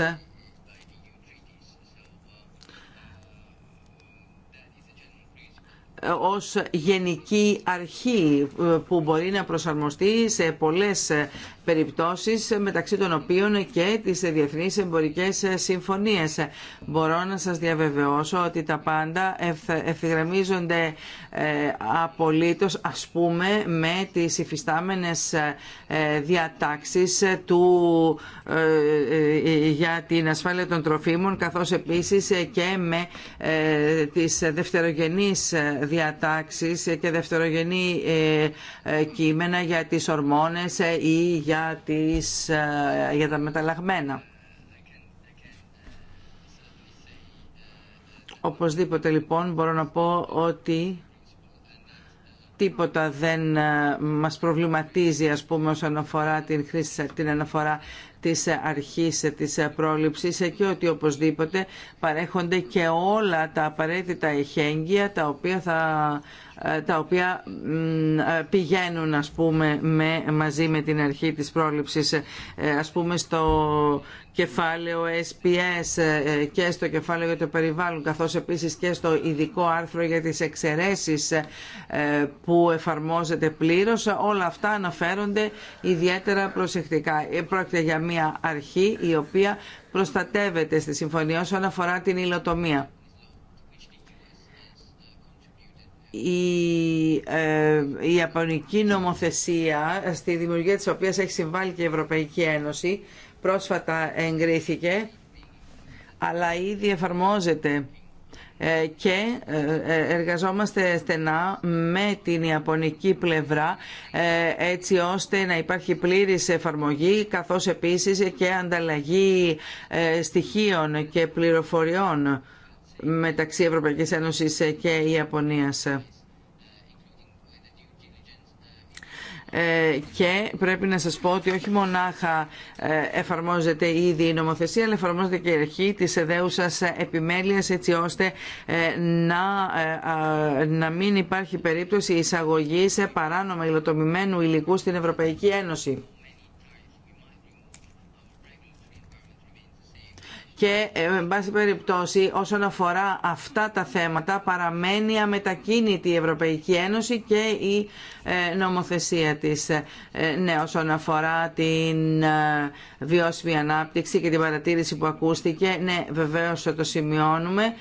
ως γενική αρχή που μπορεί να προσαρμοστεί σε πολλές περιπτώσεις μεταξύ των οποίων και τις διεθνείς εμπορικές συμφωνίες. Μπορώ να σας διαβεβαιώσω ότι τα πάντα ευθυγραμμίζονται ε, απολύτως ας πούμε με τις υφιστάμενες ε, διατάξεις του, ε, για την ασφάλεια των τροφίμων καθώς επίσης και με τις δευτερογενείς διατάξεις και δευτερογενή κείμενα για τις ορμόνες ή για για, τις, ε, για τα μεταλλαγμένα. Οπωσδήποτε λοιπόν μπορώ να πω ότι τίποτα δεν ε, μας προβληματίζει ας πούμε όσον αφορά την, χρήση, την αναφορά της αρχής της πρόληψης και ότι οπωσδήποτε παρέχονται και όλα τα απαραίτητα εχέγγυα τα οποία θα ε, τα οποία ε, πηγαίνουν ας πούμε με, μαζί με την αρχή της πρόληψης ε, ας πούμε στο κεφάλαιο SPS και στο κεφάλαιο για το περιβάλλον καθώς επίσης και στο ειδικό άρθρο για τις εξαιρέσεις που εφαρμόζεται πλήρως όλα αυτά αναφέρονται ιδιαίτερα προσεκτικά. Πρόκειται για μια αρχή η οποία προστατεύεται στη συμφωνία όσον αφορά την υλοτομία. η, ε, η Ιαπωνική νομοθεσία στη δημιουργία της οποίας έχει συμβάλει και η Ευρωπαϊκή Ένωση πρόσφατα εγκρίθηκε αλλά ήδη εφαρμόζεται ε, και ε, εργαζόμαστε στενά με την Ιαπωνική πλευρά έτσι ώστε να υπάρχει πλήρης εφαρμογή καθώς επίσης και ανταλλαγή στοιχείων και πληροφοριών μεταξύ Ευρωπαϊκής Ένωσης και Ιαπωνίας. Ε, και πρέπει να σας πω ότι όχι μονάχα ε, εφαρμόζεται ήδη η νομοθεσία αλλά εφαρμόζεται και η αρχή της εδέουσας επιμέλειας έτσι ώστε ε, να, να μην υπάρχει περίπτωση εισαγωγής παράνομα υλοτομημένου υλικού στην Ευρωπαϊκή Ένωση. και ε, εν πάση περιπτώσει όσον αφορά αυτά τα θέματα παραμένει αμετακίνητη η Ευρωπαϊκή Ένωση και η ε, νομοθεσία της. Ε, ναι, όσον αφορά την βιώσιμη ανάπτυξη και την παρατήρηση που ακούστηκε, ναι βεβαίως το σημειώνουμε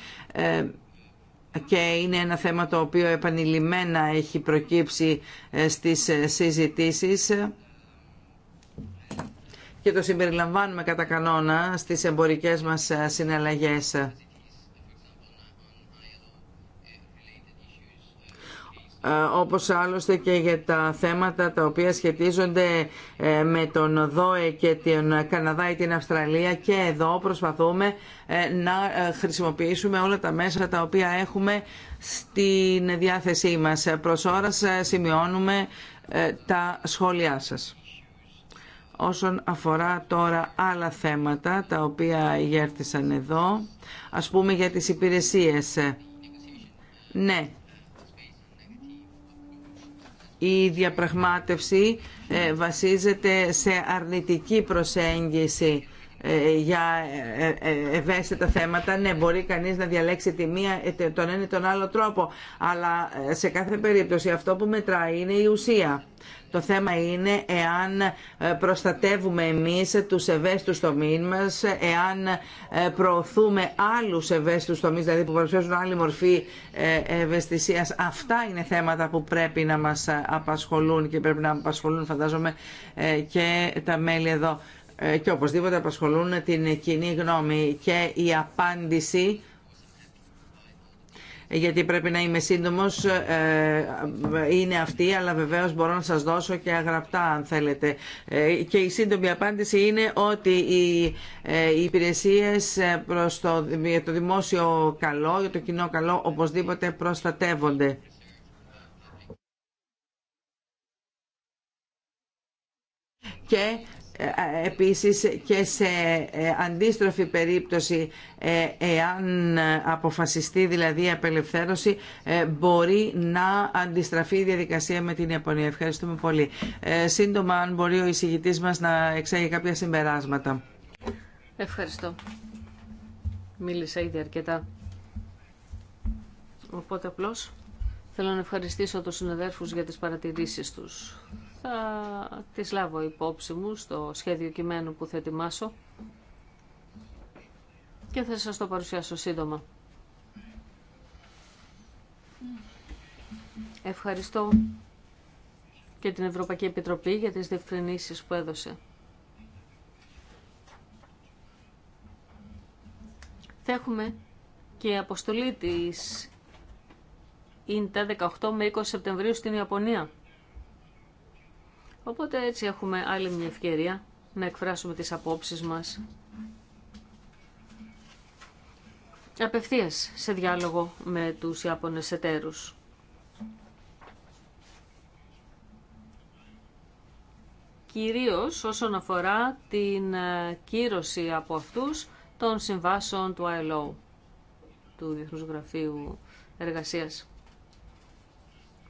και είναι ένα θέμα το οποίο επανειλημμένα έχει προκύψει στις συζητήσεις και το συμπεριλαμβάνουμε κατά κανόνα στις εμπορικές μας ε, συναλλαγές. Ε, όπως άλλωστε και για τα θέματα τα οποία σχετίζονται ε, με τον ΔΟΕ και την Καναδά ή την Αυστραλία και εδώ προσπαθούμε να χρησιμοποιήσουμε όλα τα μέσα τα οποία έχουμε στην διάθεσή μας. Προς ώρας σημειώνουμε τα σχόλιά σας όσον αφορά τώρα άλλα θέματα τα οποία γέρθησαν εδώ, ας πούμε για τις υπηρεσίες. Ναι, η διαπραγμάτευση ε, βασίζεται σε αρνητική προσέγγιση ε, για ε, ε, ευαίσθητα θέματα. Ναι, μπορεί κανείς να διαλέξει τη μία, τον ένα ή τον άλλο τρόπο, αλλά σε κάθε περίπτωση αυτό που μετράει είναι η ουσία. Το θέμα είναι εάν προστατεύουμε εμείς τους ευαίσθητους τομείς μας, εάν προωθούμε άλλους ευαίσθητους τομείς, δηλαδή που παρουσιάζουν άλλη μορφή ευαισθησίας. Αυτά είναι θέματα που πρέπει να μας απασχολούν και πρέπει να απασχολούν φαντάζομαι και τα μέλη εδώ. Ε, και οπωσδήποτε απασχολούν την κοινή γνώμη και η απάντηση γιατί πρέπει να είμαι σύντομος, ε, είναι αυτή, αλλά βεβαίως μπορώ να σας δώσω και αγραπτά αν θέλετε. Ε, και η σύντομη απάντηση είναι ότι οι υπηρεσίες προς το, για το δημόσιο καλό, για το κοινό καλό, οπωσδήποτε προστατεύονται. Και επίσης και σε ε, αντίστροφη περίπτωση ε, εάν αποφασιστεί δηλαδή η απελευθέρωση ε, μπορεί να αντιστραφεί η διαδικασία με την Ιαπωνία. Ευχαριστούμε πολύ. Σύντομα αν μπορεί ο εισηγητής μας να εξάγει κάποια συμπεράσματα. Ευχαριστώ. Μίλησα ήδη αρκετά. Οπότε απλώς θέλω να ευχαριστήσω τους συναδέρφους για τις παρατηρήσεις τους θα τις λάβω υπόψη μου στο σχέδιο κειμένου που θα ετοιμάσω και θα σας το παρουσιάσω σύντομα. Ευχαριστώ και την Ευρωπαϊκή Επιτροπή για τις διευκρινήσεις που έδωσε. Θα έχουμε και αποστολή της ΙΝΤΑ 18 με 20 Σεπτεμβρίου στην Ιαπωνία. Οπότε έτσι έχουμε άλλη μια ευκαιρία να εκφράσουμε τις απόψεις μας απευθείας σε διάλογο με τους Ιάπωνες εταίρους. Κυρίως όσον αφορά την ε, κύρωση από αυτούς των συμβάσεων του ILO, του Διεθνούς Γραφείου Εργασίας.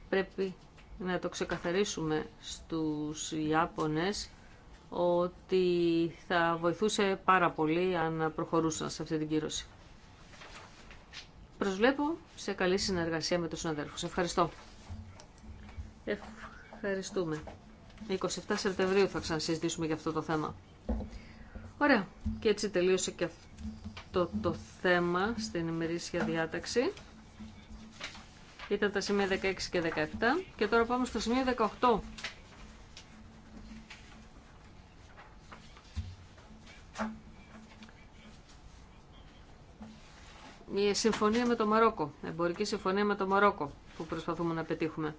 Πρέπει να το ξεκαθαρίσουμε στους Ιάπωνες ότι θα βοηθούσε πάρα πολύ αν προχωρούσαν σε αυτή την κύρωση. Προσβλέπω σε καλή συνεργασία με τους συναδέλφους. Ευχαριστώ. Ευχαριστούμε. 27 Σεπτεμβρίου θα ξανασυζητήσουμε για αυτό το θέμα. Ωραία. Και έτσι τελείωσε και αυτό το θέμα στην ημερήσια διάταξη. Ήταν τα σημεία 16 και 17 και τώρα πάμε στο σημείο 18. Η συμφωνία με το Μαρόκο, εμπορική συμφωνία με το Μαρόκο που προσπαθούμε να πετύχουμε.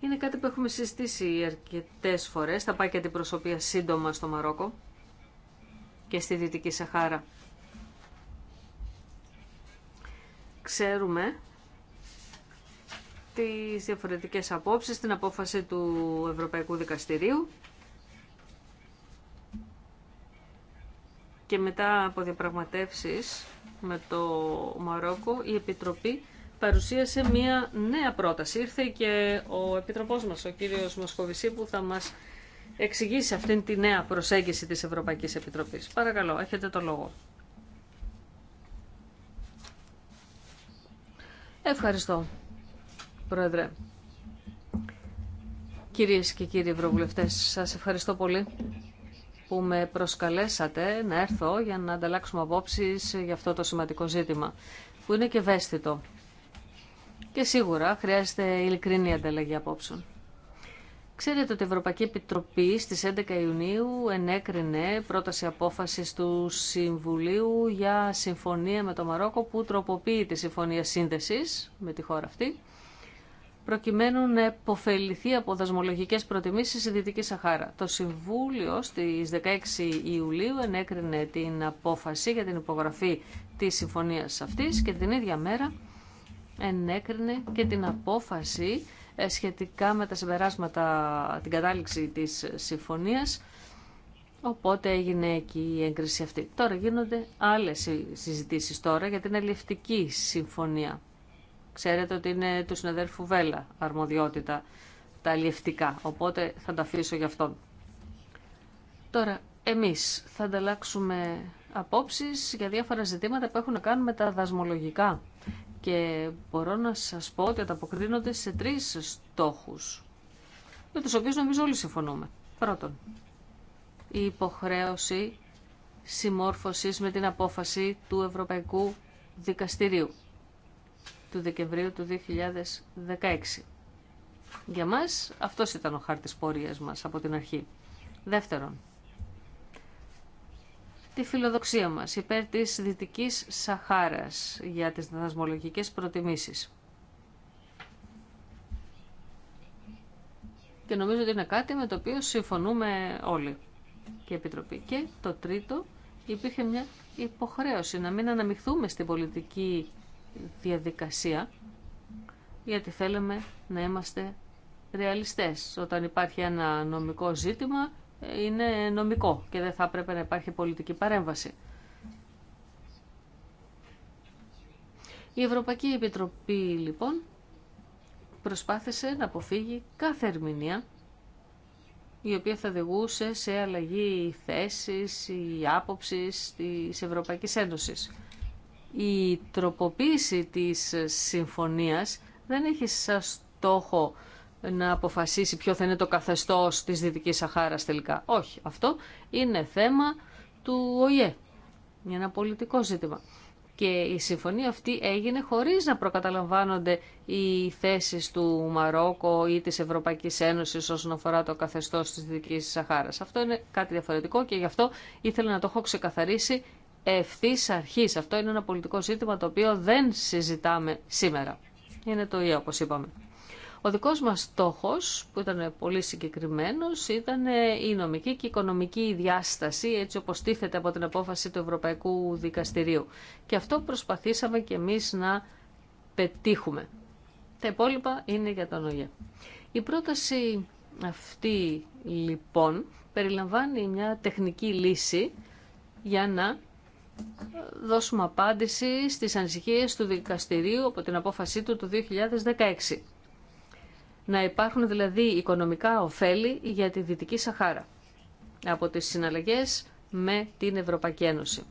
Είναι κάτι που έχουμε συστήσει αρκετές φορές. Θα πάει και την προσωπία σύντομα στο Μαρόκο και στη Δυτική Σαχάρα. ξέρουμε τις διαφορετικές απόψεις, την απόφαση του Ευρωπαϊκού Δικαστηρίου και μετά από διαπραγματεύσεις με το Μαρόκο η Επιτροπή παρουσίασε μία νέα πρόταση. Ήρθε και ο Επιτροπός μας, ο κύριος Μοσκοβισή, που θα μας εξηγήσει αυτήν τη νέα προσέγγιση της Ευρωπαϊκής Επιτροπής. Παρακαλώ, έχετε το λόγο. Ευχαριστώ, Πρόεδρε. Κυρίες και κύριοι Ευρωβουλευτές, σας ευχαριστώ πολύ που με προσκαλέσατε να έρθω για να ανταλλάξουμε απόψεις για αυτό το σημαντικό ζήτημα, που είναι και ευαίσθητο. Και σίγουρα χρειάζεται ειλικρινή ανταλλαγή απόψεων. Ξέρετε ότι η Ευρωπαϊκή Επιτροπή στις 11 Ιουνίου ενέκρινε πρόταση απόφασης του Συμβουλίου για συμφωνία με το Μαρόκο που τροποποιεί τη συμφωνία σύνδεσης με τη χώρα αυτή προκειμένου να υποφεληθεί από δασμολογικές προτιμήσει η Δυτική Σαχάρα. Το Συμβούλιο στις 16 Ιουλίου ενέκρινε την απόφαση για την υπογραφή της συμφωνίας αυτής και την ίδια μέρα ενέκρινε και την απόφαση ε, σχετικά με τα συμπεράσματα, την κατάληξη της συμφωνίας. Οπότε έγινε εκεί η έγκριση αυτή. Τώρα γίνονται άλλες συζητήσεις τώρα για την αλληλευτική συμφωνία. Ξέρετε ότι είναι του συναδέλφου Βέλα αρμοδιότητα τα αλληλευτικά, οπότε θα τα αφήσω γι' αυτόν. Τώρα, εμείς θα ανταλλάξουμε απόψεις για διάφορα ζητήματα που έχουν να κάνουν με τα δασμολογικά και μπορώ να σας πω ότι ανταποκρίνονται σε τρεις στόχους, με τους οποίους νομίζω όλοι συμφωνούμε. Πρώτον, η υποχρέωση συμμόρφωσης με την απόφαση του Ευρωπαϊκού Δικαστηρίου του Δεκεμβρίου του 2016. Για μας αυτός ήταν ο χάρτης πορείας μας από την αρχή. Δεύτερον, τη φιλοδοξία μας υπέρ της Δυτικής Σαχάρας για τις δασμολογικές προτιμήσεις. Και νομίζω ότι είναι κάτι με το οποίο συμφωνούμε όλοι και η Επιτροπή. Και το τρίτο, υπήρχε μια υποχρέωση να μην αναμειχθούμε στην πολιτική διαδικασία, γιατί θέλαμε να είμαστε ρεαλιστές. Όταν υπάρχει ένα νομικό ζήτημα, είναι νομικό και δεν θα έπρεπε να υπάρχει πολιτική παρέμβαση. Η Ευρωπαϊκή Επιτροπή λοιπόν προσπάθησε να αποφύγει κάθε ερμηνεία η οποία θα οδηγούσε σε αλλαγή θέσης ή άποψης της Ευρωπαϊκής Ένωσης. Η τροποποίηση της συμφωνίας δεν έχει σαν στόχο να αποφασίσει ποιο θα είναι το καθεστώς της Δυτικής Σαχάρας τελικά. Όχι, αυτό είναι θέμα του ΟΗΕ, είναι ένα πολιτικό ζήτημα. Και η συμφωνία αυτή έγινε χωρίς να προκαταλαμβάνονται οι θέσεις του Μαρόκο ή της Ευρωπαϊκής Ένωσης όσον αφορά το καθεστώς της Δυτικής Σαχάρας. Αυτό είναι κάτι διαφορετικό και γι' αυτό ήθελα να το έχω ξεκαθαρίσει ευθύ αρχή. Αυτό είναι ένα πολιτικό ζήτημα το οποίο δεν συζητάμε σήμερα. Είναι το ΙΕ όπω είπαμε. Ο δικός μας στόχος, που ήταν πολύ συγκεκριμένος, ήταν ε, η νομική και η οικονομική διάσταση, έτσι όπως τίθεται από την απόφαση του Ευρωπαϊκού Δικαστηρίου. Και αυτό προσπαθήσαμε και εμείς να πετύχουμε. Τα υπόλοιπα είναι για τον ΟΓΕ. Η πρόταση αυτή, λοιπόν, περιλαμβάνει μια τεχνική λύση για να ε, δώσουμε απάντηση στις ανησυχίες του δικαστηρίου από την απόφασή του το 2016 να υπάρχουν δηλαδή οικονομικά ωφέλη για τη Δυτική Σαχάρα από τις συναλλαγές με την Ευρωπαϊκή Ένωση.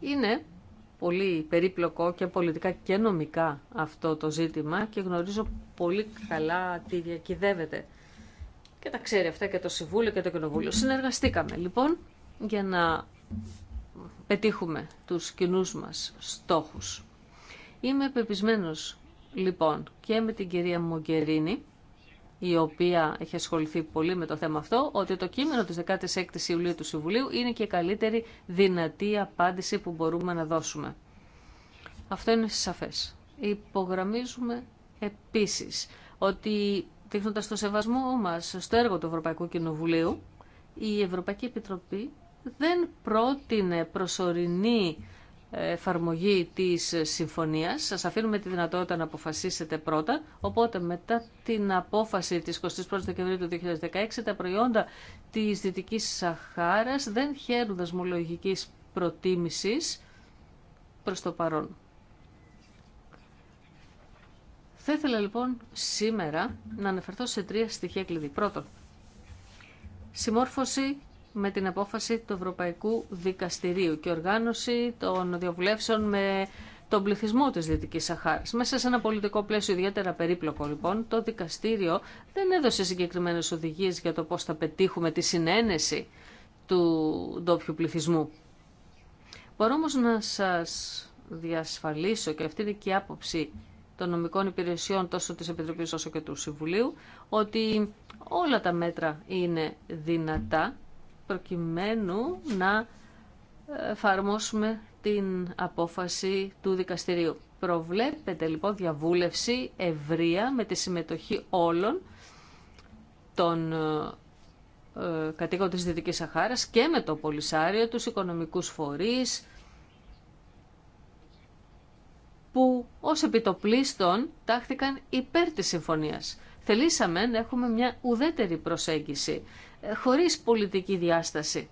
Είναι πολύ περίπλοκο και πολιτικά και νομικά αυτό το ζήτημα και γνωρίζω πολύ καλά τι διακυδεύεται. Και τα ξέρει αυτά και το Συμβούλιο και το Κοινοβούλιο. Συνεργαστήκαμε λοιπόν για να πετύχουμε τους κοινούς μας στόχους. Είμαι πεπισμένος Λοιπόν, και με την κυρία Μογκερίνη, η οποία έχει ασχοληθεί πολύ με το θέμα αυτό, ότι το κείμενο της 16ης Ιουλίου του Συμβουλίου είναι και η καλύτερη δυνατή απάντηση που μπορούμε να δώσουμε. Αυτό είναι σαφές. Υπογραμμίζουμε επίσης ότι δείχνοντα το σεβασμό μας στο έργο του Ευρωπαϊκού Κοινοβουλίου, η Ευρωπαϊκή Επιτροπή δεν πρότεινε προσωρινή εφαρμογή της συμφωνίας. Σας αφήνουμε τη δυνατότητα να αποφασίσετε πρώτα, οπότε μετά την απόφαση της 21ης Δεκεμβρίου του 2016 τα προϊόντα της Δυτικής Σαχάρας δεν χαίρουν δασμολογικής προτίμησης προς το παρόν. Θα ήθελα λοιπόν σήμερα να αναφερθώ σε τρία στοιχεία κλειδί. Πρώτον, συμμόρφωση με την απόφαση του Ευρωπαϊκού Δικαστηρίου και οργάνωση των διαβουλεύσεων με τον πληθυσμό της Δυτικής Σαχάρας. Μέσα σε ένα πολιτικό πλαίσιο ιδιαίτερα περίπλοκο λοιπόν, το δικαστήριο δεν έδωσε συγκεκριμένες οδηγίες για το πώς θα πετύχουμε τη συνένεση του ντόπιου πληθυσμού. Μπορώ όμως να σας διασφαλίσω και αυτή είναι και η άποψη των νομικών υπηρεσιών τόσο της Επιτροπής όσο και του Συμβουλίου ότι όλα τα μέτρα είναι δυνατά προκειμένου να εφαρμόσουμε την απόφαση του δικαστηρίου. Προβλέπεται λοιπόν διαβούλευση ευρεία με τη συμμετοχή όλων των ε, κατοίκων της Δυτικής Σαχάρας και με το Πολυσάριο, τους οικονομικούς φορείς, που ως επιτοπλίστων τάχθηκαν υπέρ της συμφωνίας. Θελήσαμε να έχουμε μια ουδέτερη προσέγγιση, χωρίς πολιτική διάσταση.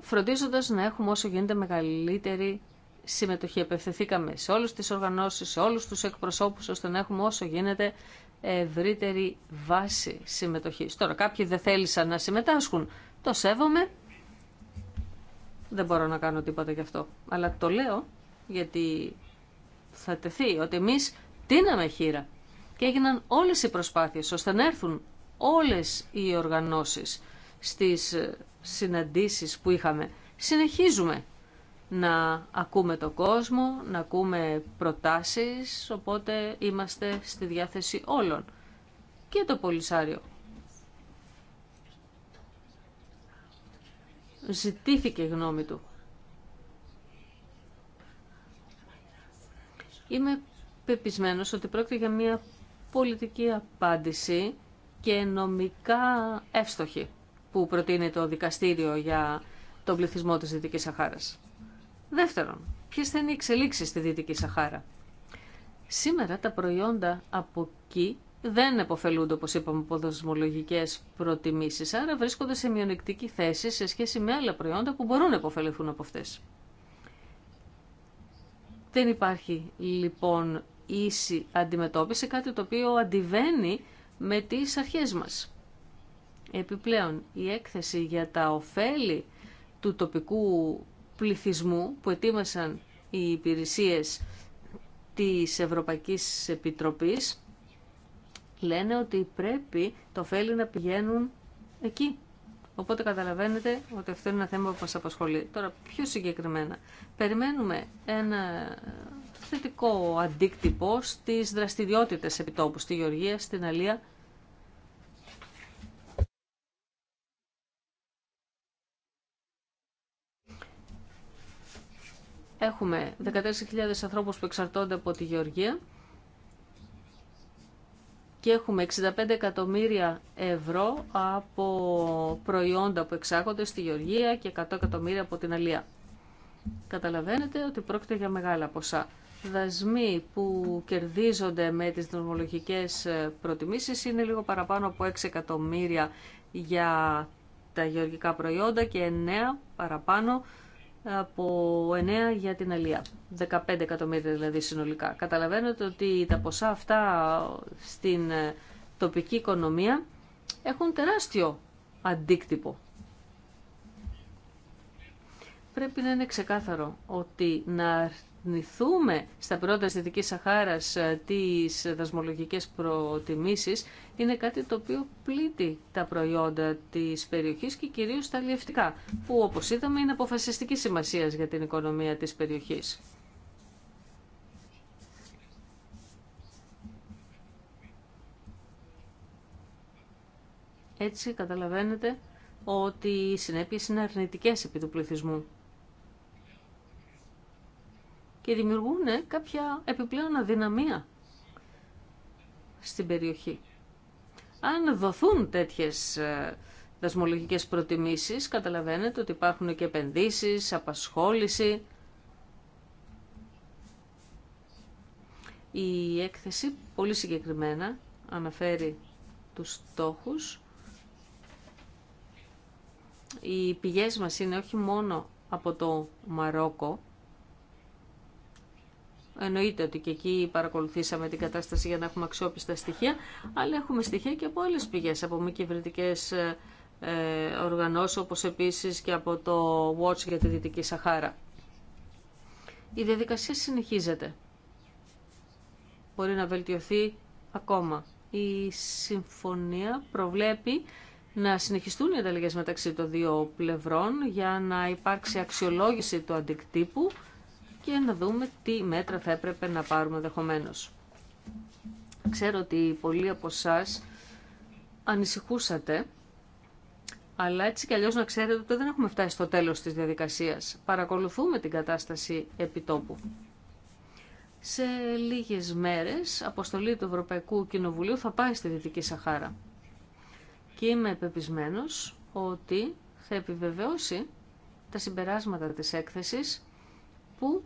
Φροντίζοντας να έχουμε όσο γίνεται μεγαλύτερη συμμετοχή. Επευθεθήκαμε σε όλες τις οργανώσεις, σε όλους τους εκπροσώπους, ώστε να έχουμε όσο γίνεται ευρύτερη βάση συμμετοχής. Τώρα κάποιοι δεν θέλησαν να συμμετάσχουν. Το σέβομαι. Δεν μπορώ να κάνω τίποτα γι' αυτό. Αλλά το λέω γιατί θα τεθεί ότι εμείς τίναμε χείρα και έγιναν όλες οι προσπάθειες ώστε να έρθουν όλες οι οργανώσεις στις ε, συναντήσεις που είχαμε. Συνεχίζουμε να ακούμε το κόσμο, να ακούμε προτάσεις, οπότε είμαστε στη διάθεση όλων. Και το Πολυσάριο. Ζητήθηκε η γνώμη του. Είμαι πεπισμένος ότι πρόκειται για μια πολιτική απάντηση και νομικά εύστοχη που προτείνει το δικαστήριο για τον πληθυσμό της Δυτικής Σαχάρας. Δεύτερον, ποιες θα είναι οι εξελίξεις στη Δυτική Σαχάρα. Σήμερα τα προϊόντα από εκεί δεν εποφελούνται, όπως είπαμε, από δοσμολογικές προτιμήσεις, άρα βρίσκονται σε μειονεκτική θέση σε σχέση με άλλα προϊόντα που μπορούν να επωφεληθούν από αυτές. Δεν υπάρχει λοιπόν ίση αντιμετώπιση, κάτι το οποίο αντιβαίνει με τις αρχές μας. Επιπλέον, η έκθεση για τα ωφέλη του τοπικού πληθυσμού που ετοίμασαν οι υπηρεσίες της Ευρωπαϊκής Επιτροπής λένε ότι πρέπει το ωφέλη να πηγαίνουν εκεί. Οπότε καταλαβαίνετε ότι αυτό είναι ένα θέμα που μας απασχολεί. Τώρα πιο συγκεκριμένα, περιμένουμε ένα θετικό αντίκτυπο στις δραστηριότητες επιτόπου στη Γεωργία, στην Αλία. Έχουμε 14.000 ανθρώπους που εξαρτώνται από τη Γεωργία και έχουμε 65 εκατομμύρια ευρώ από προϊόντα που εξάγονται στη Γεωργία και 100 εκατομμύρια από την Αλία. Καταλαβαίνετε ότι πρόκειται για μεγάλα ποσά δασμοί που κερδίζονται με τις δρομολογικές προτιμήσεις είναι λίγο παραπάνω από 6 εκατομμύρια για τα γεωργικά προϊόντα και 9 παραπάνω από 9 για την αλία. 15 εκατομμύρια δηλαδή συνολικά. Καταλαβαίνετε ότι τα ποσά αυτά στην τοπική οικονομία έχουν τεράστιο αντίκτυπο. Πρέπει να είναι ξεκάθαρο ότι να νηθούμε στα πρώτα Δυτική Σαχάρας ε, τις δασμολογικές προτιμήσεις είναι κάτι το οποίο πλήττει τα προϊόντα της περιοχής και κυρίως τα λιευτικά, που όπως είδαμε είναι αποφασιστική σημασία για την οικονομία της περιοχής. Έτσι καταλαβαίνετε ότι οι συνέπειες είναι αρνητικές επί του πληθυσμού και δημιουργούν ε, κάποια επιπλέον αδυναμία στην περιοχή. Αν δοθούν τέτοιες ε, δασμολογικές προτιμήσεις, καταλαβαίνετε ότι υπάρχουν και επενδύσεις, απασχόληση. Η έκθεση πολύ συγκεκριμένα αναφέρει τους στόχους. Οι πηγές μας είναι όχι μόνο από το Μαρόκο, Εννοείται ότι και εκεί παρακολουθήσαμε την κατάσταση για να έχουμε αξιόπιστα στοιχεία, αλλά έχουμε στοιχεία και από άλλε πηγέ, από μη κυβερνητικέ ε, ε, οργανώσεις, όπως επίσης και από το Watch για τη Δυτική Σαχάρα. Η διαδικασία συνεχίζεται. Μπορεί να βελτιωθεί ακόμα. Η συμφωνία προβλέπει να συνεχιστούν οι ανταλλαγές μεταξύ των δύο πλευρών για να υπάρξει αξιολόγηση του αντικτύπου και να δούμε τι μέτρα θα έπρεπε να πάρουμε δεχομένω. Ξέρω ότι πολλοί από εσά ανησυχούσατε, αλλά έτσι κι αλλιώς να ξέρετε ότι δεν έχουμε φτάσει στο τέλος της διαδικασίας. Παρακολουθούμε την κατάσταση επιτόπου. Σε λίγες μέρες, αποστολή του Ευρωπαϊκού Κοινοβουλίου θα πάει στη Δυτική Σαχάρα. Και είμαι πεπισμένος ότι θα επιβεβαιώσει τα συμπεράσματα της έκθεσης που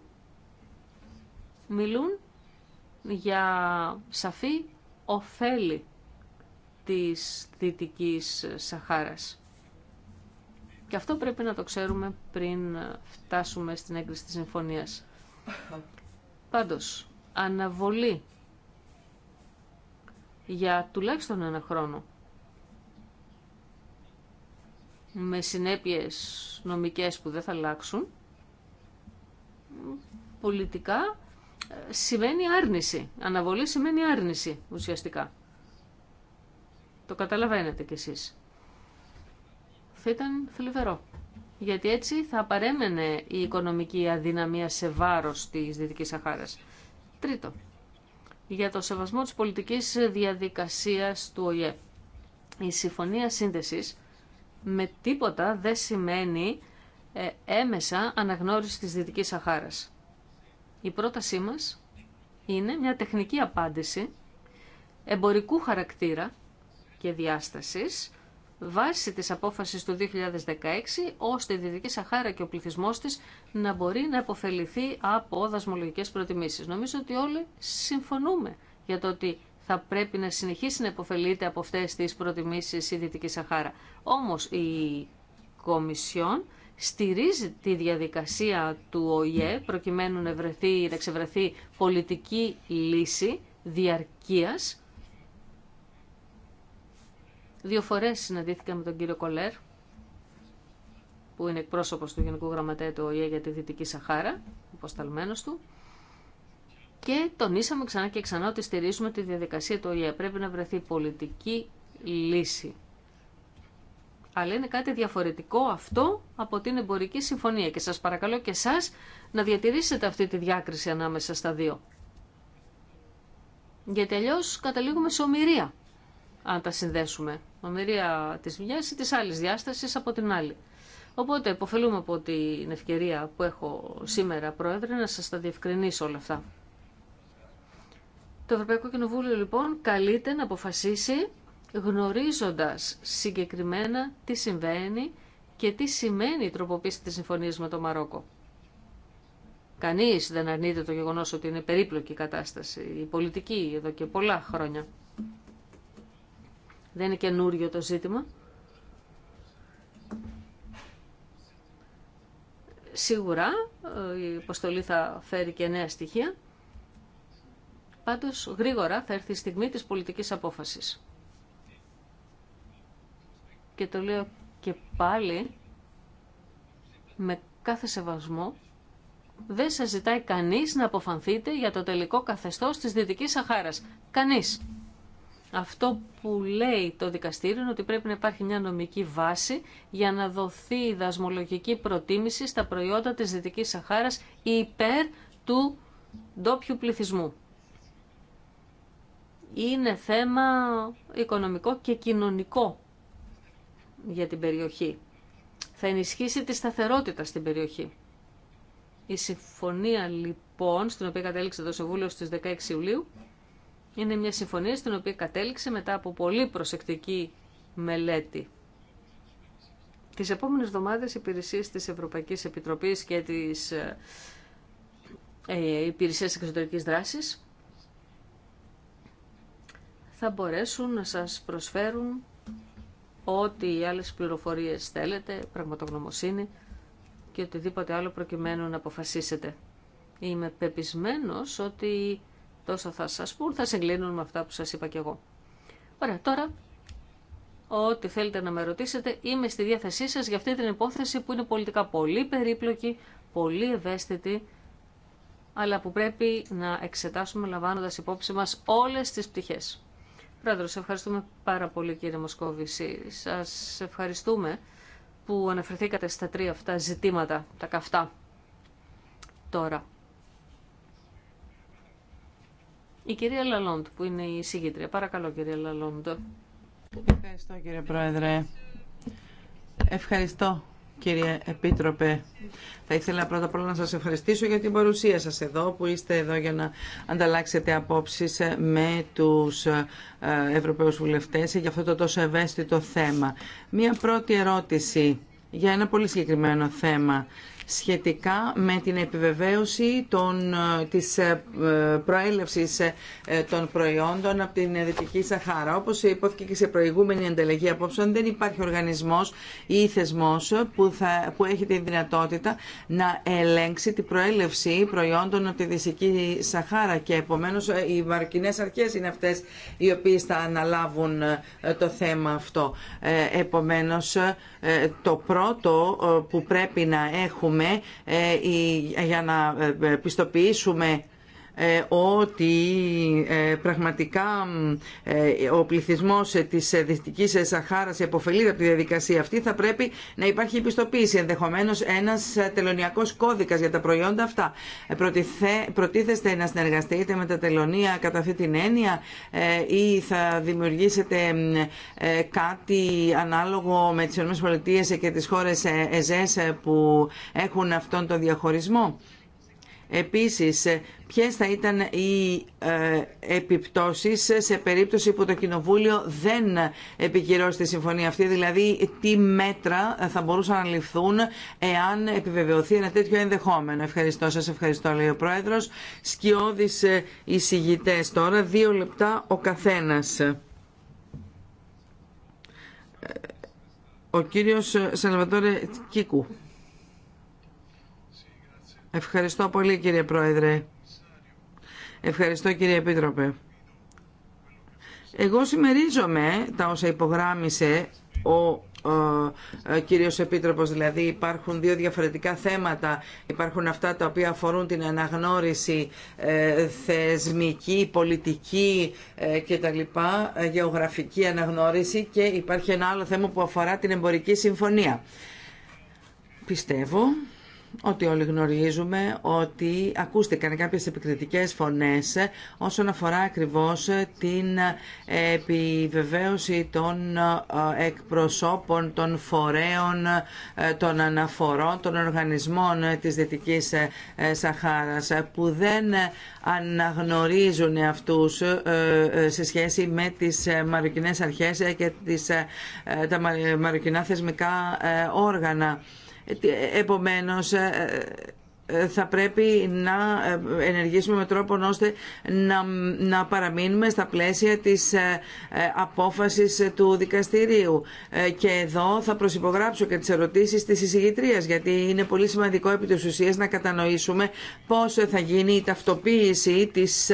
μιλούν για σαφή ωφέλη της Δυτικής Σαχάρας. Και αυτό πρέπει να το ξέρουμε πριν φτάσουμε στην έγκριση της συμφωνίας. Πάντως, αναβολή για τουλάχιστον ένα χρόνο με συνέπειες νομικές που δεν θα αλλάξουν πολιτικά σημαίνει άρνηση. Αναβολή σημαίνει άρνηση ουσιαστικά. Το καταλαβαίνετε κι εσείς. Θα ήταν θλιβερό. Γιατί έτσι θα παρέμενε η οικονομική αδυναμία σε βάρος της Δυτικής Σαχάρας. Τρίτο, για το σεβασμό της πολιτικής διαδικασίας του ΟΗΕ. Η συμφωνία σύνδεσης με τίποτα δεν σημαίνει ε, έμεσα αναγνώριση της Δυτικής Σαχάρας. Η πρότασή μας είναι μια τεχνική απάντηση εμπορικού χαρακτήρα και διάστασης βάσει της απόφασης του 2016 ώστε η Δυτική Σαχάρα και ο πληθυσμός της να μπορεί να υποφεληθεί από δασμολογικές προτιμήσεις. Νομίζω ότι όλοι συμφωνούμε για το ότι θα πρέπει να συνεχίσει να υποφελείται από αυτές τις προτιμήσεις η Δυτική Σαχάρα. Όμως η Κομισιόν στηρίζει τη διαδικασία του ΟΗΕ προκειμένου να, βρεθεί, να ξεβρεθεί πολιτική λύση διαρκείας. Δύο φορές συναντήθηκα με τον κύριο Κολέρ, που είναι εκπρόσωπος του Γενικού Γραμματέα του ΟΗΕ για τη Δυτική Σαχάρα, υποσταλμένος του, και τονίσαμε ξανά και ξανά ότι στηρίζουμε τη διαδικασία του ΟΗΕ. Πρέπει να βρεθεί πολιτική λύση. Αλλά είναι κάτι διαφορετικό αυτό από την εμπορική συμφωνία και σας παρακαλώ και εσάς να διατηρήσετε αυτή τη διάκριση ανάμεσα στα δύο. Γιατί αλλιώ καταλήγουμε σε ομοιρία, αν τα συνδέσουμε. Ομοιρία της μιας ή της άλλης διάστασης από την άλλη. Οπότε, υποφελούμε από την ευκαιρία που έχω σήμερα, Πρόεδρε, να σας τα διευκρινίσω όλα αυτά. Το Ευρωπαϊκό Κοινοβούλιο, λοιπόν, καλείται να αποφασίσει γνωρίζοντας συγκεκριμένα τι συμβαίνει και τι σημαίνει η τροποποίηση της συμφωνίας με το Μαρόκο. Κανείς δεν αρνείται το γεγονός ότι είναι περίπλοκη η κατάσταση, η πολιτική εδώ και πολλά χρόνια. Δεν είναι καινούριο το ζήτημα. Σίγουρα ε, η υποστολή θα φέρει και νέα στοιχεία. Πάντως γρήγορα θα έρθει η στιγμή της πολιτικής απόφασης και το λέω και πάλι με κάθε σεβασμό, δεν σας ζητάει κανείς να αποφανθείτε για το τελικό καθεστώς της Δυτικής Σαχάρας. Κανείς. Αυτό που λέει το δικαστήριο είναι ότι πρέπει να υπάρχει μια νομική βάση για να δοθεί η δασμολογική προτίμηση στα προϊόντα της Δυτικής Σαχάρας υπέρ του ντόπιου πληθυσμού. Είναι θέμα οικονομικό και κοινωνικό για την περιοχή. Θα ενισχύσει τη σταθερότητα στην περιοχή. Η συμφωνία λοιπόν, στην οποία κατέληξε το Συμβούλιο στις 16 Ιουλίου, είναι μια συμφωνία στην οποία κατέληξε μετά από πολύ προσεκτική μελέτη. Τις επόμενες εβδομάδες οι υπηρεσίες της Ευρωπαϊκής Επιτροπής και της ε, ε υπηρεσίας εξωτερικής δράσης θα μπορέσουν να σας προσφέρουν ό,τι οι άλλες πληροφορίες θέλετε, πραγματογνωμοσύνη και οτιδήποτε άλλο προκειμένου να αποφασίσετε. Είμαι πεπισμένος ότι τόσο θα σας πούν, θα συγκλίνουν με αυτά που σας είπα και εγώ. Ωραία, τώρα, ό,τι θέλετε να με ρωτήσετε, είμαι στη διάθεσή σας για αυτή την υπόθεση που είναι πολιτικά πολύ περίπλοκη, πολύ ευαίσθητη, αλλά που πρέπει να εξετάσουμε λαμβάνοντας υπόψη μας όλες τις πτυχές. Πρόεδρος, ευχαριστούμε πάρα πολύ κύριε Μοσκόβηση. Σας ευχαριστούμε που αναφερθήκατε στα τρία αυτά ζητήματα, τα καυτά. Τώρα. Η κυρία Λαλόντ, που είναι η συγγήτρια. Παρακαλώ, κυρία Λαλόντ. Ευχαριστώ, κύριε Πρόεδρε. Ευχαριστώ Κύριε Επίτροπε, θα ήθελα πρώτα απ' όλα να σας ευχαριστήσω για την παρουσία σας εδώ, που είστε εδώ για να ανταλλάξετε απόψεις με τους ε, Ευρωπαίους Βουλευτές για αυτό το τόσο ευαίσθητο θέμα. Μία πρώτη ερώτηση για ένα πολύ συγκεκριμένο θέμα σχετικά με την επιβεβαίωση των, της ε, προέλευσης ε, των προϊόντων από την Δυτική Σαχάρα. Όπως υπόθηκε και σε προηγούμενη ανταλλαγή απόψεων, δεν υπάρχει οργανισμός ή θεσμός που, θα, που έχει τη δυνατότητα να ελέγξει την προέλευση προϊόντων από τη Δυτική Σαχάρα και επομένως ε, οι μαρκινές αρχές είναι αυτές οι οποίες θα αναλάβουν το θέμα αυτό. Επομένως, το πρώτο που πρέπει να έχουμε ε, για να ε, ε, πιστοποιήσουμε ε, ότι ε, πραγματικά ε, ο πληθυσμός της Δυτικής Σαχάρας επωφελείται από τη διαδικασία αυτή θα πρέπει να υπάρχει επιστοποίηση ενδεχομένως ένας τελωνιακός κώδικας για τα προϊόντα αυτά. Προτίθεστε να συνεργαστείτε με τα τελωνία κατά αυτή την έννοια ή θα δημιουργήσετε κάτι ανάλογο με τις ΗΠΑ και τις χώρες ΕΖΕΣ που έχουν αυτόν τον διαχωρισμό. Επίσης, ποιες θα ήταν οι ε, επιπτώσεις σε περίπτωση που το Κοινοβούλιο δεν επικυρώσει τη συμφωνία αυτή, δηλαδή τι μέτρα θα μπορούσαν να ληφθούν εάν επιβεβαιωθεί ένα τέτοιο ενδεχόμενο. Ευχαριστώ σας, ευχαριστώ λέει ο Πρόεδρος. Σκιώδης ε, εισηγητές τώρα, δύο λεπτά ο καθένας. Ε, ο κύριος Σαλβατόρε Κίκου. Ευχαριστώ πολύ κύριε Πρόεδρε. Ευχαριστώ κύριε Επίτροπε. Εγώ συμμερίζομαι τα όσα υπογράμμισε ο κύριος Επίτροπος, δηλαδή υπάρχουν δύο διαφορετικά θέματα. Υπάρχουν αυτά τα οποία αφορούν την αναγνώριση ε, θεσμική, πολιτική ε, και τα λοιπά, ε, γεωγραφική αναγνώριση και υπάρχει ένα άλλο θέμα που αφορά την εμπορική συμφωνία. Πιστεύω ότι όλοι γνωρίζουμε ότι ακούστηκαν κάποιες επικριτικές φωνές όσον αφορά ακριβώς την επιβεβαίωση των ε, εκπροσώπων των φορέων, ε, των αναφορών, των οργανισμών της Δυτικής ε, Σαχάρας που δεν αναγνωρίζουν αυτούς σε σχέση με τις μαροκινές αρχές και τις, τα μαροκινά θεσμικά όργανα. Επομένως, ε, ε, θα πρέπει να ε, ενεργήσουμε με τρόπο ώστε να, να παραμείνουμε στα πλαίσια της απόφασης του δικαστηρίου. Και εδώ θα προσυπογράψω και τις ερωτήσεις της εισηγητρίας, γιατί είναι πολύ σημαντικό επί της ουσίας να κατανοήσουμε πώς θα γίνει η ταυτοποίηση της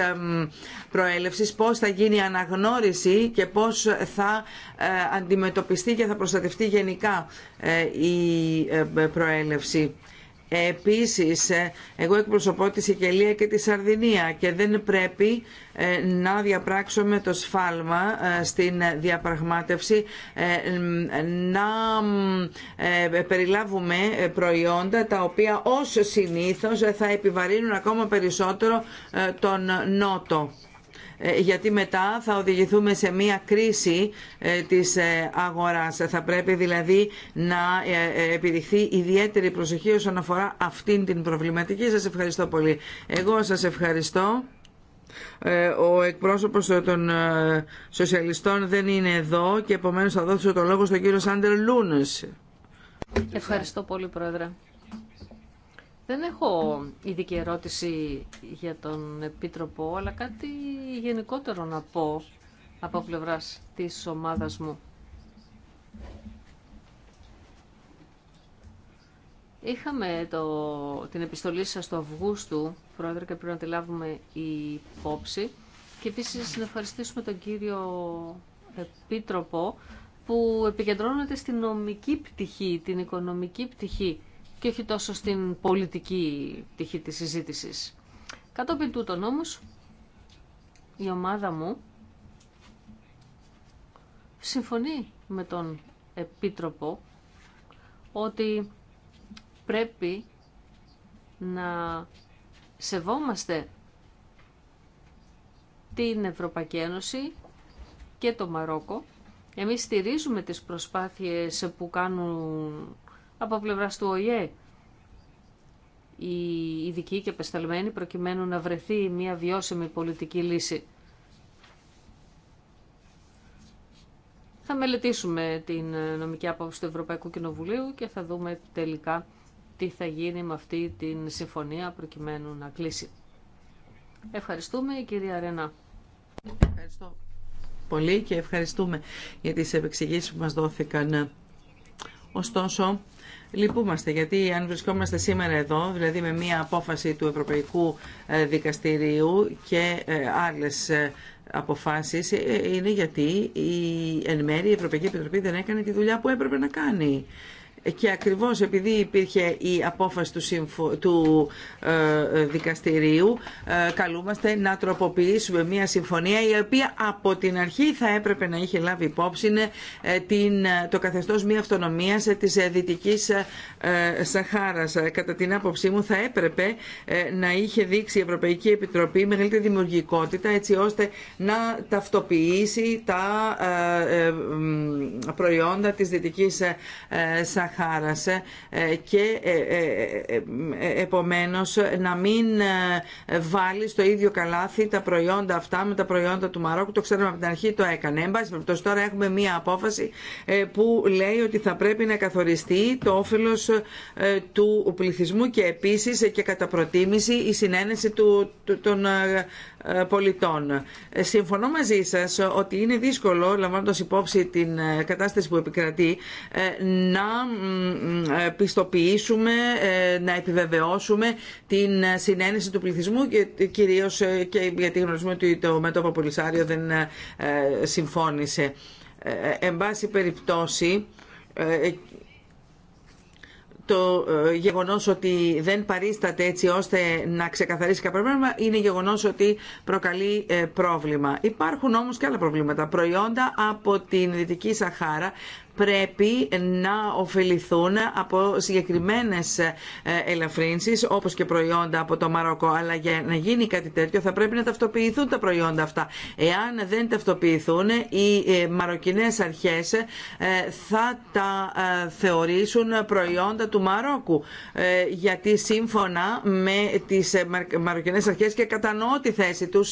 προέλευσης, πώς θα γίνει η αναγνώριση και πώς θα ε, αντιμετωπιστεί και θα προστατευτεί γενικά ε, η ε, προέλευση. Επίσης, εγώ εκπροσωπώ τη Σικελία και τη Σαρδινία και δεν πρέπει να διαπράξουμε το σφάλμα στην διαπραγμάτευση να περιλάβουμε προϊόντα τα οποία ως συνήθως θα επιβαρύνουν ακόμα περισσότερο τον νότο. Ε, γιατί μετά θα οδηγηθούμε σε μία κρίση ε, της ε, αγοράς. Θα πρέπει δηλαδή να επιδειχθεί ιδιαίτερη προσοχή όσον αφορά αυτήν την προβληματική. Σας ευχαριστώ πολύ. Εγώ σας ευχαριστώ. Ο εκπρόσωπος των σοσιαλιστών δεν είναι εδώ και επομένως θα δώσω το λόγο στον κύριο Σάντερ Λούνες. Ευχαριστώ πολύ, Πρόεδρε. Δεν έχω ειδική ερώτηση για τον Επίτροπο, αλλά κάτι γενικότερο να πω από πλευράς της ομάδας μου. Είχαμε το, την επιστολή σας του Αυγούστου, Πρόεδρε, και πρέπει να τη λάβουμε υπόψη. Και επίσης να ευχαριστήσουμε τον κύριο Επίτροπο που επικεντρώνεται στην νομική πτυχή, την οικονομική πτυχή και όχι τόσο στην πολιτική πτυχή της συζήτησης. Κατόπιν τούτον όμως, η ομάδα μου συμφωνεί με τον Επίτροπο ότι πρέπει να σεβόμαστε την Ευρωπαϊκή Ένωση και το Μαρόκο. Εμείς στηρίζουμε τις προσπάθειες που κάνουν από πλευρά του ΟΗΕ. Οι ειδικοί και επεσταλμένοι, προκειμένου να βρεθεί μια βιώσιμη πολιτική λύση. Θα μελετήσουμε την νομική άποψη του Ευρωπαϊκού Κοινοβουλίου και θα δούμε τελικά τι θα γίνει με αυτή την συμφωνία προκειμένου να κλείσει. Ευχαριστούμε η κυρία Ρενά. Ευχαριστώ πολύ και ευχαριστούμε για τις επεξηγήσεις που μας δόθηκαν. Ωστόσο, Λυπούμαστε γιατί αν βρισκόμαστε σήμερα εδώ, δηλαδή με μία απόφαση του Ευρωπαϊκού ε, Δικαστηρίου και ε, άλλες ε, αποφάσεις, είναι γιατί η εν μέρει η Ευρωπαϊκή Επιτροπή δεν έκανε τη δουλειά που έπρεπε να κάνει και ακριβώς επειδή υπήρχε η απόφαση του, του ε, ε, δικαστηρίου ε, καλούμαστε να τροποποιήσουμε μια συμφωνία η οποία από την αρχή θα έπρεπε να είχε λάβει υπόψη την, το καθεστώς μία αυτονομίας της Δυτικής Σαχάρας. Κατά την άποψή μου θα έπρεπε να είχε δείξει η Ευρωπαϊκή Επιτροπή μεγαλύτερη δημιουργικότητα έτσι ώστε να ταυτοποιήσει τα προϊόντα της Δυτικής Σαχάρας ε, και ε, ε, επομένως να μην βάλει στο ίδιο καλάθι τα προϊόντα αυτά με τα προϊόντα του Μαρόκου. Το ξέρουμε από την αρχή το έκανε. Εν πάση περιπτώσει τώρα έχουμε μία απόφαση που λέει ότι θα πρέπει να καθοριστεί το όφελος του πληθυσμού και επίσης και κατά προτίμηση η συνένεση του, των ε, πολιτών. Ε, συμφωνώ μαζί σα ότι είναι δύσκολο, λαμβάνοντα υπόψη την ε, κατάσταση που επικρατεί, να πιστοποιήσουμε, να επιβεβαιώσουμε την συνένεση του πληθυσμού και κυρίως και γιατί γνωρίζουμε ότι το μέτωπο Πολυσάριο δεν συμφώνησε. Εν πάση περιπτώσει, το ε, γεγονός ότι δεν παρίσταται έτσι ώστε να ξεκαθαρίσει κάποιο πρόβλημα είναι γεγονός ότι προκαλεί ε, πρόβλημα. Υπάρχουν όμως και άλλα προβλήματα. Προϊόντα από την Δυτική Σαχάρα πρέπει να ωφεληθούν από συγκεκριμένες ε, ελαφρύνσεις όπως και προϊόντα από το Μαρόκο αλλά για να γίνει κάτι τέτοιο θα πρέπει να ταυτοποιηθούν τα προϊόντα αυτά. Εάν δεν ταυτοποιηθούν οι ε, μαροκινές αρχές ε, θα τα θεωρήσουν προϊόντα του Μαρόκου γιατί σύμφωνα με τις μαροκινές αρχές και κατανοώ τη θέση τους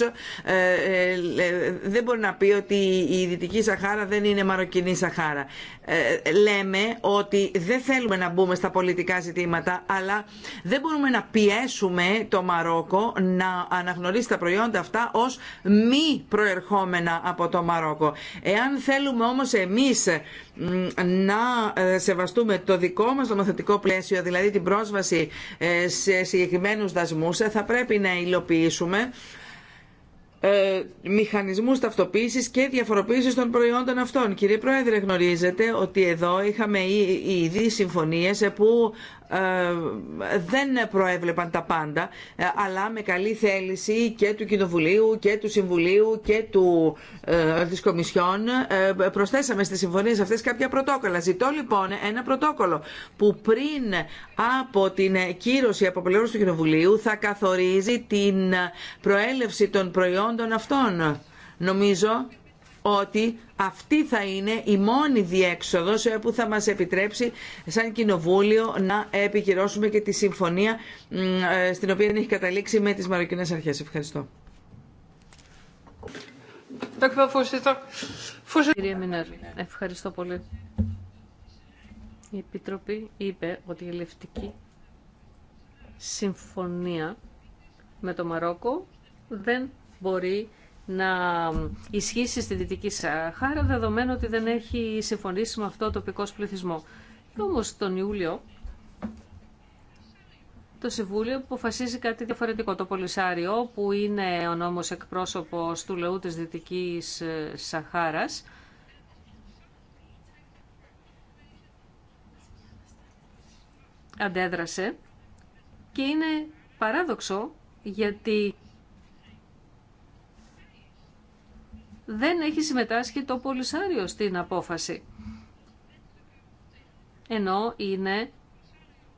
δεν μπορεί να πει ότι η Δυτική Σαχάρα δεν είναι μαροκινή Σαχάρα. Ε, λέμε ότι δεν θέλουμε να μπούμε στα πολιτικά ζητήματα, αλλά δεν μπορούμε να πιέσουμε το Μαρόκο να αναγνωρίσει τα προϊόντα αυτά ως μη προερχόμενα από το Μαρόκο. Εάν θέλουμε όμως εμείς να ε, σεβαστούμε το δικό μας νομοθετικό πλαίσιο, δηλαδή την πρόσβαση ε, σε συγκεκριμένους δασμούς, θα πρέπει να υλοποιήσουμε ε, μηχανισμούς ταυτοποίησης και διαφοροποίησης των προϊόντων αυτών. Κύριε Πρόεδρε, γνωρίζετε ότι εδώ είχαμε ήδη συμφωνίες που ε, δεν προέβλεπαν τα πάντα, ε, αλλά με καλή θέληση και του Κοινοβουλίου και του Συμβουλίου και του, ε, της Κομισιόν προσθέσαμε στις συμφωνίες αυτές κάποια πρωτόκολλα. Ζητώ λοιπόν ένα πρωτόκολλο που πριν από την κύρωση από πλευρά του Κοινοβουλίου θα καθορίζει την προέλευση των προϊόντων αυτών. Νομίζω ότι αυτή θα είναι η μόνη διέξοδος ε, που θα μας επιτρέψει σαν Κοινοβούλιο να επικυρώσουμε και τη συμφωνία ε, στην οποία έχει καταλήξει με τις Μαροκινές Αρχές. Ευχαριστώ. Κύριε Μινέρ, ευχαριστώ πολύ. Η Επιτροπή είπε ότι η ελευτική συμφωνία με το Μαρόκο δεν μπορεί να ισχύσει στη Δυτική Σαχάρα, δεδομένου ότι δεν έχει συμφωνήσει με αυτό το τοπικός πληθυσμό. όμως τον Ιούλιο το Συμβούλιο αποφασίζει κάτι διαφορετικό. Το Πολυσάριο, που είναι ο νόμος εκπρόσωπος του λαού της Δυτικής Σαχάρας, αντέδρασε και είναι παράδοξο γιατί δεν έχει συμμετάσχει το Πολυσάριο στην απόφαση. Ενώ είναι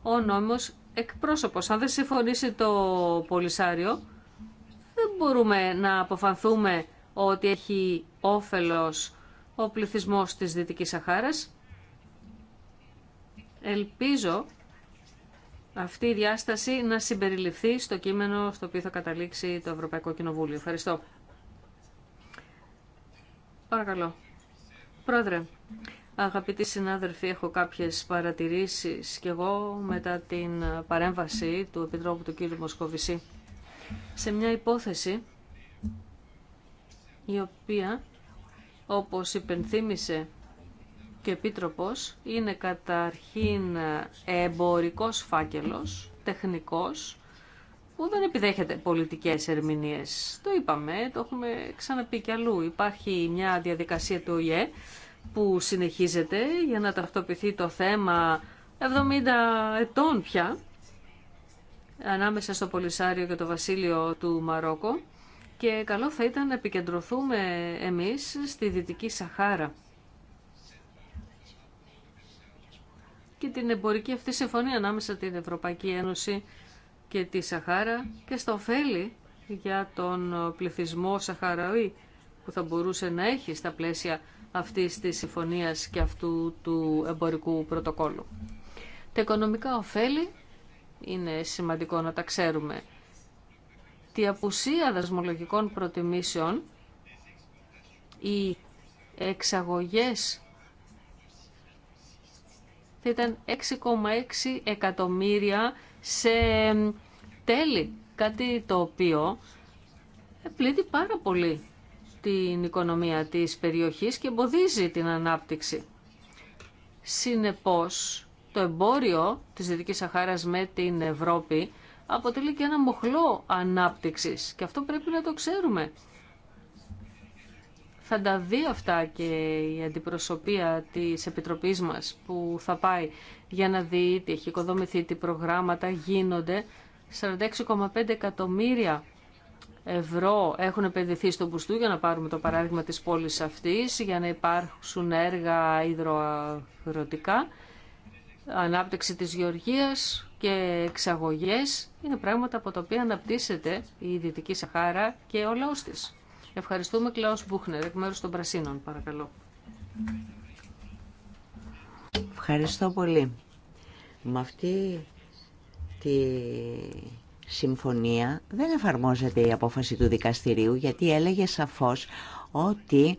ο νόμος εκπρόσωπος. Αν δεν συμφωνήσει το Πολυσάριο, δεν μπορούμε να αποφανθούμε ότι έχει όφελος ο πληθυσμός της Δυτικής Σαχάρας. Ελπίζω αυτή η διάσταση να συμπεριληφθεί στο κείμενο στο οποίο θα καταλήξει το Ευρωπαϊκό Κοινοβούλιο. Ευχαριστώ. Παρακαλώ. Πρόεδρε, αγαπητοί συνάδελφοι, έχω κάποιες παρατηρήσεις και εγώ μετά την παρέμβαση του Επιτρόπου του κ. Μοσκοβισή σε μια υπόθεση η οποία, όπως υπενθύμησε και ο Επίτροπος, είναι καταρχήν εμπορικός φάκελος, τεχνικός, που δεν επιδέχεται πολιτικές ερμηνείες. Το είπαμε, το έχουμε ξαναπεί κι αλλού. Υπάρχει μια διαδικασία του ΟΙΕ που συνεχίζεται για να ταυτοποιηθεί το θέμα 70 ετών πια ανάμεσα στο Πολυσάριο και το Βασίλειο του Μαρόκο και καλό θα ήταν να επικεντρωθούμε εμείς στη Δυτική Σαχάρα. Και την εμπορική αυτή συμφωνία ανάμεσα την Ευρωπαϊκή Ένωση και τη Σαχάρα και στα ωφέλη για τον πληθυσμό Σαχαραή που θα μπορούσε να έχει στα πλαίσια αυτής της συμφωνίας και αυτού του εμπορικού πρωτοκόλου. Τα οικονομικά ωφέλη είναι σημαντικό να τα ξέρουμε. Τη απουσία δασμολογικών προτιμήσεων, οι εξαγωγές θα ήταν 6,6 εκατομμύρια σε τέλη. Κάτι το οποίο πλήττει πάρα πολύ την οικονομία της περιοχής και εμποδίζει την ανάπτυξη. Συνεπώς, το εμπόριο της Δυτικής Σαχάρας με την Ευρώπη αποτελεί και ένα μοχλό ανάπτυξης και αυτό πρέπει να το ξέρουμε θα τα δει αυτά και η αντιπροσωπεία της Επιτροπής μας που θα πάει για να δει τι έχει οικοδομηθεί, τι προγράμματα γίνονται. 46,5 εκατομμύρια ευρώ έχουν επενδυθεί στον πουστού για να πάρουμε το παράδειγμα της πόλης αυτής, για να υπάρξουν έργα υδροαγροτικά, ανάπτυξη της γεωργίας και εξαγωγές. Είναι πράγματα από τα οποία αναπτύσσεται η Δυτική Σαχάρα και ο λαός της. Ευχαριστούμε, Κλάος Μπούχνερ, εκ μέρους των Πρασίνων, παρακαλώ. Ευχαριστώ πολύ. Με αυτή τη συμφωνία δεν εφαρμόζεται η απόφαση του δικαστηρίου γιατί έλεγε σαφώς ότι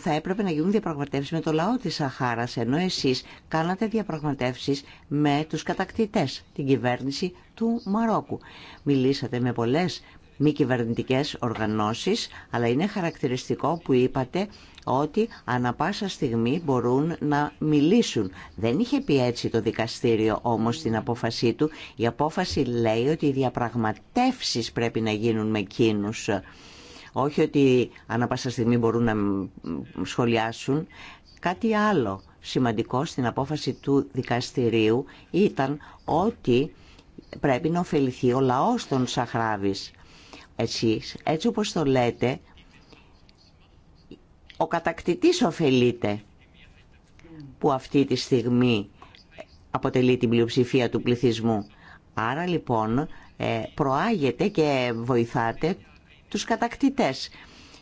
θα έπρεπε να γίνουν διαπραγματεύσεις με το λαό της Σαχάρας, ενώ εσείς κάνατε διαπραγματεύσεις με τους κατακτητές, την κυβέρνηση του Μαρόκου. Μιλήσατε με πολλές μη κυβερνητικέ οργανώσεις, αλλά είναι χαρακτηριστικό που είπατε ότι ανα πάσα στιγμή μπορούν να μιλήσουν. Δεν είχε πει έτσι το δικαστήριο όμως την απόφασή του. Η απόφαση λέει ότι οι διαπραγματεύσεις πρέπει να γίνουν με κίνους, Όχι ότι ανα πάσα στιγμή μπορούν να σχολιάσουν. Κάτι άλλο σημαντικό στην απόφαση του δικαστηρίου ήταν ότι πρέπει να ωφεληθεί ο λαός των Σαχράβης εσείς. Έτσι όπως το λέτε, ο κατακτητής ωφελείται που αυτή τη στιγμή αποτελεί την πλειοψηφία του πληθυσμού. Άρα λοιπόν ε, προάγεται και βοηθάτε τους κατακτητές.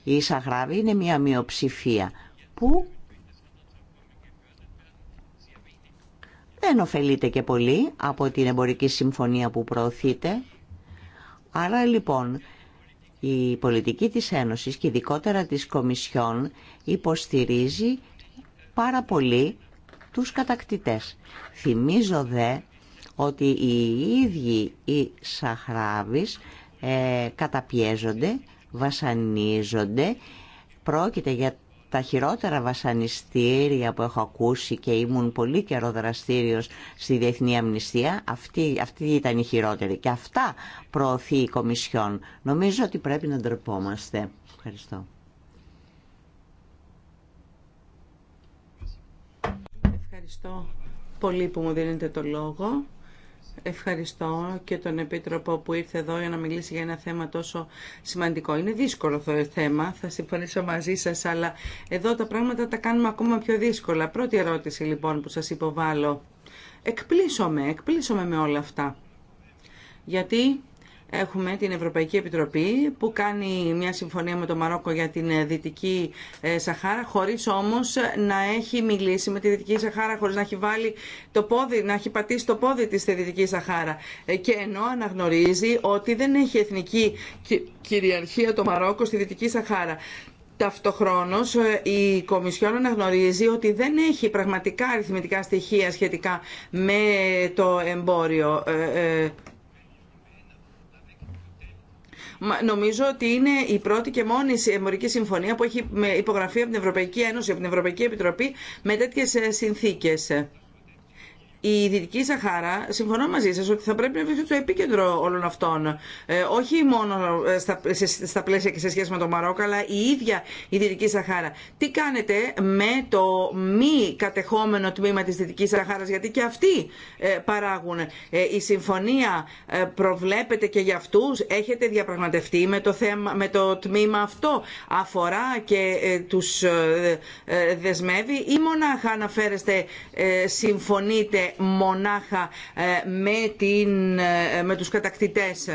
Η Ισαγράβη είναι μια μειοψηφία που δεν ωφελείται και πολύ από την εμπορική συμφωνία που προωθείτε, Άρα λοιπόν η πολιτική της Ένωσης και ειδικότερα της Κομισιόν υποστηρίζει πάρα πολύ τους κατακτητές. Θυμίζω δε ότι οι ίδιοι οι Σαχράβης ε, καταπιέζονται, βασανίζονται, πρόκειται για τα χειρότερα βασανιστήρια που έχω ακούσει και ήμουν πολύ καιρό δραστηριο στη Διεθνή Αμνηστία, αυτή, αυτή ήταν η χειρότερη. Και αυτά προωθεί η Κομισιόν. Νομίζω ότι πρέπει να ντρεπόμαστε. Ευχαριστώ. Ευχαριστώ πολύ που μου δίνετε το λόγο. Ευχαριστώ και τον Επίτροπο που ήρθε εδώ για να μιλήσει για ένα θέμα τόσο σημαντικό. Είναι δύσκολο το θέμα, θα συμφωνήσω μαζί σας, αλλά εδώ τα πράγματα τα κάνουμε ακόμα πιο δύσκολα. Πρώτη ερώτηση λοιπόν που σας υποβάλλω. Εκπλήσωμε, εκπλήσωμε με όλα αυτά. Γιατί έχουμε την Ευρωπαϊκή Επιτροπή που κάνει μια συμφωνία με το Μαρόκο για την ε, Δυτική ε, Σαχάρα χωρίς όμως να έχει μιλήσει με τη Δυτική Σαχάρα, χωρίς να έχει, βάλει το πόδι, να έχει πατήσει το πόδι της στη Δυτική Σαχάρα. Ε, και ενώ αναγνωρίζει ότι δεν έχει εθνική κυριαρχία το Μαρόκο στη Δυτική Σαχάρα. Ταυτοχρόνω, η Κομισιόν αναγνωρίζει ότι δεν έχει πραγματικά αριθμητικά στοιχεία σχετικά με το εμπόριο. Νομίζω ότι είναι η πρώτη και μόνη εμπορική συμφωνία που έχει υπογραφεί από την Ευρωπαϊκή Ένωση, από την Ευρωπαϊκή Επιτροπή με τέτοιε συνθήκε η Δυτική Σαχάρα, συμφωνώ μαζί σας, ότι θα πρέπει να βρεθεί το επίκεντρο όλων αυτών. Ε, όχι μόνο ε, στα, στα πλαίσια και σε σχέση με το Μαρόκο, αλλά η ίδια η Δυτική Σαχάρα. Τι κάνετε με το μη κατεχόμενο τμήμα της Δυτικής Σαχάρα, γιατί και αυτοί ε, παράγουν. η συμφωνία προβλέπεται και για αυτού, Έχετε διαπραγματευτεί με το, θέμα, με το τμήμα αυτό. Αφορά και τους δεσμεύει ή μονάχα αναφέρεστε συμφωνείτε μονάχα ε, με, την, ε, με τους κατακτητές.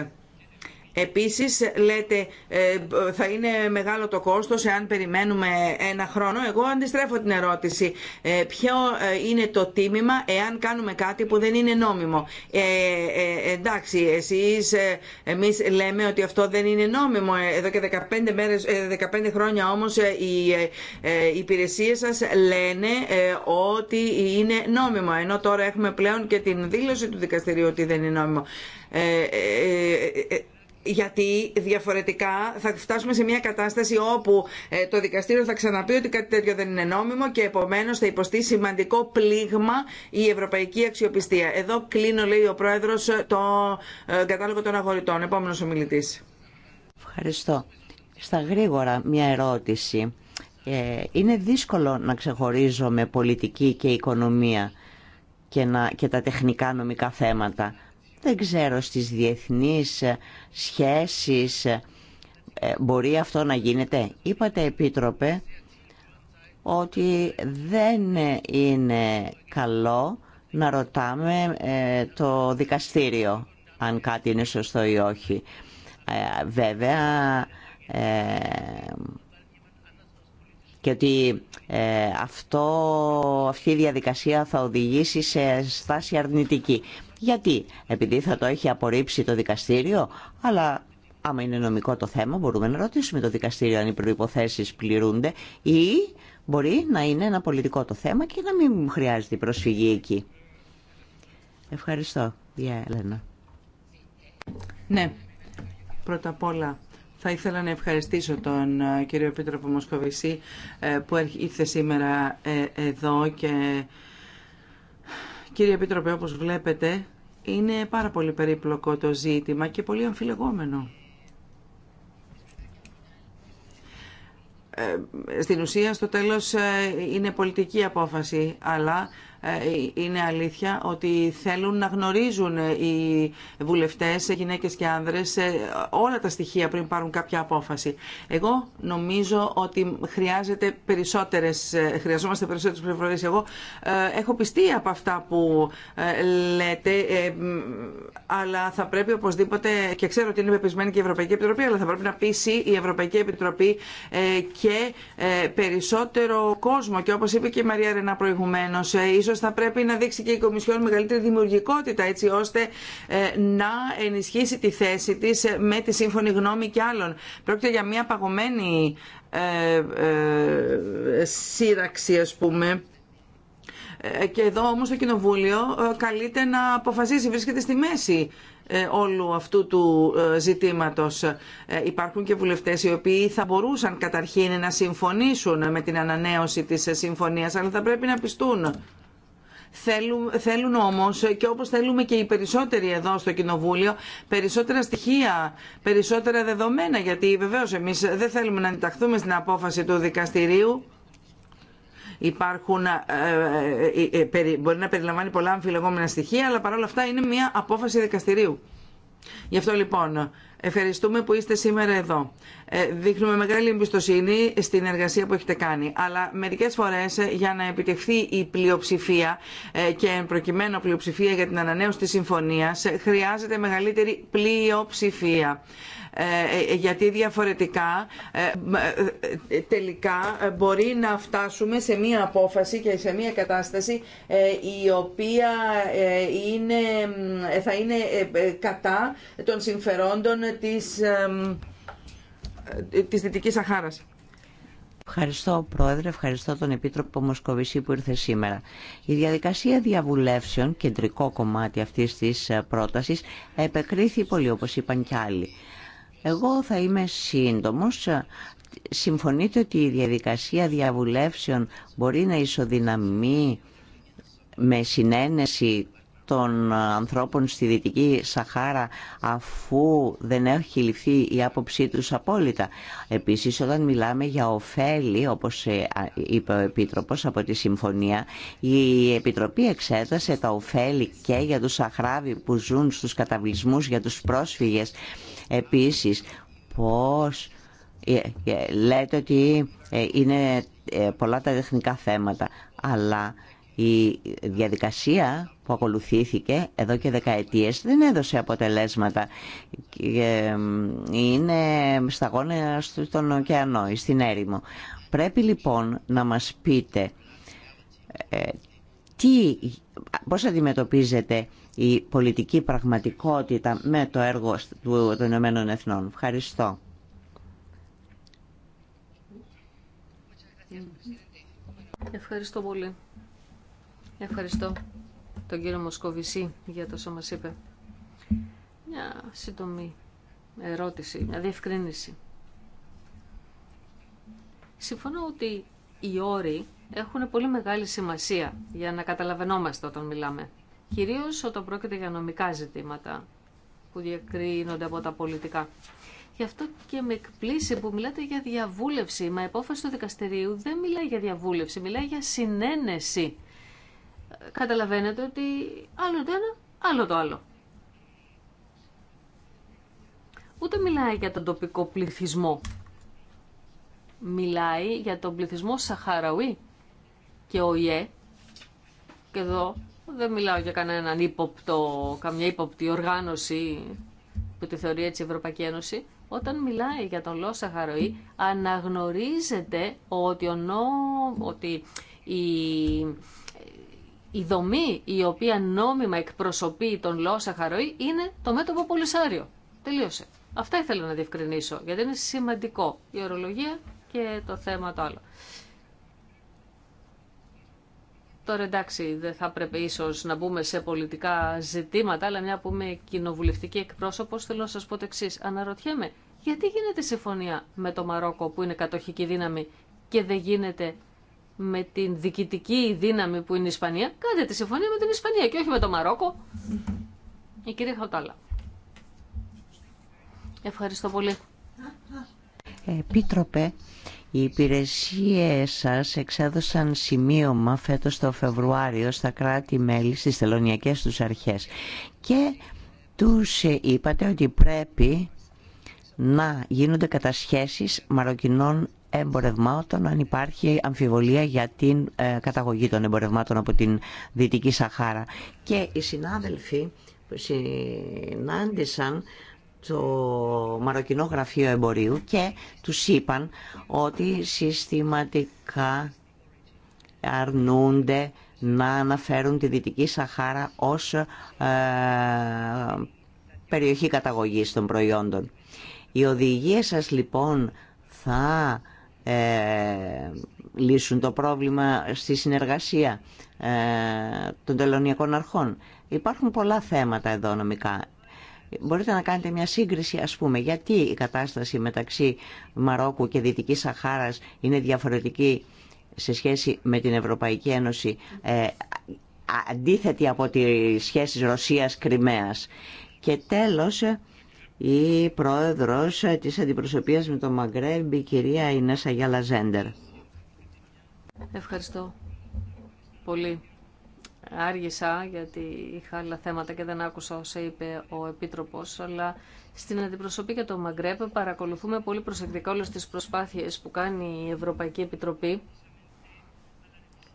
Επίσης λέτε ε, θα είναι μεγάλο το κόστος εάν περιμένουμε ένα χρόνο. Εγώ αντιστρέφω την ερώτηση. Ε, ποιο ε, είναι το τίμημα εάν κάνουμε κάτι που δεν είναι νόμιμο. Ε, ε, εντάξει, εσείς, εμείς λέμε ότι αυτό δεν είναι νόμιμο. Εδώ και 15, μέρες, 15 χρόνια όμως οι υπηρεσίες σας λένε ότι είναι νόμιμο. Ενώ τώρα έχουμε πλέον και την δήλωση του δικαστηρίου ότι δεν είναι νόμιμο. Ε, γιατί διαφορετικά θα φτάσουμε σε μια κατάσταση όπου ε, το δικαστήριο θα ξαναπεί ότι κάτι τέτοιο δεν είναι νόμιμο και επομένως θα υποστεί σημαντικό πλήγμα η ευρωπαϊκή αξιοπιστία. Εδώ κλείνω, λέει ο Πρόεδρος, το ε, κατάλογο των αγορητών. Επόμενος ομιλητής. Ευχαριστώ. Στα γρήγορα μια ερώτηση. Ε, είναι δύσκολο να με πολιτική και οικονομία και, να, και τα τεχνικά νομικά θέματα. Δεν ξέρω στις διεθνείς σχέσεις ε, μπορεί αυτό να γίνεται. Είπατε, Επίτροπε, ότι δεν είναι καλό να ρωτάμε ε, το δικαστήριο αν κάτι είναι σωστό ή όχι. Ε, βέβαια, και ότι αυτό, αυτή η διαδικασία θα οδηγήσει σε στάση αρνητική. Γιατί, επειδή θα το έχει απορρίψει το δικαστήριο, αλλά άμα είναι νομικό το θέμα μπορούμε να ρωτήσουμε το δικαστήριο αν οι προϋποθέσεις πληρούνται ή μπορεί να είναι ένα πολιτικό το θέμα και να μην χρειάζεται η προσφυγή εκεί. Ευχαριστώ. Γεια, Έλενα. Ναι, πρώτα απ' όλα θα ήθελα να ευχαριστήσω τον ε, κύριο Επίτροπο ε, που ήρθε σήμερα ε, εδώ και Κύριε Επίτροπε, όπως βλέπετε, είναι πάρα πολύ περίπλοκο το ζήτημα και πολύ αμφιλεγόμενο. Ε, στην ουσία, στο τέλος, ε, είναι πολιτική απόφαση, αλλά ε, είναι αλήθεια ότι θέλουν να γνωρίζουν οι βουλευτές, γυναίκες και άνδρες ε, όλα τα στοιχεία πριν πάρουν κάποια απόφαση. Εγώ νομίζω ότι χρειάζεται περισσότερες, ε, χρειαζόμαστε περισσότερες πληροφορίες. Εγώ έχω πιστεί από αυτά που ε, λέτε, αλλά θα πρέπει οπωσδήποτε, και ξέρω ότι είναι πεπισμένη και η Ευρωπαϊκή Επιτροπή, αλλά θα πρέπει να πείσει η Ευρωπαϊκή Επιτροπή και περισσότερο κόσμο. Και όπως είπε και η Μαρία Ρενά προηγουμένως, Ωστόσο, θα πρέπει να δείξει και η Κομισιόν μεγαλύτερη δημιουργικότητα έτσι ώστε ε, να ενισχύσει τη θέση της ε, με τη σύμφωνη γνώμη και άλλων. Πρόκειται για μια παγωμένη ε, σύραξη ας πούμε και εδώ όμως το Κοινοβούλιο καλείται να αποφασίσει, βρίσκεται στη μέση όλου αυτού του ζητήματος. Υπάρχουν και βουλευτές οι οποίοι θα μπορούσαν καταρχήν να συμφωνήσουν με την ανανέωση της συμφωνίας, αλλά θα πρέπει να πιστούν. Θέλουν, θέλουν όμως και όπως θέλουμε και οι περισσότεροι εδώ στο Κοινοβούλιο περισσότερα στοιχεία, περισσότερα δεδομένα γιατί βεβαίως εμείς δεν θέλουμε να αντιταχθούμε στην απόφαση του δικαστηρίου υπάρχουν, ε, ε, ε, μπορεί να περιλαμβάνει πολλά αμφιλεγόμενα στοιχεία, αλλά παρόλα αυτά είναι μια απόφαση δικαστηρίου. Γι' αυτό λοιπόν Ευχαριστούμε που είστε σήμερα εδώ. Ε, δείχνουμε μεγάλη εμπιστοσύνη στην εργασία που έχετε κάνει. Αλλά μερικέ φορέ ε, για να επιτευχθεί η πλειοψηφία ε, και προκειμένου πλειοψηφία για την ανανέωση τη συμφωνία χρειάζεται μεγαλύτερη πλειοψηφία. Γιατί διαφορετικά τελικά μπορεί να φτάσουμε σε μία απόφαση και σε μία κατάσταση η οποία είναι, θα είναι κατά των συμφερόντων ε, της, ε, της Δυτικής Σαχάρας. Ευχαριστώ Πρόεδρε, ευχαριστώ τον Επίτροπο Μοσκοβισή που ήρθε σήμερα. Η διαδικασία διαβουλεύσεων, κεντρικό κομμάτι αυτής της ε, πρότασης, επεκρίθη πολύ όπως είπαν κι άλλοι. Εγώ θα είμαι σύντομος. Συμφωνείτε ότι η διαδικασία διαβουλεύσεων μπορεί να ισοδυναμεί με συνένεση των ανθρώπων στη Δυτική Σαχάρα αφού δεν έχει ληφθεί η άποψή τους απόλυτα. Επίσης όταν μιλάμε για ωφέλη όπως ε, είπε ο Επίτροπος από τη Συμφωνία η Επιτροπή εξέτασε τα ωφέλη και για τους Σαχράβοι που ζουν στους καταβλισμούς για τους πρόσφυγες. Επίσης πώς ε, ε, λέτε ότι είναι πολλά τα τεχνικά θέματα αλλά η διαδικασία που ακολουθήθηκε εδώ και δεκαετίες δεν έδωσε αποτελέσματα. Είναι σταγόνα στον ωκεανό ή στην έρημο. Πρέπει λοιπόν να μας πείτε ε, τι, πώς αντιμετωπίζεται η πολιτική πραγματικότητα με το έργο του, των Ηνωμένων Εθνών. Ευχαριστώ. Ευχαριστώ πολύ. Ευχαριστώ τον κύριο Μοσκοβισή για το όσο μας είπε. Μια σύντομη ερώτηση, μια διευκρίνηση. Συμφωνώ ότι οι όροι έχουν πολύ μεγάλη σημασία για να καταλαβαίνόμαστε όταν μιλάμε. Κυρίως όταν πρόκειται για νομικά ζητήματα που διακρίνονται από τα πολιτικά. Γι' αυτό και με εκπλήσει που μιλάτε για διαβούλευση. Μα η απόφαση του δικαστηρίου δεν μιλάει για διαβούλευση, μιλάει για συνένεση καταλαβαίνετε ότι άλλο το ένα, άλλο το άλλο. Ούτε μιλάει για τον τοπικό πληθυσμό. Μιλάει για τον πληθυσμό Σαχαραουή και ο ΙΕ. Και εδώ δεν μιλάω για κανέναν ύποπτο, καμιά ύποπτη οργάνωση που τη θεωρεί έτσι η Ευρωπαϊκή Ένωση. Όταν μιλάει για τον Λό Σαχαροή, αναγνωρίζεται ότι, ο νο... ότι η η δομή η οποία νόμιμα εκπροσωπεί τον λαό Σαχαροή είναι το μέτωπο Πολυσάριο. Τελείωσε. Αυτά ήθελα να διευκρινίσω, γιατί είναι σημαντικό η ορολογία και το θέμα το άλλο. Τώρα εντάξει, δεν θα πρέπει ίσω να μπούμε σε πολιτικά ζητήματα, αλλά μια που είμαι κοινοβουλευτική εκπρόσωπο, θέλω να σα πω το εξή. Αναρωτιέμαι, γιατί γίνεται συμφωνία με το Μαρόκο που είναι κατοχική δύναμη και δεν γίνεται με την διοικητική δύναμη που είναι η Ισπανία, κάντε τη συμφωνία με την Ισπανία και όχι με το Μαρόκο. Η κυρία Χαουτάλα. Ευχαριστώ πολύ. Επίτροπε, οι υπηρεσίες σας εξέδωσαν σημείωμα φέτος το Φεβρουάριο στα κράτη-μέλη, στις θελωνιακές τους αρχές και τους είπατε ότι πρέπει να γίνονται κατασχέσεις μαροκινών εμπορευμάτων αν υπάρχει αμφιβολία για την ε, καταγωγή των εμπορευμάτων από την Δυτική Σαχάρα. Και οι συνάδελφοι συνάντησαν το Μαροκινό Γραφείο Εμπορίου και τους είπαν ότι συστηματικά αρνούνται να αναφέρουν τη Δυτική Σαχάρα ως ε, περιοχή καταγωγής των προϊόντων. Οι οδηγίες σας λοιπόν θα ε, λύσουν το πρόβλημα στη συνεργασία ε, των τελωνιακών αρχών. Υπάρχουν πολλά θέματα εδώ νομικά. Μπορείτε να κάνετε μια σύγκριση, ας πούμε, γιατί η κατάσταση μεταξύ Μαρόκου και Δυτικής Σαχάρας είναι διαφορετική σε σχέση με την Ευρωπαϊκή Ένωση, ε, αντίθετη από τις σχέσεις Ρωσίας-Κρυμαίας. Και τέλος, η πρόεδρος της αντιπροσωπείας με το Μαγκρέμπ, η κυρία Ινέσα Γιάλα Ζέντερ. Ευχαριστώ πολύ. Άργησα γιατί είχα άλλα θέματα και δεν άκουσα όσα είπε ο Επίτροπος, αλλά στην αντιπροσωπή για το Μαγκρέπ παρακολουθούμε πολύ προσεκτικά όλες τις προσπάθειες που κάνει η Ευρωπαϊκή Επιτροπή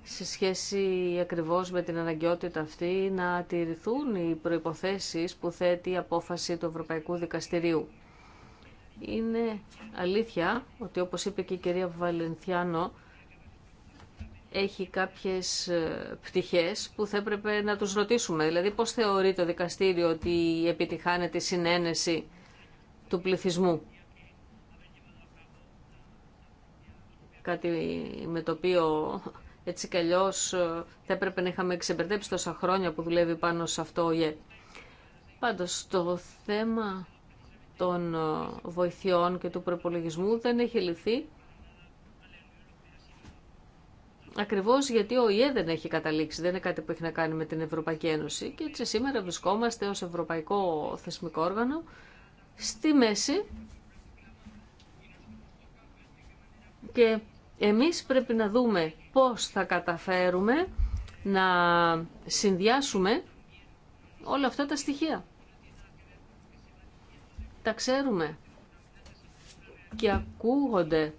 σε σχέση ακριβώς με την αναγκαιότητα αυτή να τηρηθούν οι προϋποθέσεις που θέτει η απόφαση του Ευρωπαϊκού Δικαστηρίου. Είναι αλήθεια ότι όπως είπε και η κυρία Βαλενθιάνο έχει κάποιες ε, πτυχές που θα έπρεπε να τους ρωτήσουμε. Δηλαδή πώς θεωρεί το δικαστήριο ότι επιτυχάνεται η συνένεση του πληθυσμού. Κάτι με το οποίο έτσι κι αλλιώ ε, θα έπρεπε να είχαμε ξεμπερδέψει τόσα χρόνια που δουλεύει πάνω σε αυτό ο ΙΕ. Πάντω το θέμα των ε, βοηθειών και του προπολογισμού δεν έχει λυθεί ακριβώς γιατί ο ΙΕ δεν έχει καταλήξει, δεν είναι κάτι που έχει να κάνει με την Ευρωπαϊκή Ένωση και έτσι σήμερα βρισκόμαστε ως Ευρωπαϊκό Θεσμικό Όργανο στη μέση και εμείς πρέπει να δούμε πώς θα καταφέρουμε να συνδυάσουμε όλα αυτά τα στοιχεία. Τα ξέρουμε και ακούγονται.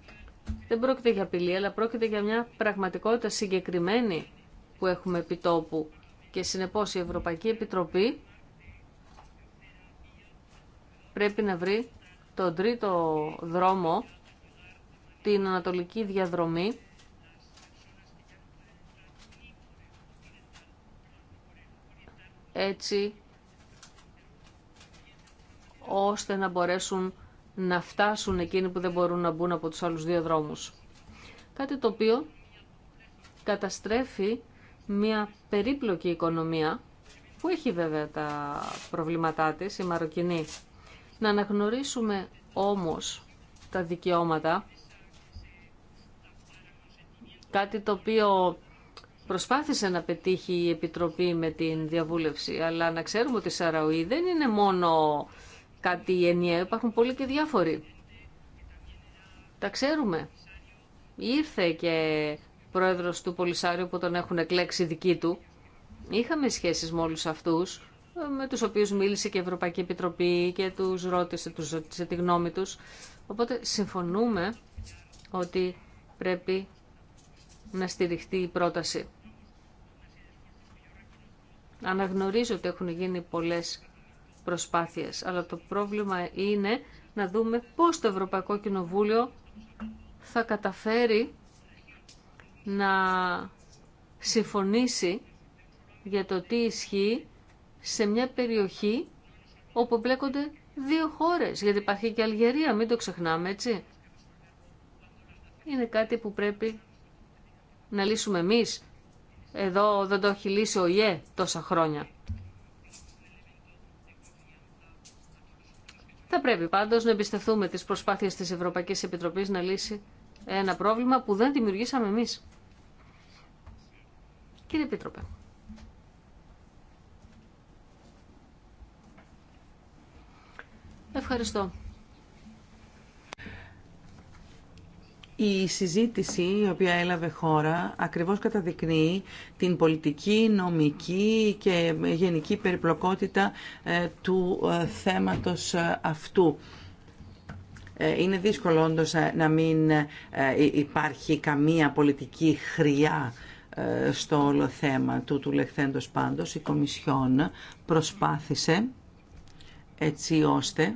Δεν πρόκειται για απειλή, αλλά πρόκειται για μια πραγματικότητα συγκεκριμένη που έχουμε επιτόπου. Και συνεπώς η Ευρωπαϊκή Επιτροπή πρέπει να βρει τον τρίτο δρόμο, την ανατολική διαδρομή, έτσι ώστε να μπορέσουν να φτάσουν εκείνοι που δεν μπορούν να μπουν από τους άλλους δύο δρόμους. Κάτι το οποίο καταστρέφει μια περίπλοκη οικονομία που έχει βέβαια τα προβλήματά της, η Μαροκινή. Να αναγνωρίσουμε όμως τα δικαιώματα, κάτι το οποίο Προσπάθησε να πετύχει η Επιτροπή με την διαβούλευση, αλλά να ξέρουμε ότι η Σαραουή δεν είναι μόνο κάτι ενιαίο, υπάρχουν πολλοί και διάφοροι. Τα ξέρουμε. Ήρθε και πρόεδρος του Πολυσάριου που τον έχουν εκλέξει δική του. Είχαμε σχέσεις με όλους αυτούς, με τους οποίους μίλησε και η Ευρωπαϊκή Επιτροπή και τους ρώτησε, τους τη γνώμη τους. Οπότε συμφωνούμε ότι πρέπει να στηριχτεί η πρόταση. Αναγνωρίζω ότι έχουν γίνει πολλές προσπάθειες, αλλά το πρόβλημα είναι να δούμε πώς το Ευρωπαϊκό Κοινοβούλιο θα καταφέρει να συμφωνήσει για το τι ισχύει σε μια περιοχή όπου μπλέκονται δύο χώρες, γιατί υπάρχει και Αλγερία, μην το ξεχνάμε, έτσι. Είναι κάτι που πρέπει να λύσουμε εμείς. Εδώ δεν το έχει λύσει ο ΙΕ τόσα χρόνια. Θα πρέπει πάντως να εμπιστευτούμε τις προσπάθειες της Ευρωπαϊκής Επιτροπής να λύσει ένα πρόβλημα που δεν δημιουργήσαμε εμείς. Κύριε Επίτροπε. Ευχαριστώ. Η συζήτηση η οποία έλαβε χώρα ακριβώς καταδεικνύει την πολιτική, νομική και γενική περιπλοκότητα ε, του ε, θέματος ε, αυτού. Είναι δύσκολο όντω να μην υπάρχει καμία πολιτική χρειά στο όλο θέμα του του λεχθέντος πάντως. Η Κομισιόν προσπάθησε έτσι ώστε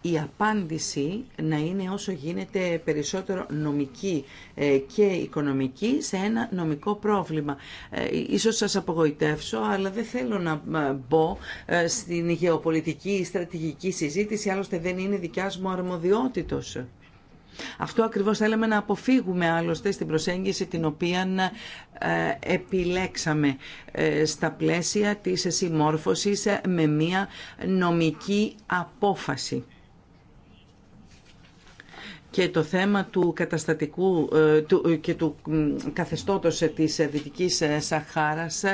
η απάντηση να είναι όσο γίνεται περισσότερο νομική ε, και οικονομική σε ένα νομικό πρόβλημα. Ε, ίσως σας απογοητεύσω, αλλά δεν θέλω να ε, μπω στην γεωπολιτική ή στρατηγική συζήτηση, άλλωστε δεν είναι δικιά μου αρμοδιότητος. Αυτό ακριβώς θέλαμε να αποφύγουμε άλλωστε στην προσέγγιση την οποία επιλέξαμε στα πλαίσια της συμμόρφωσης με μία νομική απόφαση και το θέμα του καταστατικού ε, ε, και του καθεστώτος ε, της Δυτικής Σαχάρας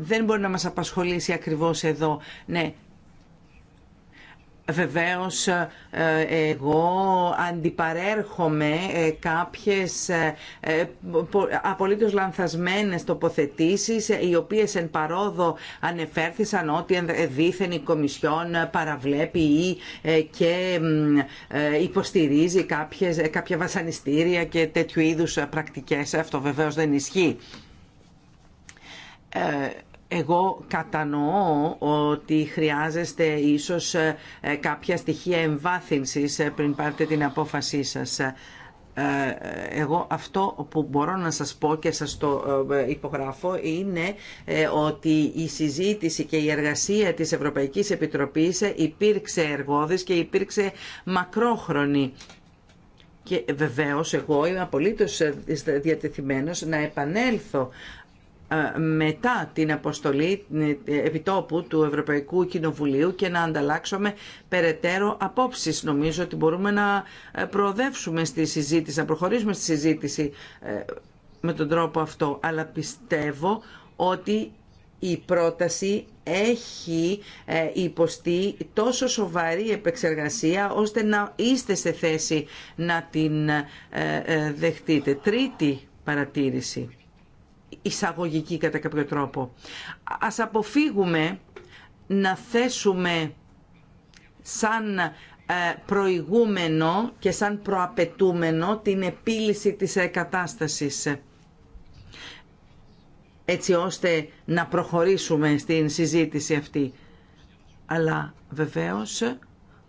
δεν μπορεί να μας απασχολήσει ακριβώς εδώ. Ναι, Βεβαίως ε, εγώ αντιπαρέρχομαι ε, κάποιες ε, απολύτως λανθασμένες τοποθετήσεις οι οποίες εν παρόδο ανεφέρθησαν ότι δήθεν η Κομισιόν παραβλέπει ή και υποστηρίζει κάποιες, κάποια βασανιστήρια και τέτοιου είδους πρακτικές. Αυτό βεβαίως δεν ισχύει. Εγώ κατανοώ ότι χρειάζεστε ίσως ε, κάποια στοιχεία εμβάθυνσης ε, πριν πάρετε την απόφασή σας. Ε, εγώ αυτό που μπορώ να σας πω και σας το υπογράφω είναι ότι η συζήτηση και η εργασία της Ευρωπαϊκής Επιτροπής υπήρξε εργόδης και υπήρξε μακρόχρονη. Και βεβαίως εγώ είμαι απολύτως διατεθειμένος να επανέλθω ε, μετά την αποστολή ε, επιτόπου του Ευρωπαϊκού Κοινοβουλίου και να ανταλλάξουμε περαιτέρω απόψεις. Νομίζω ότι μπορούμε να ε, προοδεύσουμε στη συζήτηση, να προχωρήσουμε στη συζήτηση με τον τρόπο αυτό. Αλλά πιστεύω ότι η πρόταση έχει υποστεί τόσο σοβαρή επεξεργασία ώστε να είστε σε θέση να την δεχτείτε. Τρίτη παρατήρηση εισαγωγική κατά κάποιο τρόπο. Ας αποφύγουμε να θέσουμε σαν ε, προηγούμενο και σαν προαπαιτούμενο την επίλυση της ε, κατάστασης έτσι ώστε να προχωρήσουμε στην συζήτηση αυτή. Αλλά βεβαίως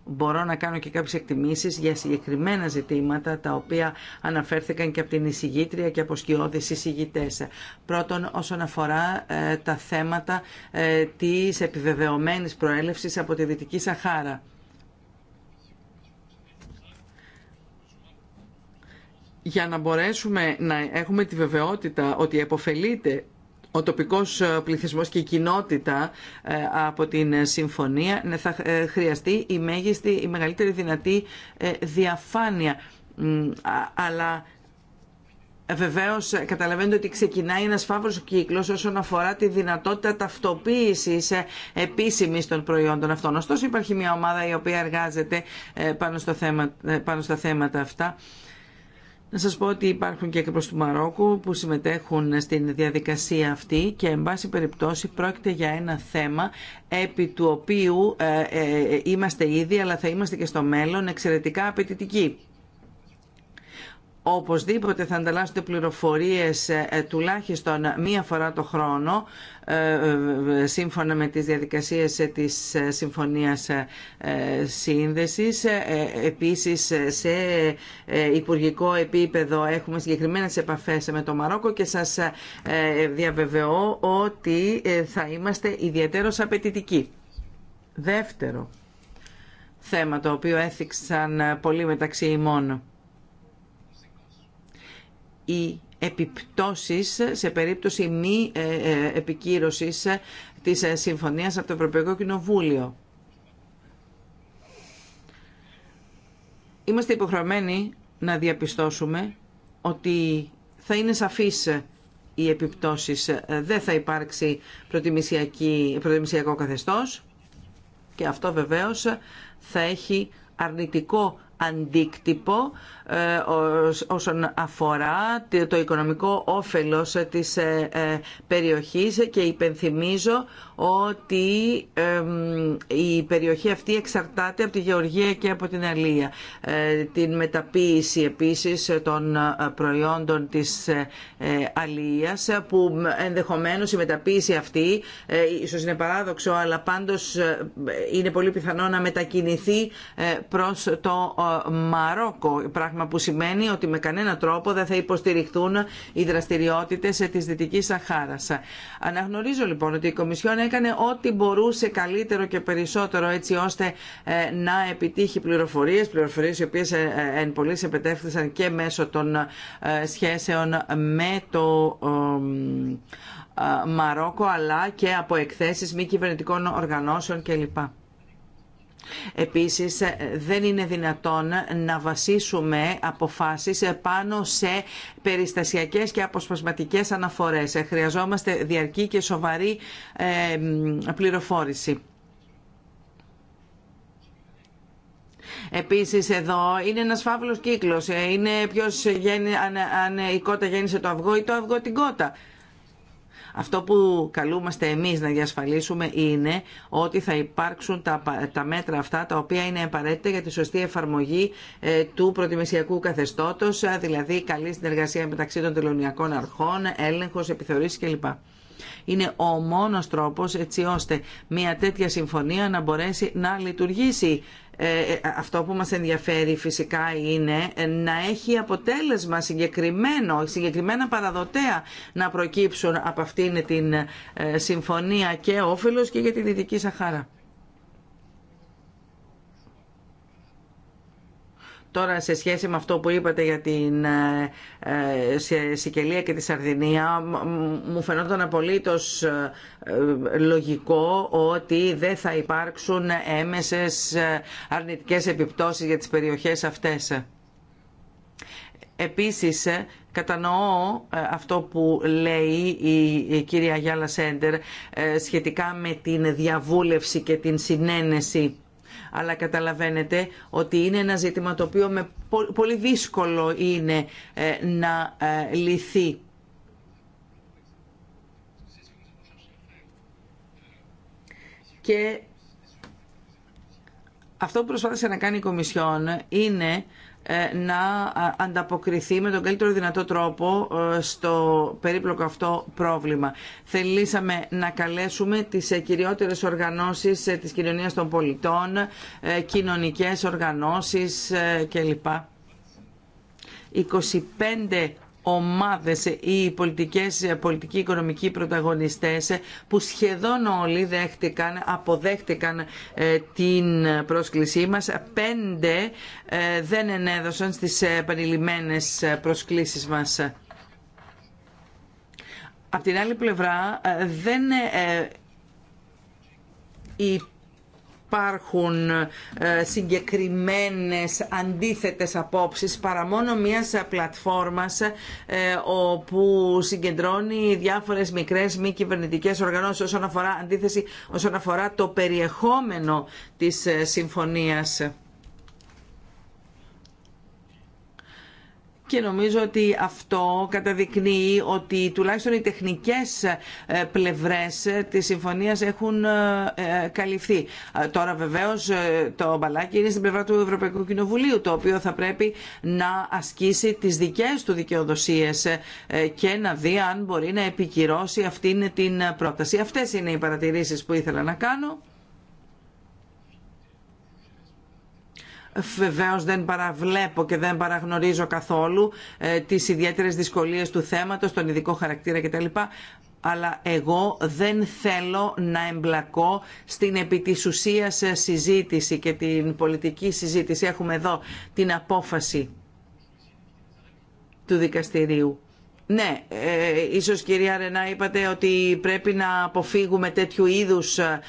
μπορώ να κάνω και κάποιες εκτιμήσεις για συγκεκριμένα ζητήματα τα οποία αναφέρθηκαν και από την εισηγήτρια και από σκιώδεις εισηγητές. Πρώτον, όσον αφορά ε, τα θέματα ε, της επιβεβαιωμένης προέλευσης από τη Δυτική Σαχάρα. Για να μπορέσουμε να έχουμε τη βεβαιότητα ότι επωφελείται ο τοπικός ε, πληθυσμός και η κοινότητα ε, από την ε, συμφωνία ναι, θα χρειαστεί η, μέγιστη, η μεγαλύτερη δυνατή διαφάνεια. Αλλά Βεβαίω, καταλαβαίνετε ότι ξεκινάει ένα φαύρο κύκλο όσον αφορά τη δυνατότητα ταυτοποίηση επίσημη των προϊόντων αυτών. Ωστόσο, υπάρχει μια ομάδα η οποία εργάζεται πάνω, στο θέμα, πάνω στα θέματα αυτά να σας πω ότι υπάρχουν και προς του Μαρόκου που συμμετέχουν στην διαδικασία αυτή και εν πάση περιπτώσει πρόκειται για ένα θέμα επί του οποίου ε, ε, ε, είμαστε ήδη αλλά θα είμαστε και στο μέλλον εξαιρετικά απαιτητικοί οπωσδήποτε θα ανταλλάσσονται πληροφορίες ε, ε, τουλάχιστον μία φορά το χρόνο ε, σύμφωνα με τις διαδικασίες της Συμφωνίας Σύνδεσης. Επίσης σε υπουργικό επίπεδο έχουμε συγκεκριμένες επαφές με το Μαρόκο και σας διαβεβαιώ ότι θα είμαστε ιδιαίτερος απαιτητικοί. Δεύτερο θέμα το οποίο έθιξαν πολύ μεταξύ ημών οι επιπτώσεις σε περίπτωση μη ε, ε, επικύρωσης της ε, συμφωνίας από το Ευρωπαϊκό Κοινοβούλιο. Είμαστε υποχρεωμένοι να διαπιστώσουμε ότι θα είναι σαφής οι επιπτώσεις. Δεν θα υπάρξει προτιμησιακό καθεστώς και αυτό βεβαίως θα έχει αρνητικό αντίκτυπο ε, όσον αφορά το οικονομικό όφελος της ε, ε, περιοχής και υπενθυμίζω ότι η περιοχή αυτή εξαρτάται από τη γεωργία και από την αλία. Ε, την μεταποίηση επίσης των ε, προϊόντων της ε, αλίας που ενδεχομένως η μεταποίηση αυτή ίσως είναι παράδοξο αλλά πάντως είναι πολύ πιθανό να μετακινηθεί προς το Μαρόκο πράγμα που σημαίνει ότι με κανένα τρόπο δεν θα υποστηριχθούν οι δραστηριότητες της Δυτικής Σαχάρας. Αναγνωρίζω λοιπόν ότι η Κομισιόν έκανε ό,τι μπορούσε καλύτερο και περισσότερο έτσι ώστε ε, να επιτύχει πληροφορίες, πληροφορίες οι οποίες ε, ε, εν επετέφθησαν και μέσω των σχέσεων με το Μαρόκο αλλά και από εκθέσεις μη κυβερνητικών οργανώσεων κλπ. Επίσης δεν είναι δυνατόν να βασίσουμε αποφάσεις πάνω σε περιστασιακές και αποσπασματικές αναφορές. Χρειαζόμαστε διαρκή και σοβαρή πληροφόρηση. Επίσης εδώ είναι ένας φαύλος κύκλος. Είναι ποιος γέννη, αν, αν η κότα γέννησε το αυγό ή το αυγό την κότα. Αυτό που καλούμαστε εμείς να διασφαλίσουμε είναι ότι θα υπάρξουν τα, τα μέτρα αυτά τα οποία είναι απαραίτητα για τη σωστή εφαρμογή ε, του προτιμησιακού καθεστώτος, ε, δηλαδή καλή συνεργασία μεταξύ των τελωνιακών αρχών, έλεγχος, επιθεωρήσεις κλπ είναι ο μόνος τρόπος έτσι ώστε μια τέτοια συμφωνία να μπορέσει να λειτουργήσει. Ε, ε, αυτό που μας ενδιαφέρει φυσικά είναι να έχει αποτέλεσμα συγκεκριμένο, συγκεκριμένα παραδοτέα να προκύψουν από αυτήν την ε, συμφωνία και όφελος και για τη Δυτική Σαχάρα. Τώρα σε σχέση με αυτό που είπατε για την ε, ε, Σικελία και τη Σαρδινία μου φαινόταν απολύτως ε, λογικό ότι δεν θα υπάρξουν έμεσες αρνητικές επιπτώσεις για τις περιοχές αυτές. Επίσης, κατανοώ αυτό που λέει η κυρία Γιάλα Σέντερ σχετικά με την διαβούλευση και την συνένεση αλλά καταλαβαίνετε ότι είναι ένα ζήτημα το οποίο με πολύ δύσκολο είναι ε, να ε, λυθεί. Και αυτό που προσπάθησε να κάνει η Κομισιόν είναι ε, να ε, ανταποκριθεί με τον καλύτερο δυνατό τρόπο ε, στο περίπλοκο αυτό πρόβλημα. Θελήσαμε να καλέσουμε τις κυριότερες οργανώσεις της κοινωνίας των πολιτών, κοινωνικές οργανώσεις κλπ. 25 ομάδες ή πολιτικές, πολιτικοί οικονομικοί πρωταγωνιστές που σχεδόν όλοι δέχτηκαν, αποδέχτηκαν ε, την πρόσκλησή μας. Πέντε ε, δεν ενέδωσαν στις επανειλημμένες προσκλήσεις μας. Απ' την άλλη πλευρά ε, δεν υπάρχουν ε, συγκεκριμένες αντίθετες απόψεις παρά μόνο μιας πλατφόρμας ε, όπου συγκεντρώνει διάφορες μικρές μη κυβερνητικές οργανώσεις όσον αφορά αντίθεση όσον αφορά το περιεχόμενο της ε, συμφωνίας. και νομίζω ότι αυτό καταδεικνύει ότι τουλάχιστον οι τεχνικές ε, πλευρές της συμφωνίας έχουν ε, ε, καλυφθεί. Τώρα βεβαίως το μπαλάκι είναι στην πλευρά του Ευρωπαϊκού Κοινοβουλίου το οποίο θα πρέπει να ασκήσει τις δικές του δικαιοδοσίες και να δει αν μπορεί να επικυρώσει αυτήν την πρόταση. Αυτές είναι οι παρατηρήσεις που ήθελα να κάνω. Βεβαίω δεν παραβλέπω και δεν παραγνωρίζω καθόλου ε, τις ιδιαίτερες δυσκολίες του θέματος, τον ειδικό χαρακτήρα κτλ αλλά εγώ δεν θέλω να εμπλακώ στην επί της συζήτηση και την πολιτική συζήτηση. Έχουμε εδώ την απόφαση του δικαστηρίου. Ναι, ε, ίσως κυρία Ρενά είπατε ότι πρέπει να αποφύγουμε τέτοιου είδους ε,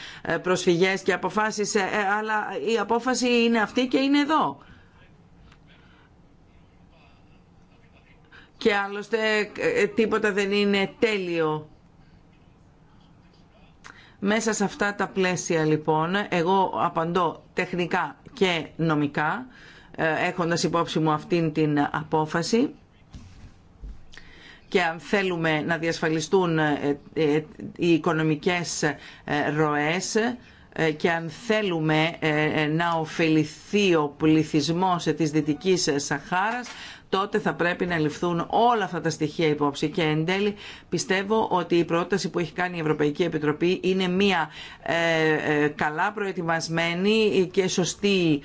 προσφυγές και αποφάσεις, ε, ε, αλλά η απόφαση είναι αυτή και είναι εδώ. Και άλλωστε τίποτα δεν είναι τέλειο. Μέσα σε αυτά τα πλαίσια λοιπόν, εγώ απαντώ τεχνικά και νομικά, έχοντας υπόψη μου αυτήν την απόφαση και αν θέλουμε να διασφαλιστούν ε, ε, οι οικονομικές ε, ροές και αν θέλουμε να ωφεληθεί ο πληθυσμός της Δυτικής Σαχάρας τότε θα πρέπει να ληφθούν όλα αυτά τα στοιχεία υπόψη. Και εν τέλει πιστεύω ότι η πρόταση που έχει κάνει η Ευρωπαϊκή Επιτροπή είναι μια καλά προετοιμασμένη και σωστή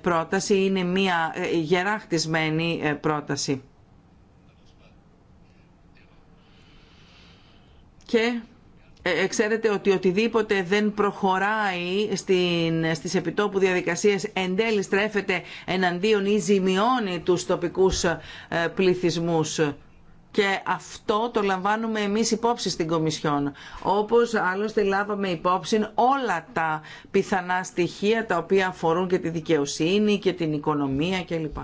πρόταση, είναι μια γεράχτισμένη πρόταση. και ε, ε, ξέρετε ότι οτιδήποτε δεν προχωράει στην, στις επιτόπου διαδικασίες εν τέλει στρέφεται εναντίον ή ζημιώνει τους τοπικούς ε, πληθυσμούς. Και αυτό το λαμβάνουμε εμείς υπόψη στην Κομισιόν. Όπως άλλωστε λάβαμε υπόψη όλα τα πιθανά στοιχεία τα οποία αφορούν και τη δικαιοσύνη και την οικονομία κλπ.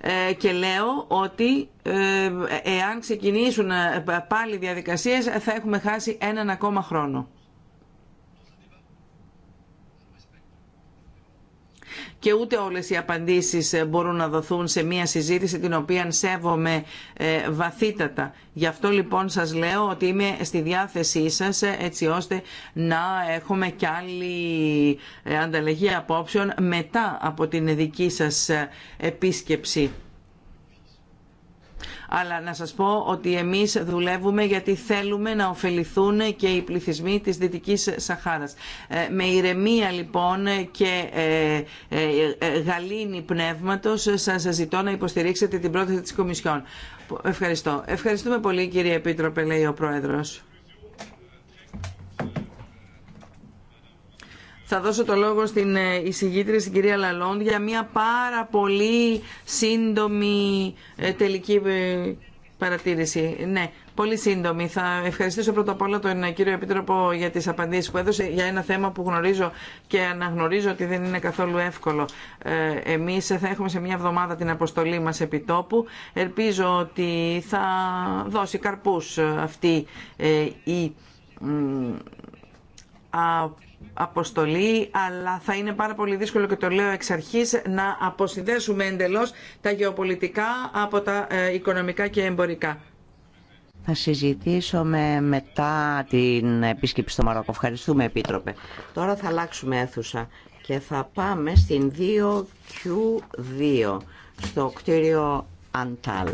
Ε, και λέω ότι ε, εάν ξεκινήσουν ε, πάλι διαδικασίες θα έχουμε χάσει έναν ακόμα χρόνο. και ούτε όλες οι απαντήσεις ε, μπορούν να δοθούν σε μια συζήτηση την οποία σέβομαι ε, βαθύτατα. Γι' αυτό λοιπόν σας λέω ότι είμαι στη διάθεσή σας ε, έτσι ώστε να έχουμε κι άλλη ανταλλαγή απόψεων μετά από την δική σας επίσκεψη. Αλλά να σας πω ότι εμείς δουλεύουμε γιατί θέλουμε να ωφεληθούν και οι πληθυσμοί της Δυτικής Σαχάρας. Ε, με ηρεμία λοιπόν και ε, ε, γαλήνη πνεύματος σας ζητώ να υποστηρίξετε την πρόταση της Κομισιόν. Ευχαριστώ. Ευχαριστούμε πολύ κύριε Επίτροπε, λέει ο Πρόεδρος. Θα δώσω το λόγο στην ε, εισηγήτρια, στην κυρία Λαλόν, για μια πάρα πολύ σύντομη ε, τελική ε, παρατήρηση. Ναι, πολύ σύντομη. Θα ευχαριστήσω πρώτα απ' όλα τον κύριο Επίτροπο για τις απαντήσεις που έδωσε για ένα θέμα που γνωρίζω και αναγνωρίζω ότι δεν είναι καθόλου εύκολο. Ε, εμείς θα έχουμε σε μια εβδομάδα την αποστολή μας επί τόπου. Ελπίζω ότι θα δώσει καρπούς αυτή η αποστολή, αλλά θα είναι πάρα πολύ δύσκολο και το λέω εξ αρχής να αποσυνδέσουμε εντελώς τα γεωπολιτικά από τα ε, οικονομικά και εμπορικά. Θα συζητήσουμε μετά την επίσκεψη στο Μαρόκο. Ευχαριστούμε, Επίτροπε. Τώρα θα αλλάξουμε αίθουσα και θα πάμε στην 2Q2, στο κτίριο Αντάλ.